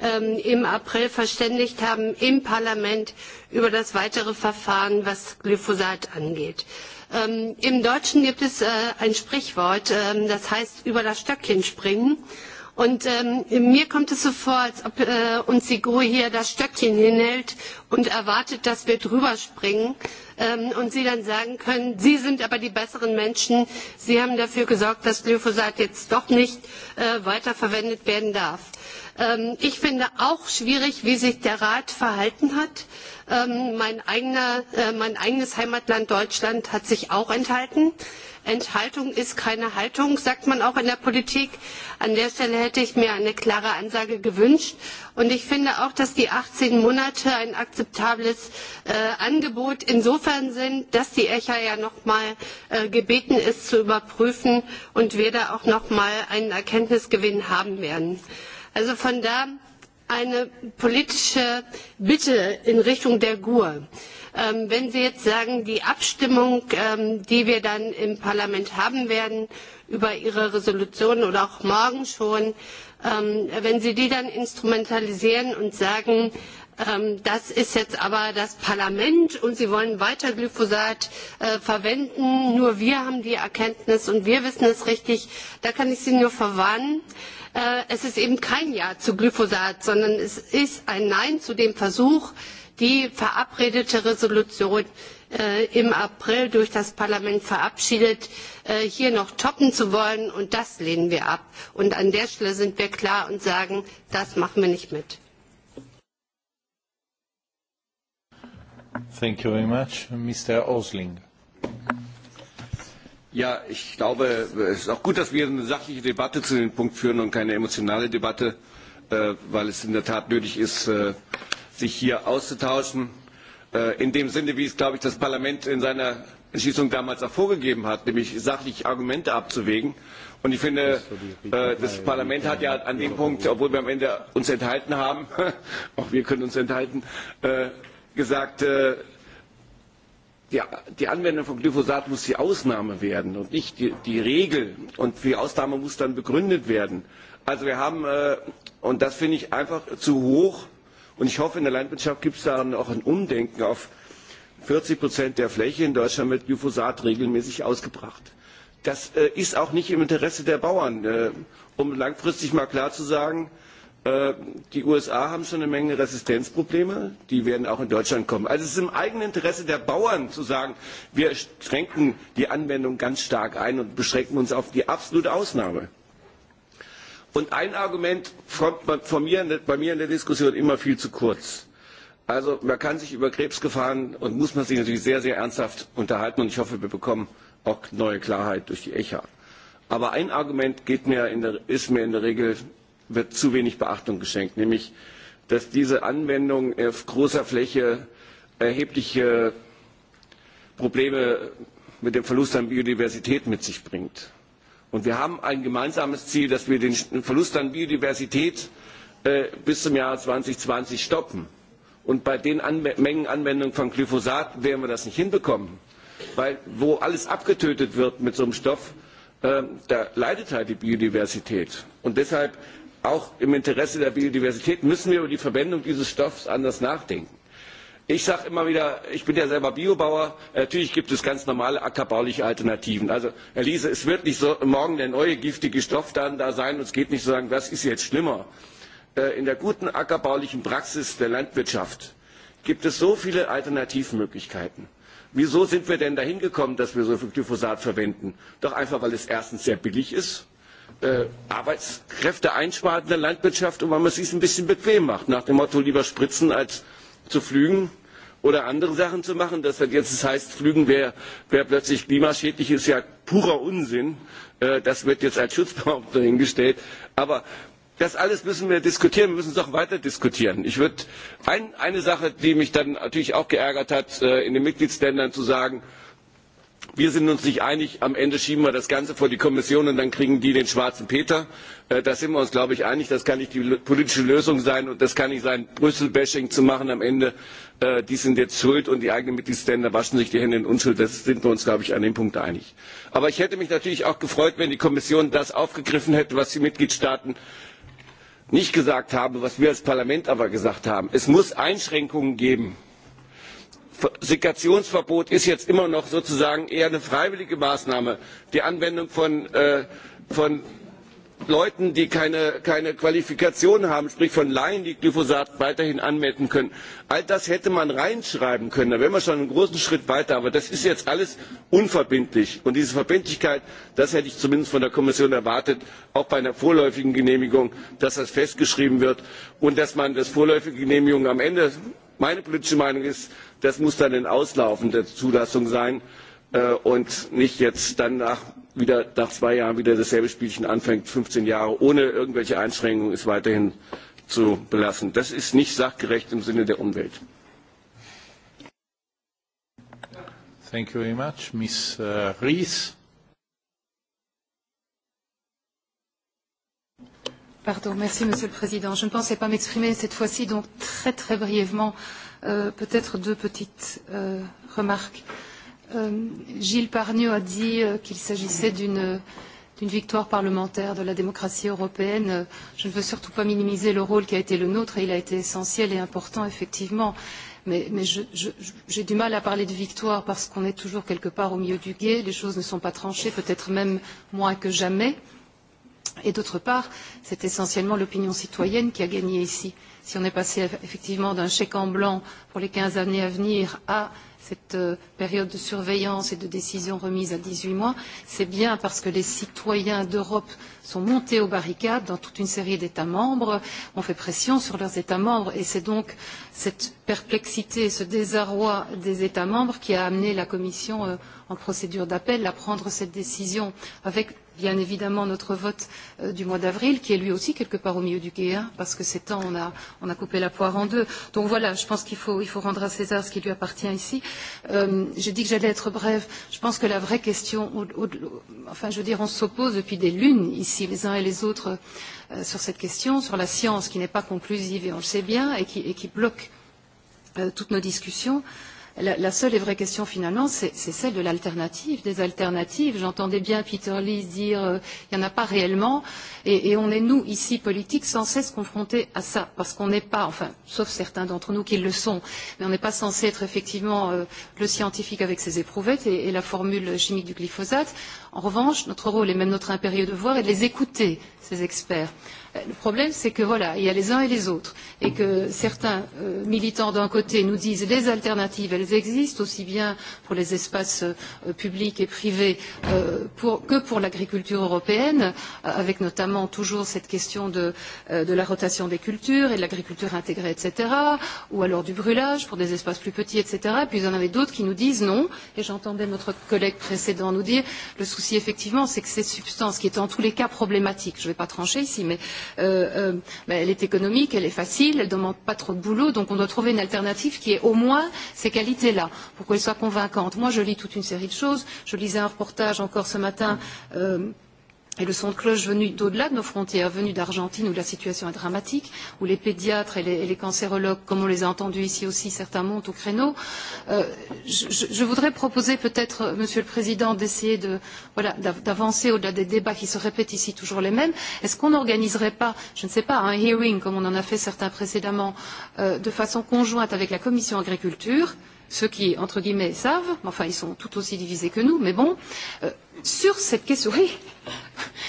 ähm, im April verständigt haben im Parlament über das weitere Verfahren, was Glyphosat angeht. Ähm, Im Deutschen gibt es äh, ein Sprichwort, äh, das heißt über das Stöckchen springen. Äh, Und ähm, mir kommt es so vor, als ob äh, uns die GRU hier das Stöckchen hinhält und erwartet, dass wir drüber springen ähm, und sie dann sagen können, sie sind aber die besseren Menschen, sie haben dafür gesorgt, dass Glyphosat jetzt doch nicht äh, weiterverwendet werden darf. Ähm, ich finde auch schwierig, wie sich der Rat verhalten hat. Ähm, mein, eigener, äh, mein eigenes Heimatland Deutschland hat sich auch enthalten. Äh, Enthaltung ist keine Haltung, sagt man auch in der Politik. An der Stelle hätte ich mir eine klare Ansage gewünscht. Und ich finde auch, dass die 18 Monate ein akzeptables äh, Angebot insofern sind, dass die ECHA ja nochmal äh, gebeten ist zu überprüfen und wir da auch nochmal einen Erkenntnisgewinn haben werden. Also von da eine politische Bitte in Richtung der GUR. Ähm, wenn Sie jetzt sagen, die Abstimmung, ähm, die wir dann im Parlament haben werden über Ihre Resolution oder auch morgen schon, ähm, wenn Sie die dann instrumentalisieren und sagen, ähm, das ist jetzt aber das Parlament und sie wollen weiter Glyphosat äh, verwenden. Nur wir haben die Erkenntnis und wir wissen es richtig. Da kann ich Sie nur verwarnen. Äh, es ist eben kein Ja zu Glyphosat, sondern es ist ein Nein zu dem Versuch, die verabredete Resolution äh, im April durch das Parlament verabschiedet, äh, hier noch toppen zu wollen. Und das lehnen wir ab. Und an der Stelle sind wir klar und sagen, das machen wir nicht mit. Thank you very much. Mr. Osling. Ja, ich glaube, es ist auch gut, dass wir eine sachliche Debatte zu dem Punkt führen und keine emotionale Debatte, äh, weil es in der Tat nötig ist, äh, sich hier auszutauschen. Äh, in dem Sinne, wie es, glaube ich, das Parlament in seiner Entschließung damals auch vorgegeben hat, nämlich sachlich Argumente abzuwägen. Und ich finde, das äh, Parlament hat ja an dem Punkt, obwohl wir am Ende uns enthalten haben, auch wir können uns enthalten, äh, gesagt, die Anwendung von Glyphosat muss die Ausnahme werden und nicht die, die Regel. Und die Ausnahme muss dann begründet werden. Also wir haben, und das finde ich einfach zu hoch, Und ich hoffe, in der Landwirtschaft gibt es da auch ein Umdenken auf 40 Prozent der Fläche in Deutschland wird Glyphosat regelmäßig ausgebracht. Das äh, ist auch nicht im Interesse der Bauern, äh, um langfristig mal klar zu sagen, äh, die USA haben schon eine Menge Resistenzprobleme, die werden auch in Deutschland kommen. Also es ist im eigenen Interesse der Bauern zu sagen, wir schränken die Anwendung ganz stark ein und beschränken uns auf die absolute Ausnahme. Und ein Argument kommt von mir, bei mir in der Diskussion immer viel zu kurz. Also man kann sich über Krebsgefahren und muss man sich natürlich sehr, sehr ernsthaft unterhalten und ich hoffe, wir bekommen auch neue Klarheit durch die ECHA. Aber ein Argument geht mir in der, ist mir in der Regel, wird zu wenig Beachtung geschenkt, nämlich, dass diese Anwendung auf großer Fläche erhebliche Probleme mit dem Verlust an Biodiversität mit sich bringt. Und wir haben ein gemeinsames Ziel, dass wir den Verlust an Biodiversität äh, bis zum Jahr 2020 stoppen. Und bei den Anw Mengenanwendungen von Glyphosat werden wir das nicht hinbekommen. Weil wo alles abgetötet wird mit so einem Stoff, äh, da leidet halt die Biodiversität. Und deshalb auch im Interesse der Biodiversität müssen wir über die Verwendung dieses Stoffs anders nachdenken. Ich sage immer wieder, ich bin ja selber Biobauer, natürlich gibt es ganz normale ackerbauliche Alternativen. Also, Herr Liese, es wird nicht so, morgen der neue giftige Stoff dann da sein und es geht nicht zu so sagen, was ist jetzt schlimmer. Äh, in der guten ackerbaulichen Praxis der Landwirtschaft gibt es so viele Alternativmöglichkeiten. Wieso sind wir denn dahin gekommen, dass wir so viel Glyphosat verwenden? Doch einfach, weil es erstens sehr billig ist, äh, Arbeitskräfte einsparen in der Landwirtschaft und weil man es sich ein bisschen bequem macht, nach dem Motto lieber spritzen als zu pflügen oder andere Sachen zu machen. Das hat jetzt das heißt, Flügen wäre wär plötzlich klimaschädlich, ist ja purer Unsinn. Äh, das wird jetzt als Schutzbeamter hingestellt. Aber das alles müssen wir diskutieren, wir müssen es auch weiter diskutieren. Ich würde ein, eine Sache, die mich dann natürlich auch geärgert hat, äh, in den Mitgliedsländern zu sagen, Wir sind uns nicht einig. Am Ende schieben wir das Ganze vor die Kommission und dann kriegen die den schwarzen Peter. Äh, da sind wir uns, glaube ich, einig. Das kann nicht die politische Lösung sein und das kann nicht sein, Brüssel-Bashing zu machen am Ende. Äh, die sind jetzt schuld und die eigenen Mitgliedsländer waschen sich die Hände in Unschuld. Das sind wir uns, glaube ich, an dem Punkt einig. Aber ich hätte mich natürlich auch gefreut, wenn die Kommission das aufgegriffen hätte, was die Mitgliedstaaten nicht gesagt haben, was wir als Parlament aber gesagt haben. Es muss Einschränkungen geben Sikkationsverbot ist jetzt immer noch sozusagen eher eine freiwillige Maßnahme. Die Anwendung von, äh, von Leuten, die keine, keine Qualifikation haben, sprich von Laien, die Glyphosat weiterhin anwenden können. All das hätte man reinschreiben können. Da wären wir schon einen großen Schritt weiter. Aber das ist jetzt alles unverbindlich. Und diese Verbindlichkeit, das hätte ich zumindest von der Kommission erwartet, auch bei einer vorläufigen Genehmigung, dass das festgeschrieben wird und dass man das vorläufige Genehmigung am Ende Meine politische Meinung ist, das muss dann ein Auslaufen der Zulassung sein äh, und nicht jetzt dann nach, wieder, nach zwei Jahren wieder dasselbe Spielchen anfängt, 15 Jahre ohne irgendwelche Einschränkungen ist weiterhin zu belassen. Das ist nicht sachgerecht im Sinne der Umwelt. Thank you very much. Ms. Pardon, merci Monsieur le Président. Je ne pensais pas m'exprimer cette fois-ci, donc très très brièvement, euh, peut-être deux petites euh, remarques. Euh, Gilles Parnio a dit euh, qu'il s'agissait d'une euh, d'une victoire parlementaire de la démocratie européenne. Euh, je ne veux surtout pas minimiser le rôle qui a été le nôtre et il a été essentiel et important effectivement. Mais, mais j'ai du mal à parler de victoire parce qu'on est toujours quelque part au milieu du guet, les choses ne sont pas tranchées, peut-être même moins que jamais. Et d'autre part, c'est essentiellement l'opinion citoyenne qui a gagné ici. Si on est passé effectivement d'un chèque en blanc pour les 15 années à venir à cette euh, période de surveillance et de décision remise à 18 mois, c'est bien parce que les citoyens d'Europe sont montés aux barricades dans toute une série d'États membres, ont fait pression sur leurs États membres et c'est donc cette perplexité, ce désarroi des États membres qui a amené la Commission euh, en procédure d'appel à prendre cette décision avec bien évidemment notre vote euh, du mois d'avril, qui est lui aussi quelque part au milieu du gué, parce que ces temps, on a, on a coupé la poire en deux. Donc voilà, je pense qu'il faut, il faut rendre à César ce qui lui appartient ici. Euh, J'ai dit que j'allais être brève. Je pense que la vraie question, au, au, enfin je veux dire, on s'oppose depuis des lunes ici, les uns et les autres, euh, sur cette question, sur la science qui n'est pas conclusive, et on le sait bien, et qui, et qui bloque euh, toutes nos discussions. Euh, la, la seule et vraie question finalement, c'est celle de l'alternative, des alternatives. J'entendais bien Peter Lee dire qu'il euh, il n'y en a pas réellement, et, et on est, nous, ici, politiques, sans cesse confrontés à ça, parce qu'on n'est pas, enfin, sauf certains d'entre nous qui le sont, mais on n'est pas censé être effectivement euh, le scientifique avec ses éprouvettes et, et la formule chimique du glyphosate. En revanche, notre rôle et même notre impérieux devoir est de les écouter, ces experts. Le problème, c'est que voilà, il y a les uns et les autres, et que certains euh, militants d'un côté nous disent les alternatives, elles existent aussi bien pour les espaces euh, publics et privés euh, pour, que pour l'agriculture européenne, euh, avec notamment toujours cette question de, euh, de la rotation des cultures et de l'agriculture intégrée, etc., ou alors du brûlage pour des espaces plus petits, etc. Et puis il y en avait d'autres qui nous disent non, et j'entendais notre collègue précédent nous dire le souci effectivement, c'est que ces substances qui étaient en tous les cas problématiques, je ne vais pas trancher ici, mais euh, euh, euh, elle est économique, elle est facile, elle ne demande pas trop de boulot, donc on doit trouver une alternative qui ait au moins ces qualités-là, pour qu'elle soit convaincante. Moi, je lis toute une série de choses. Je lisais un reportage encore ce matin. Euh, Et le son de cloche venu d'au-delà de nos frontières, venu d'Argentine où la situation est dramatique, où les pédiatres et les, et les cancérologues, comme on les a entendus ici aussi, certains montent au créneau. Euh, je, je voudrais proposer peut-être, euh, Monsieur le Président, d'essayer de, voilà, d'avancer au-delà des débats qui se répètent ici toujours les mêmes. Est-ce qu'on n'organiserait pas, je ne sais pas, un hearing comme on en a fait certains précédemment, euh, de façon conjointe avec la Commission agriculture, ceux qui, entre guillemets, savent, enfin ils sont tout aussi divisés que nous, mais bon. Euh, sur cette question. Oui,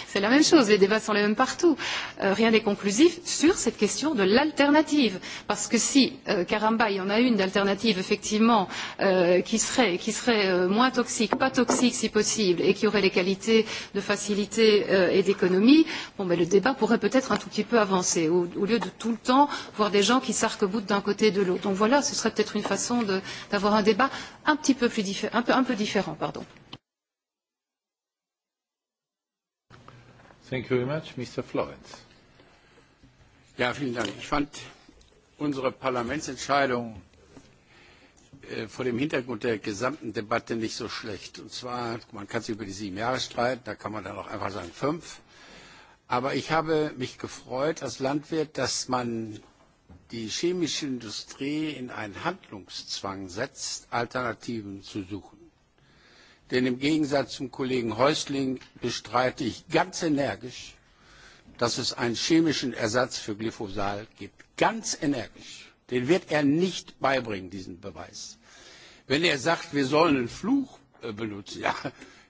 c'est la même chose, les débats sont les mêmes partout. Euh, rien n'est conclusif sur cette question de l'alternative. Parce que si, euh, caramba, il y en a une d'alternative, effectivement, euh, qui serait, qui serait euh, moins toxique, pas toxique si possible, et qui aurait les qualités de facilité euh, et d'économie, bon, ben, le débat pourrait peut-être un tout petit peu avancer, au, au lieu de tout le temps voir des gens qui s'arc-boutent d'un côté et de l'autre. Donc voilà, ce serait peut-être une façon d'avoir un débat un petit peu, plus diffé un peu, un peu différent. Pardon. Thank you very much. Mr. Florence. Ja, vielen Dank. Ich fand unsere Parlamentsentscheidung äh, vor dem Hintergrund der gesamten Debatte nicht so schlecht. Und zwar, man kann sich über die sieben Jahre streiten, da kann man dann auch einfach sagen fünf. Aber ich habe mich gefreut als Landwirt, dass man die chemische Industrie in einen Handlungszwang setzt, Alternativen zu suchen. Denn im Gegensatz zum Kollegen Häusling bestreite ich ganz energisch, dass es einen chemischen Ersatz für Glyphosat gibt. Ganz energisch. Den wird er nicht beibringen, diesen Beweis. Wenn er sagt, wir sollen einen Fluch äh, benutzen, ja,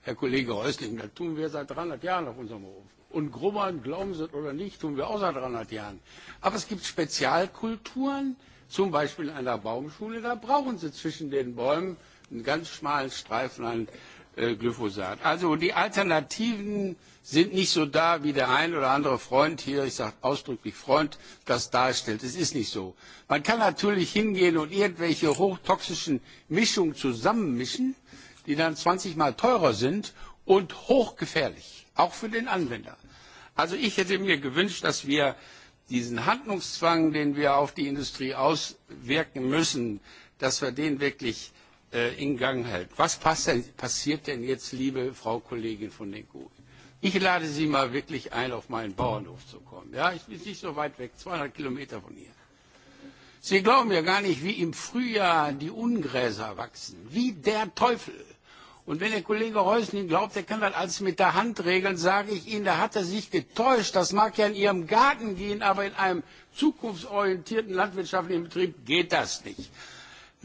Herr Kollege Häusling, das tun wir seit 300 Jahren auf unserem Hof. Und Grummern, glauben Sie oder nicht, tun wir auch seit 300 Jahren. Aber es gibt Spezialkulturen, zum Beispiel in einer Baumschule, da brauchen Sie zwischen den Bäumen einen ganz schmalen Streifen an äh, Glyphosat. Also die Alternativen sind nicht so da, wie der ein oder andere Freund hier, ich sage ausdrücklich Freund, das darstellt. Es ist nicht so. Man kann natürlich hingehen und irgendwelche hochtoxischen Mischungen zusammenmischen, die dann 20 mal teurer sind und hochgefährlich, auch für den Anwender. Also ich hätte mir gewünscht, dass wir diesen Handlungszwang, den wir auf die Industrie auswirken müssen, dass wir den wirklich äh, in Gang hält. Was pass passiert denn jetzt, liebe Frau Kollegin von den Grünen? Ich lade Sie mal wirklich ein, auf meinen Bauernhof zu kommen. Ja, ich bin nicht so weit weg, 200 Kilometer von hier. Sie glauben ja gar nicht, wie im Frühjahr die Ungräser wachsen. Wie der Teufel. Und wenn der Kollege Häusling glaubt, er kann das alles mit der Hand regeln, sage ich Ihnen, da hat er sich getäuscht. Das mag ja in Ihrem Garten gehen, aber in einem zukunftsorientierten landwirtschaftlichen Betrieb geht das nicht.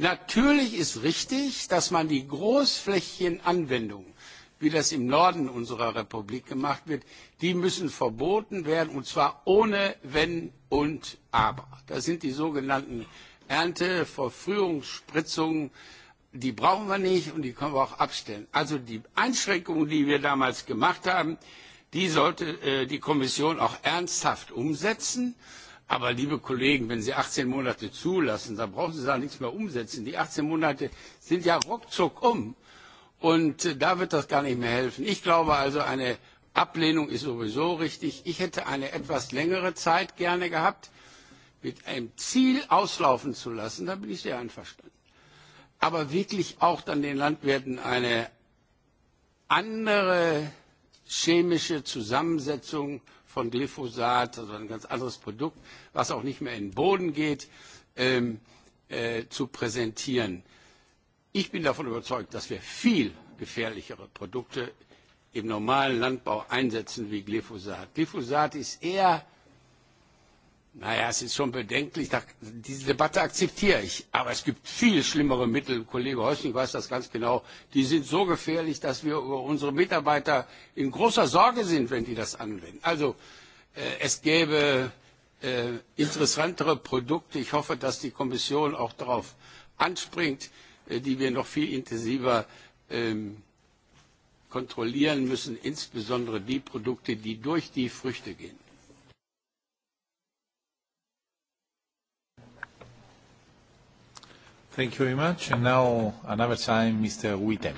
Natürlich ist richtig, dass man die großflächigen Anwendungen, wie das im Norden unserer Republik gemacht wird, die müssen verboten werden, und zwar ohne Wenn und Aber. Das sind die sogenannten Ernteverfrühungsspritzungen, die brauchen wir nicht und die können wir auch abstellen. Also die Einschränkungen, die wir damals gemacht haben, die sollte äh, die Kommission auch ernsthaft umsetzen. Aber liebe Kollegen, wenn Sie 18 Monate zulassen, dann brauchen Sie da nichts mehr umsetzen. Die 18 Monate sind ja ruckzuck um. Und äh, da wird das gar nicht mehr helfen. Ich glaube also, eine Ablehnung ist sowieso richtig. Ich hätte eine etwas längere Zeit gerne gehabt, mit einem Ziel auslaufen zu lassen. Da bin ich sehr einverstanden. Aber wirklich auch dann den Landwirten eine andere chemische Zusammensetzung von Glyphosat, also ein ganz anderes Produkt, was auch nicht mehr in den Boden geht, ähm, äh, zu präsentieren. Ich bin davon überzeugt, dass wir viel gefährlichere Produkte im normalen Landbau einsetzen wie Glyphosat. Glyphosat ist eher Naja, es ist schon bedenklich, da, diese Debatte akzeptiere ich. Aber es gibt viel schlimmere Mittel, Kollege Häusling weiß das ganz genau, die sind so gefährlich, dass wir über unsere Mitarbeiter in großer Sorge sind, wenn die das anwenden. Also äh, es gäbe äh, interessantere Produkte. Ich hoffe, dass die Kommission auch darauf anspringt, äh, die wir noch viel intensiver ähm, kontrollieren müssen, insbesondere die Produkte, die durch die Früchte gehen. Thank you very much. And now another time, Mr. Wittem.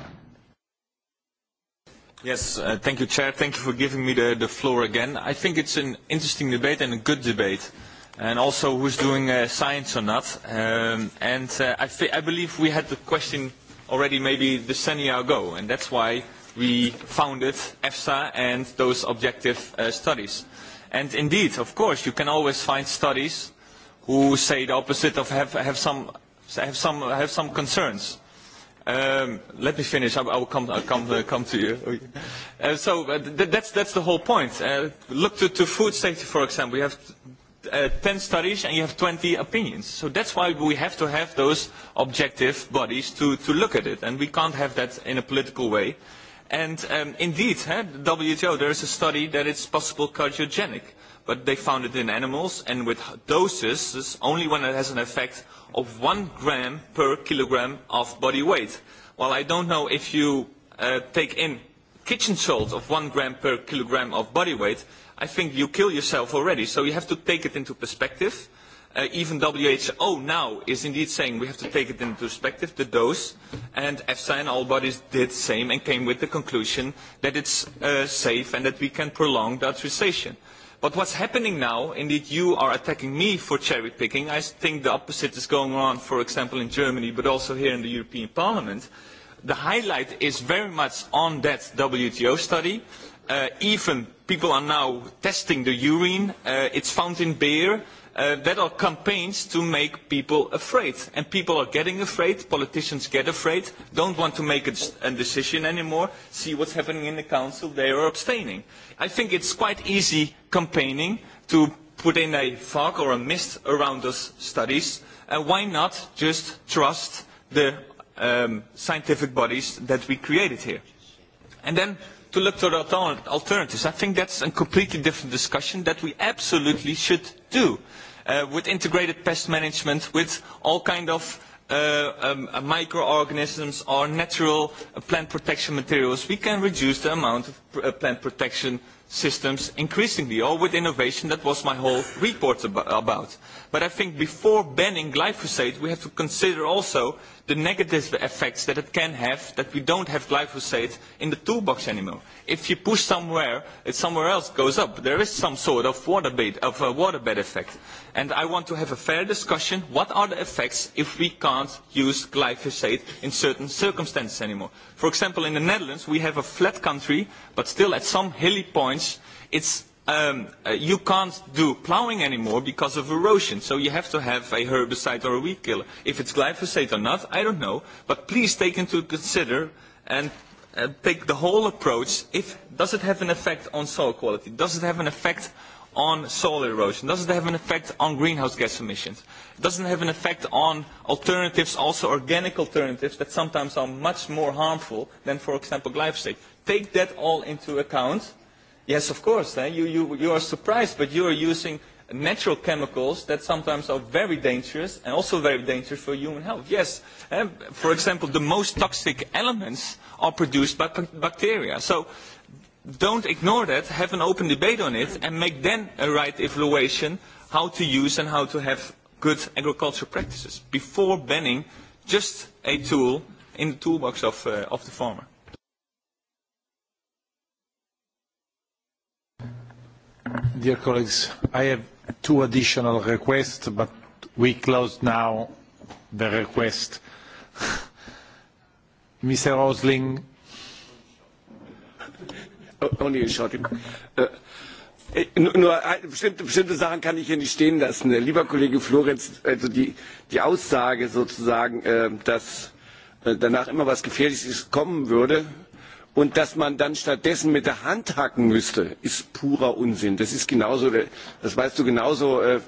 Yes, uh, thank you, Chair. Thank you for giving me the, the floor again. I think it's an interesting debate and a good debate, and also who's doing uh, science or not. Um, and uh, I, I believe we had the question already maybe decennia ago, and that's why we founded EFSA and those objective uh, studies. And indeed, of course, you can always find studies who say the opposite of have, have some I have some, I have some concerns. Um, let me finish. I, I will come, I'll come, uh, come to you. Uh, so uh, th that's, that's the whole point. Uh, look to, to food safety, for example. You have uh, 10 studies and you have 20 opinions. So that's why we have to have those objective bodies to, to look at it. And we can't have that in a political way. And um, indeed, huh, the WTO, there is a study that it's possible cardiogenic. But they found it in animals and with doses, only when it has an effect of one gram per kilogram of body weight. Well, I don't know if you uh, take in kitchen salt of one gram per kilogram of body weight, I think you kill yourself already. So you have to take it into perspective. Uh, even WHO now is indeed saying we have to take it into perspective, the dose, and EFSA and all bodies did the same and came with the conclusion that it's uh, safe and that we can prolong the authorization. But what's happening now, indeed you are attacking me for cherry picking, I think the opposite is going on, for example, in Germany, but also here in the European Parliament. The highlight is very much on that WTO study. Uh, even people are now testing the urine, uh, it's found in beer, Uh, that are campaigns to make people afraid. And people are getting afraid, politicians get afraid, don't want to make a, a decision anymore, see what's happening in the council, they are abstaining. I think it's quite easy campaigning to put in a fog or a mist around those studies. And why not just trust the um, scientific bodies that we created here? And then to look to the alternatives, I think that's a completely different discussion that we absolutely should do uh, with integrated pest management, with all kind of uh, um, uh, microorganisms or natural uh, plant protection materials, we can reduce the amount of pr uh, plant protection systems increasingly, or with innovation. That was my whole report ab about. But I think before banning glyphosate, we have to consider also the negative effects that it can have that we don't have glyphosate in the toolbox anymore. If you push somewhere, it somewhere else goes up. There is some sort of waterbed, of a waterbed effect. And I want to have a fair discussion. What are the effects if we can't use glyphosate in certain circumstances anymore? For example, in the Netherlands, we have a flat country, but still at some hilly points, it's um, uh, you can't do plowing anymore because of erosion, so you have to have a herbicide or a weed killer. If it's glyphosate or not, I don't know, but please take into consider and uh, take the whole approach. If, does it have an effect on soil quality? Does it have an effect on soil erosion? Does it have an effect on greenhouse gas emissions? Does it have an effect on alternatives, also organic alternatives, that sometimes are much more harmful than, for example, glyphosate? Take that all into account Yes, of course. Eh? You, you, you are surprised, but you are using natural chemicals that sometimes are very dangerous and also very dangerous for human health. Yes, eh? for example, the most toxic elements are produced by bacteria. So don't ignore that, have an open debate on it, and make then a right evaluation how to use and how to have good agricultural practices before banning just a tool in the toolbox of, uh, of the farmer. Dear colleagues, I have two additional requests, but we close now the request. Mr. Rosling. Only a short. Uh, äh, äh, nur äh, bestimmte, bestimmte Sachen kann ich hier nicht stehen lassen. Lieber Kollege Florenz, also die, die Aussage sozusagen, dass danach immer was Gefährliches kommen würde, Und dass man dann stattdessen mit der Hand hacken müsste, ist purer Unsinn. Das ist genauso, das weißt du genauso äh,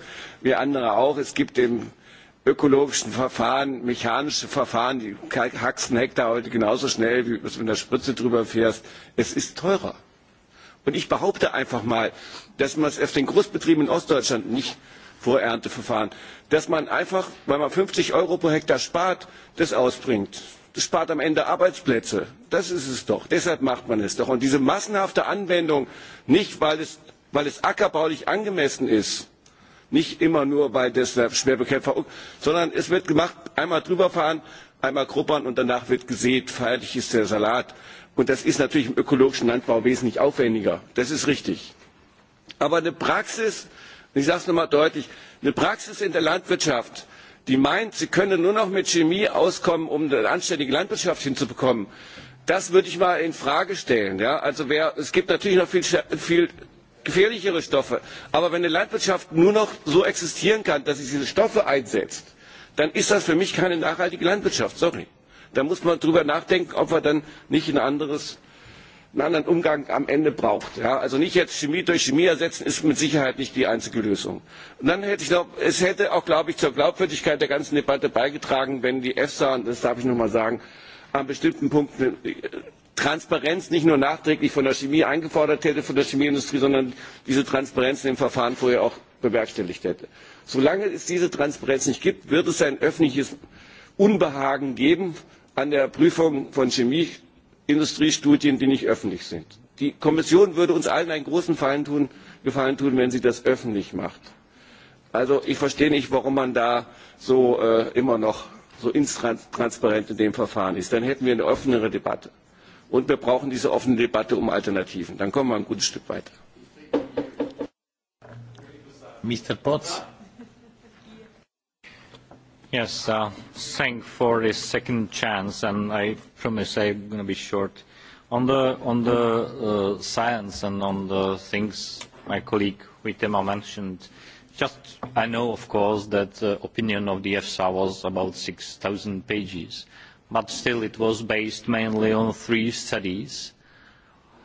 wie andere auch. Es gibt im ökologischen Verfahren, mechanische Verfahren, die einen Hektar heute genauso schnell, wie du mit einer Spritze drüber fährst. Es ist teurer. Und ich behaupte einfach mal, dass man es auf den Großbetrieben in Ostdeutschland nicht vor Ernteverfahren, dass man einfach, weil man 50 Euro pro Hektar spart, das ausbringt spart am Ende Arbeitsplätze. Das ist es doch. Deshalb macht man es doch. Und diese massenhafte Anwendung, nicht weil es, weil es ackerbaulich angemessen ist, nicht immer nur weil der Schwerbekämpfer, sondern es wird gemacht, einmal drüber fahren, einmal gruppern und danach wird gesät, fertig ist der Salat. Und das ist natürlich im ökologischen Landbau wesentlich aufwendiger. Das ist richtig. Aber eine Praxis, ich sage es nochmal deutlich, eine Praxis in der Landwirtschaft, die meint, sie könne nur noch mit Chemie auskommen, um eine anständige Landwirtschaft hinzubekommen. Das würde ich mal in Frage stellen. Ja? Also wer, es gibt natürlich noch viel, viel gefährlichere Stoffe. Aber wenn eine Landwirtschaft nur noch so existieren kann, dass sie diese Stoffe einsetzt, dann ist das für mich keine nachhaltige Landwirtschaft. Sorry. Da muss man drüber nachdenken, ob wir dann nicht ein anderes einen anderen Umgang am Ende braucht. Ja, also nicht jetzt Chemie durch Chemie ersetzen, ist mit Sicherheit nicht die einzige Lösung. Und dann hätte ich noch, es hätte auch, glaube ich, zur Glaubwürdigkeit der ganzen Debatte beigetragen, wenn die EFSA, und das darf ich noch mal sagen, an bestimmten Punkten äh, Transparenz nicht nur nachträglich von der Chemie eingefordert hätte, von der Chemieindustrie, sondern diese Transparenz in dem Verfahren vorher auch bewerkstelligt hätte. Solange es diese Transparenz nicht gibt, wird es ein öffentliches Unbehagen geben an der Prüfung von Chemie Industriestudien, die nicht öffentlich sind. Die Kommission würde uns allen einen großen Gefallen tun, Gefallen tun wenn sie das öffentlich macht. Also ich verstehe nicht, warum man da so äh, immer noch so intransparent in dem Verfahren ist. Dann hätten wir eine offenere Debatte. Und wir brauchen diese offene Debatte um Alternativen. Dann kommen wir ein gutes Stück weiter. Mr. Potts. Yes, uh, thank for this second chance, and I promise I'm going to be short. On the, on the uh, science and on the things my colleague Huitema mentioned, just I know, of course, that the uh, opinion of the EFSA was about 6,000 pages, but still it was based mainly on three studies.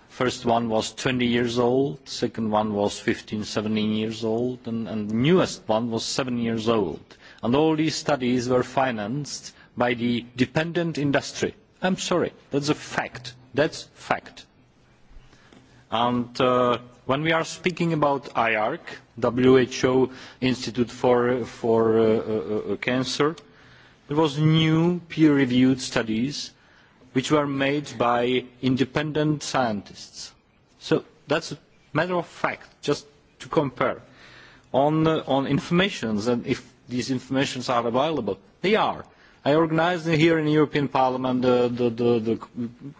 First one was 20 years old, second one was 15, 17 years old, and the newest one was seven years old and all these studies were financed by the dependent industry. I am sorry, that is a fact. That is a fact. And uh, when we are speaking about IARC, WHO Institute for, for uh, uh, uh, Cancer, there was new peer-reviewed studies which were made by independent scientists. So that's a matter of fact, just to compare. On, uh, on information, and if these informations are available. They are. I organized here in the European Parliament the, the, the, the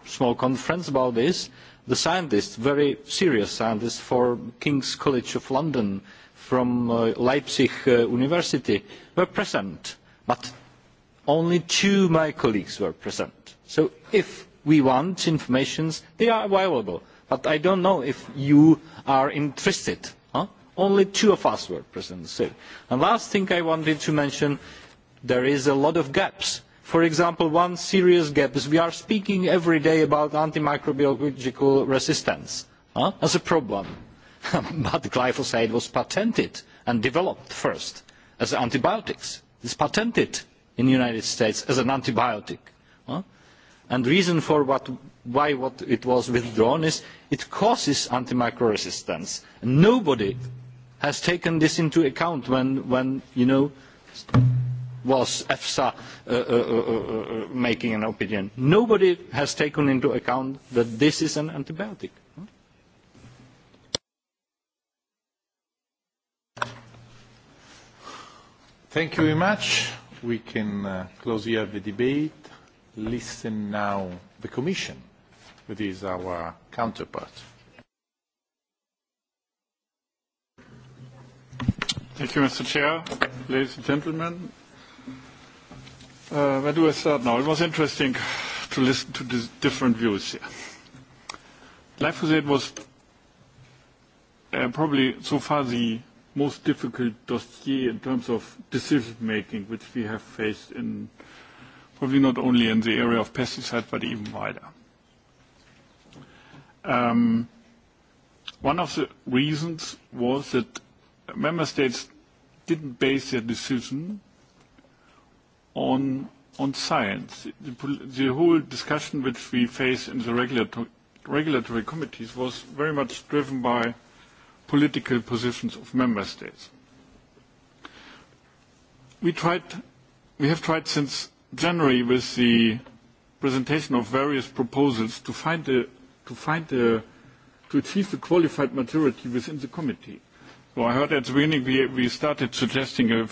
small conference about this. The scientists, very serious scientists for King's College of London, from uh, Leipzig uh, University, were present. But only two of my colleagues were present. So if we want information, they are available. But I don't know if you are interested only two of us were present. The and last thing I wanted to mention, there is a lot of gaps. For example, one serious gap is we are speaking every day about antimicrobial resistance huh, as a problem. but glyphosate was patented and developed first as antibiotics. It's patented in the United States as an antibiotic. Huh? And the reason for what, why what it was withdrawn is it causes antimicrobial resistance. Nobody has taken this into account when, when you know, was EFSA uh uh, uh, uh, uh, making an opinion. Nobody has taken into account that this is an antibiotic. Thank you very much. We can uh, close here the debate. Listen now the Commission, which is our counterpart. Thank you, Mr. Chair. Ladies and gentlemen, uh, where do I start now? It was interesting to listen to these different views here. Glyphosate was uh, probably so far the most difficult dossier in terms of decision-making which we have faced in probably not only in the area of pesticide but even wider. Um, one of the reasons was that member states didn't base their decision on on science. The, the whole discussion which we face in the regulatory, regulatory committees was very much driven by political positions of member states. We, tried, we have tried since January with the presentation of various proposals to find a, to find a, to achieve the qualified majority within the committee. Well, I heard at the beginning we, we started suggesting a,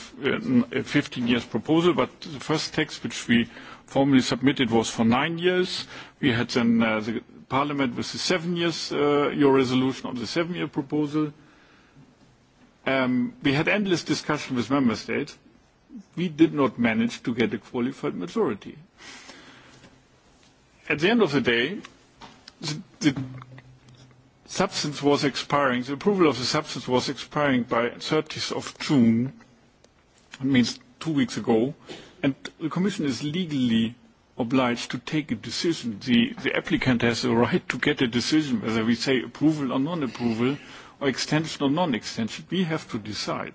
a 15 years proposal, but the first text which we formally submitted was for nine years. We had then uh, the Parliament with the seven years, uh, your resolution on the seven-year proposal. Um, we had endless discussion with member states. We did not manage to get a qualified majority. At the end of the day, the, the substance was expiring, the approval of the substance was expiring by 30th of June, that means two weeks ago, and the Commission is legally obliged to take a decision. The, the applicant has a right to get a decision whether we say approval or non-approval or extension or non-extension. We have to decide.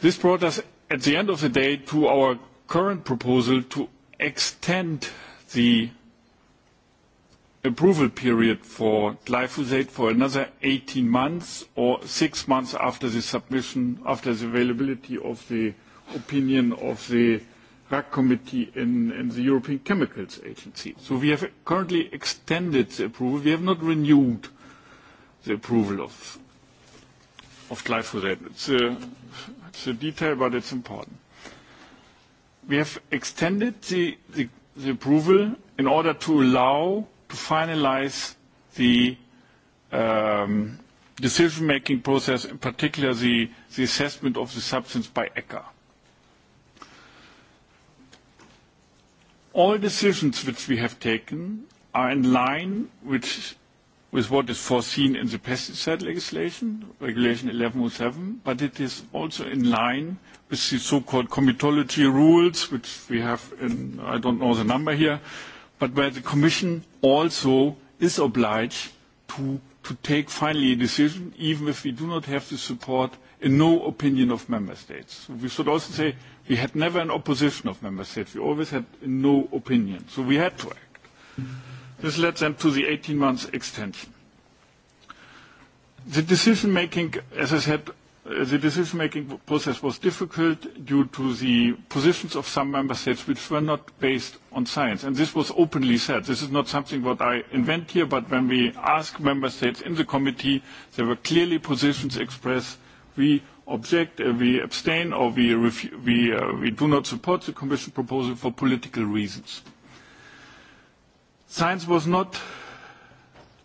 This brought us at the end of the day to our current proposal to extend the approval period for glyphosate for another 18 months or six months after the submission, after the availability of the opinion of the RAC committee in, in the European Chemicals Agency. So we have currently extended the approval. We have not renewed the approval of, of glyphosate. It's a, it's a detail, but it's important. We have extended the, the, the approval in order to allow to finalize the um, decision-making process, in particular the, the assessment of the substance by ECHA. All decisions which we have taken are in line with, with what is foreseen in the pesticide legislation, Regulation 1107, but it is also in line with the so-called comitology rules, which we have in, I don't know the number here, but where the Commission also is obliged to, to take finally a decision, even if we do not have the support in no opinion of member states. So we should also say we had never an opposition of member states. We always had no opinion. So we had to act. This led then to the 18 months extension. The decision making, as I said, Uh, the decision-making process was difficult due to the positions of some member states which were not based on science. And this was openly said. This is not something what I invent here, but when we ask member states in the committee, there were clearly positions expressed. We object, uh, we abstain, or we, we, uh, we do not support the Commission proposal for political reasons. Science was not,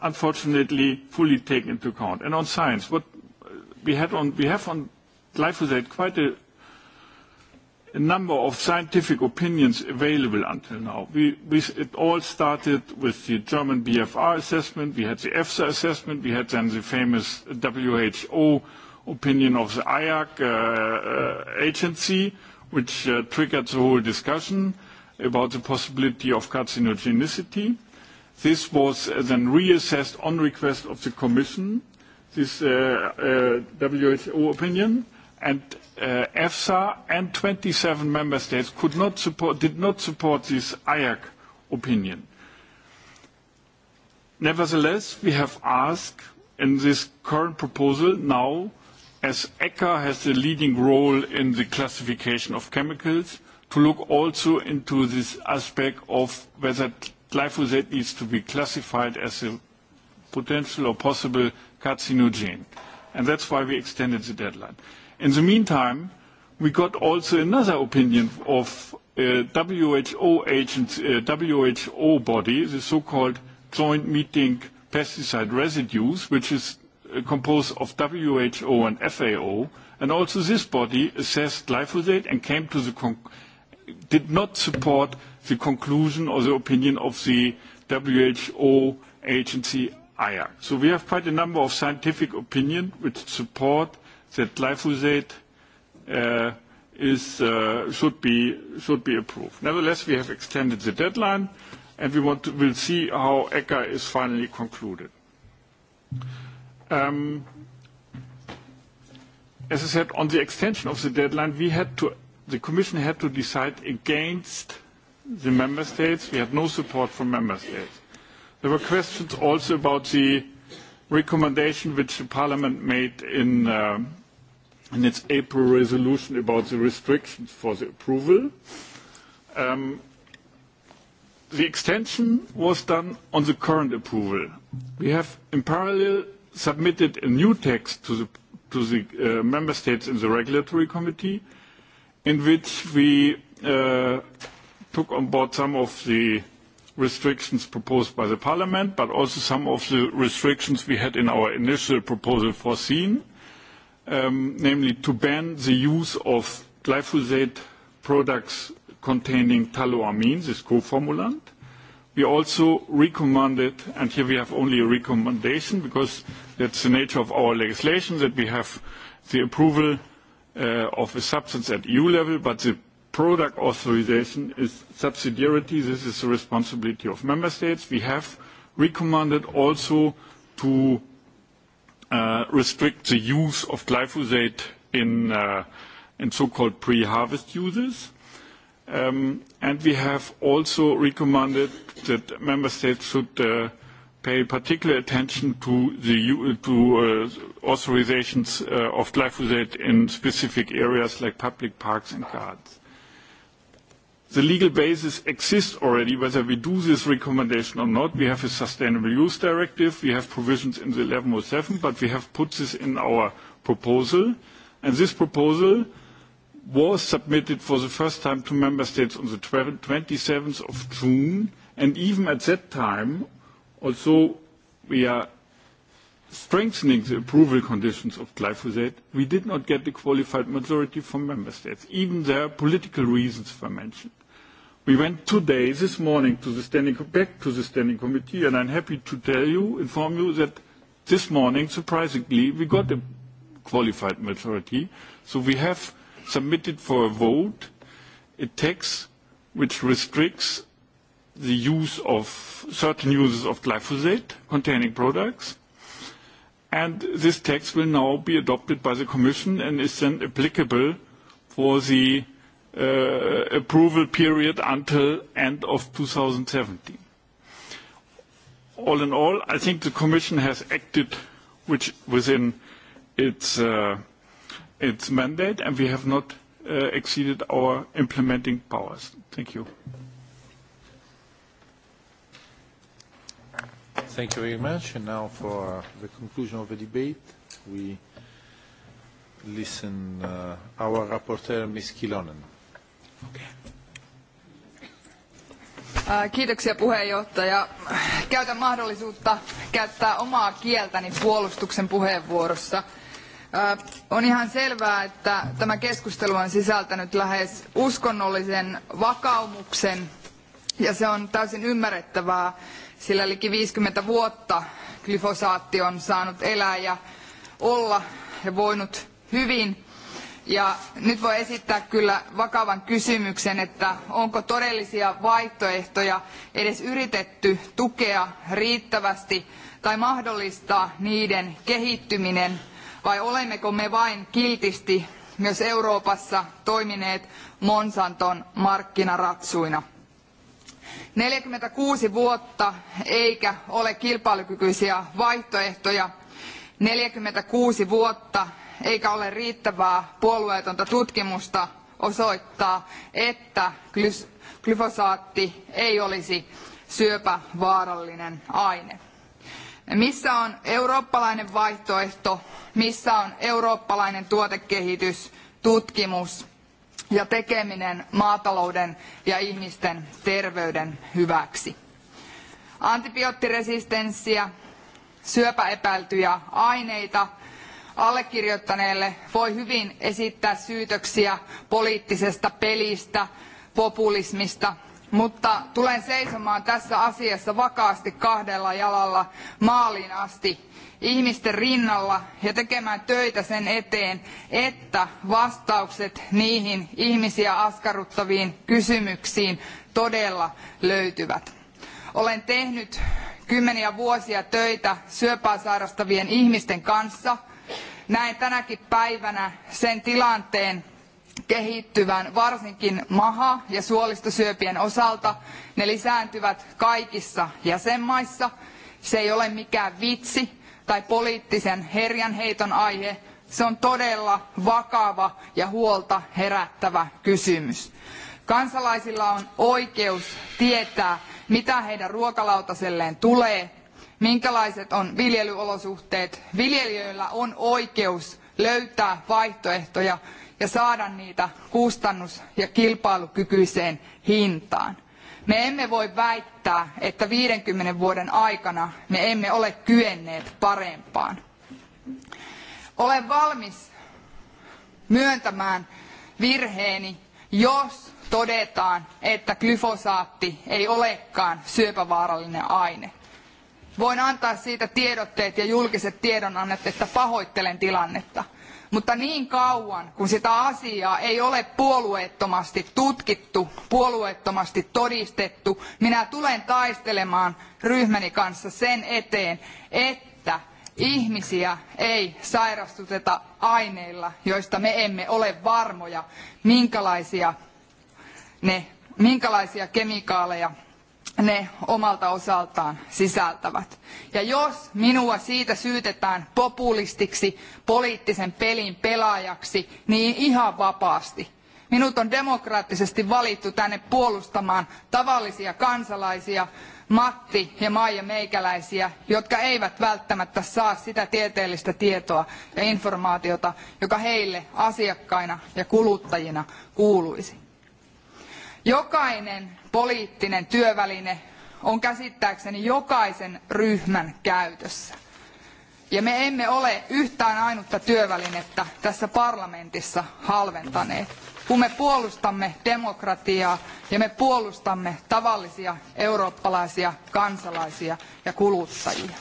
unfortunately, fully taken into account. And on science, what we have on, we have on glyphosate quite a, a number of scientific opinions available until now. We, we, it all started with the German BFR assessment, we had the EFSA assessment, we had then the famous WHO opinion of the IAC uh, uh, agency, which uh, triggered the whole discussion about the possibility of carcinogenicity. This was uh, then reassessed on request of the Commission this uh, uh, WHO opinion, and uh, EFSA and 27 member states could not support, did not support this IAC opinion. Nevertheless, we have asked in this current proposal now, as ECHA has the leading role in the classification of chemicals, to look also into this aspect of whether glyphosate needs to be classified as a potential or possible carcinogen. And that's why we extended the deadline. In the meantime, we got also another opinion of uh, WHO agent, uh, WHO body, the so-called joint meeting pesticide residues, which is uh, composed of WHO and FAO, and also this body assessed glyphosate and came to the con did not support the conclusion or the opinion of the WHO agency IR. Ah, so we have quite a number of scientific opinion which support that glyphosate uh, is, uh, should, be, should be approved. Nevertheless, we have extended the deadline and we want to, we'll see how ECHA is finally concluded. Um, as I said, on the extension of the deadline, we had to, the Commission had to decide against the Member States. We had no support from Member States. There were questions also about the recommendation which the Parliament made in, uh, in its April resolution about the restrictions for the approval. Um, the extension was done on the current approval. We have in parallel submitted a new text to the, to the uh, member states in the regulatory committee in which we uh, took on board some of the restrictions proposed by the Parliament, but also some of the restrictions we had in our initial proposal foreseen, um, namely to ban the use of glyphosate products containing taloamine, this co-formulant. We also recommended, and here we have only a recommendation because that's the nature of our legislation, that we have the approval uh, of a substance at EU level, but the product authorization is subsidiarity. This is the responsibility of member states. We have recommended also to uh, restrict the use of glyphosate in, uh, so-called pre-harvest uses. Um, and we have also recommended that member states should uh, pay particular attention to the authorizations of glyphosate in specific areas like public parks and gardens. The legal basis exists already, whether we do this recommendation or not. We have a sustainable use directive, we have provisions in the 1107, but we have put this in our proposal. And this proposal was submitted for the first time to member states on the 27th of June. And even at that time, although we are strengthening the approval conditions of glyphosate, we did not get the qualified majority from member states. Even there, political reasons were mentioned. We went today, this morning, to the standing, back to the standing committee, and I'm happy to tell you, inform you that this morning, surprisingly, we got a qualified majority. So we have submitted for a vote a text which restricts the use of certain uses of glyphosate containing products. And this text will now be adopted by the Commission and is then applicable for the Uh, approval period until end of 2017. All in all, I think the Commission has acted within uh, its, mandate, and we have not uh, exceeded our implementing powers. Thank you. Thank you very much. now for the conclusion of the debate, we listen our rapporteur, Ms. Kilonen. Kiitoksia puheenjohtaja. Käytän mahdollisuutta käyttää omaa kieltäni puolustuksen puheenvuorossa. On ihan selvää, että tämä keskustelu on sisältänyt lähes uskonnollisen vakaumuksen ja se on täysin ymmärrettävää, sillä liki 50 vuotta glyfosaatti on saanut elää ja olla ja voinut hyvin – Ja nyt voi esittää kyllä vakavan kysymyksen, että onko todellisia vaihtoehtoja edes yritetty tukea riittävästi tai mahdollistaa niiden kehittyminen, vai olemmeko me vain kiltisti myös Euroopassa toimineet Monsanton markkinaratsuina. 46 vuotta eikä ole kilpailukykyisiä vaihtoehtoja. 46 vuotta eikä ole riittävää puolueetonta tutkimusta osoittaa, että glyfosaatti ei olisi syöpävaarallinen aine. Missä on eurooppalainen vaihtoehto, missä on eurooppalainen tuotekehitys, tutkimus ja tekeminen maatalouden ja ihmisten terveyden hyväksi. Antibioottiresistenssiä, syöpäepäiltyjä aineita allekirjoittaneelle voi hyvin esittää syytöksiä poliittisesta pelistä, populismista, mutta tulen seisomaan tässä asiassa vakaasti kahdella jalalla maaliin asti ihmisten rinnalla ja tekemään töitä sen eteen, että vastaukset niihin ihmisiä askarruttaviin kysymyksiin todella löytyvät. Olen tehnyt kymmeniä vuosia töitä syöpää sairastavien ihmisten kanssa – Näen tänäkin päivänä sen tilanteen kehittyvän varsinkin maha- ja suolistosyöpien osalta. Ne lisääntyvät kaikissa jäsenmaissa. Se ei ole mikään vitsi tai poliittisen herjanheiton aihe. Se on todella vakava ja huolta herättävä kysymys. Kansalaisilla on oikeus tietää, mitä heidän ruokalautaselleen tulee minkälaiset on viljelyolosuhteet. Viljelijöillä on oikeus löytää vaihtoehtoja ja saada niitä kustannus- ja kilpailukykyiseen hintaan. Me emme voi väittää, että 50 vuoden aikana me emme ole kyenneet parempaan. Olen valmis myöntämään virheeni, jos todetaan, että glyfosaatti ei olekaan syöpävaarallinen aine. Voin antaa siitä tiedotteet ja julkiset tiedonannet, että pahoittelen tilannetta. Mutta niin kauan, kun sitä asiaa ei ole puolueettomasti tutkittu, puolueettomasti todistettu, minä tulen taistelemaan ryhmäni kanssa sen eteen, että ihmisiä ei sairastuteta aineilla, joista me emme ole varmoja, minkälaisia, ne, minkälaisia kemikaaleja ne omalta osaltaan sisältävät. Ja jos minua siitä syytetään populistiksi, poliittisen pelin pelaajaksi, niin ihan vapaasti. Minut on demokraattisesti valittu tänne puolustamaan tavallisia kansalaisia, Matti ja Maija Meikäläisiä, jotka eivät välttämättä saa sitä tieteellistä tietoa ja informaatiota, joka heille asiakkaina ja kuluttajina kuuluisi. Jokainen poliittinen työväline on käsittääkseni jokaisen ryhmän käytössä. Ja me emme ole yhtään ainutta työvälinettä tässä parlamentissa halventaneet, kun me puolustamme demokratiaa ja me puolustamme tavallisia eurooppalaisia kansalaisia ja kuluttajia.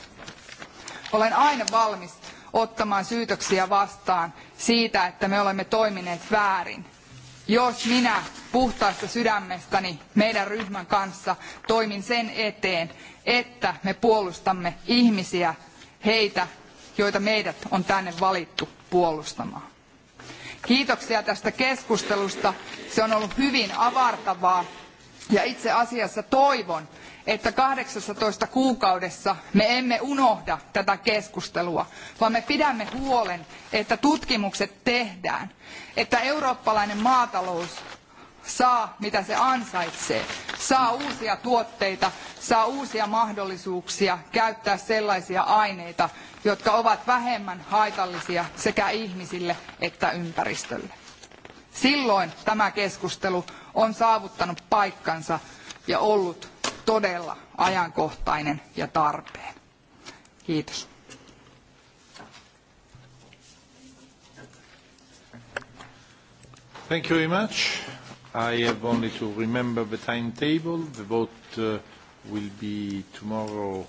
Olen aina valmis ottamaan syytöksiä vastaan siitä, että me olemme toimineet väärin – Jos minä puhtaasta sydämestäni meidän ryhmän kanssa toimin sen eteen, että me puolustamme ihmisiä, heitä, joita meidät on tänne valittu puolustamaan. Kiitoksia tästä keskustelusta. Se on ollut hyvin avartavaa ja itse asiassa toivon, että 18 kuukaudessa me emme unohda tätä keskustelua, vaan me pidämme huolen, että tutkimukset tehdään, että eurooppalainen maatalous saa mitä se ansaitsee, saa uusia tuotteita, saa uusia mahdollisuuksia käyttää sellaisia aineita, jotka ovat vähemmän haitallisia sekä ihmisille että ympäristölle. Silloin tämä keskustelu on saavuttanut paikkansa ja ollut todella ajankohtainen ja tarpeen. Kiitos. Thank you very much. I have only to remember the timetable. The vote uh, will be tomorrow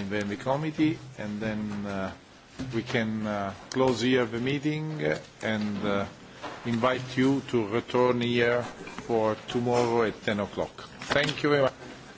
in the Envy Committee, and then uh, we can uh, close here the meeting and uh, invite you to return here for tomorrow at 10 o'clock. Thank you very much.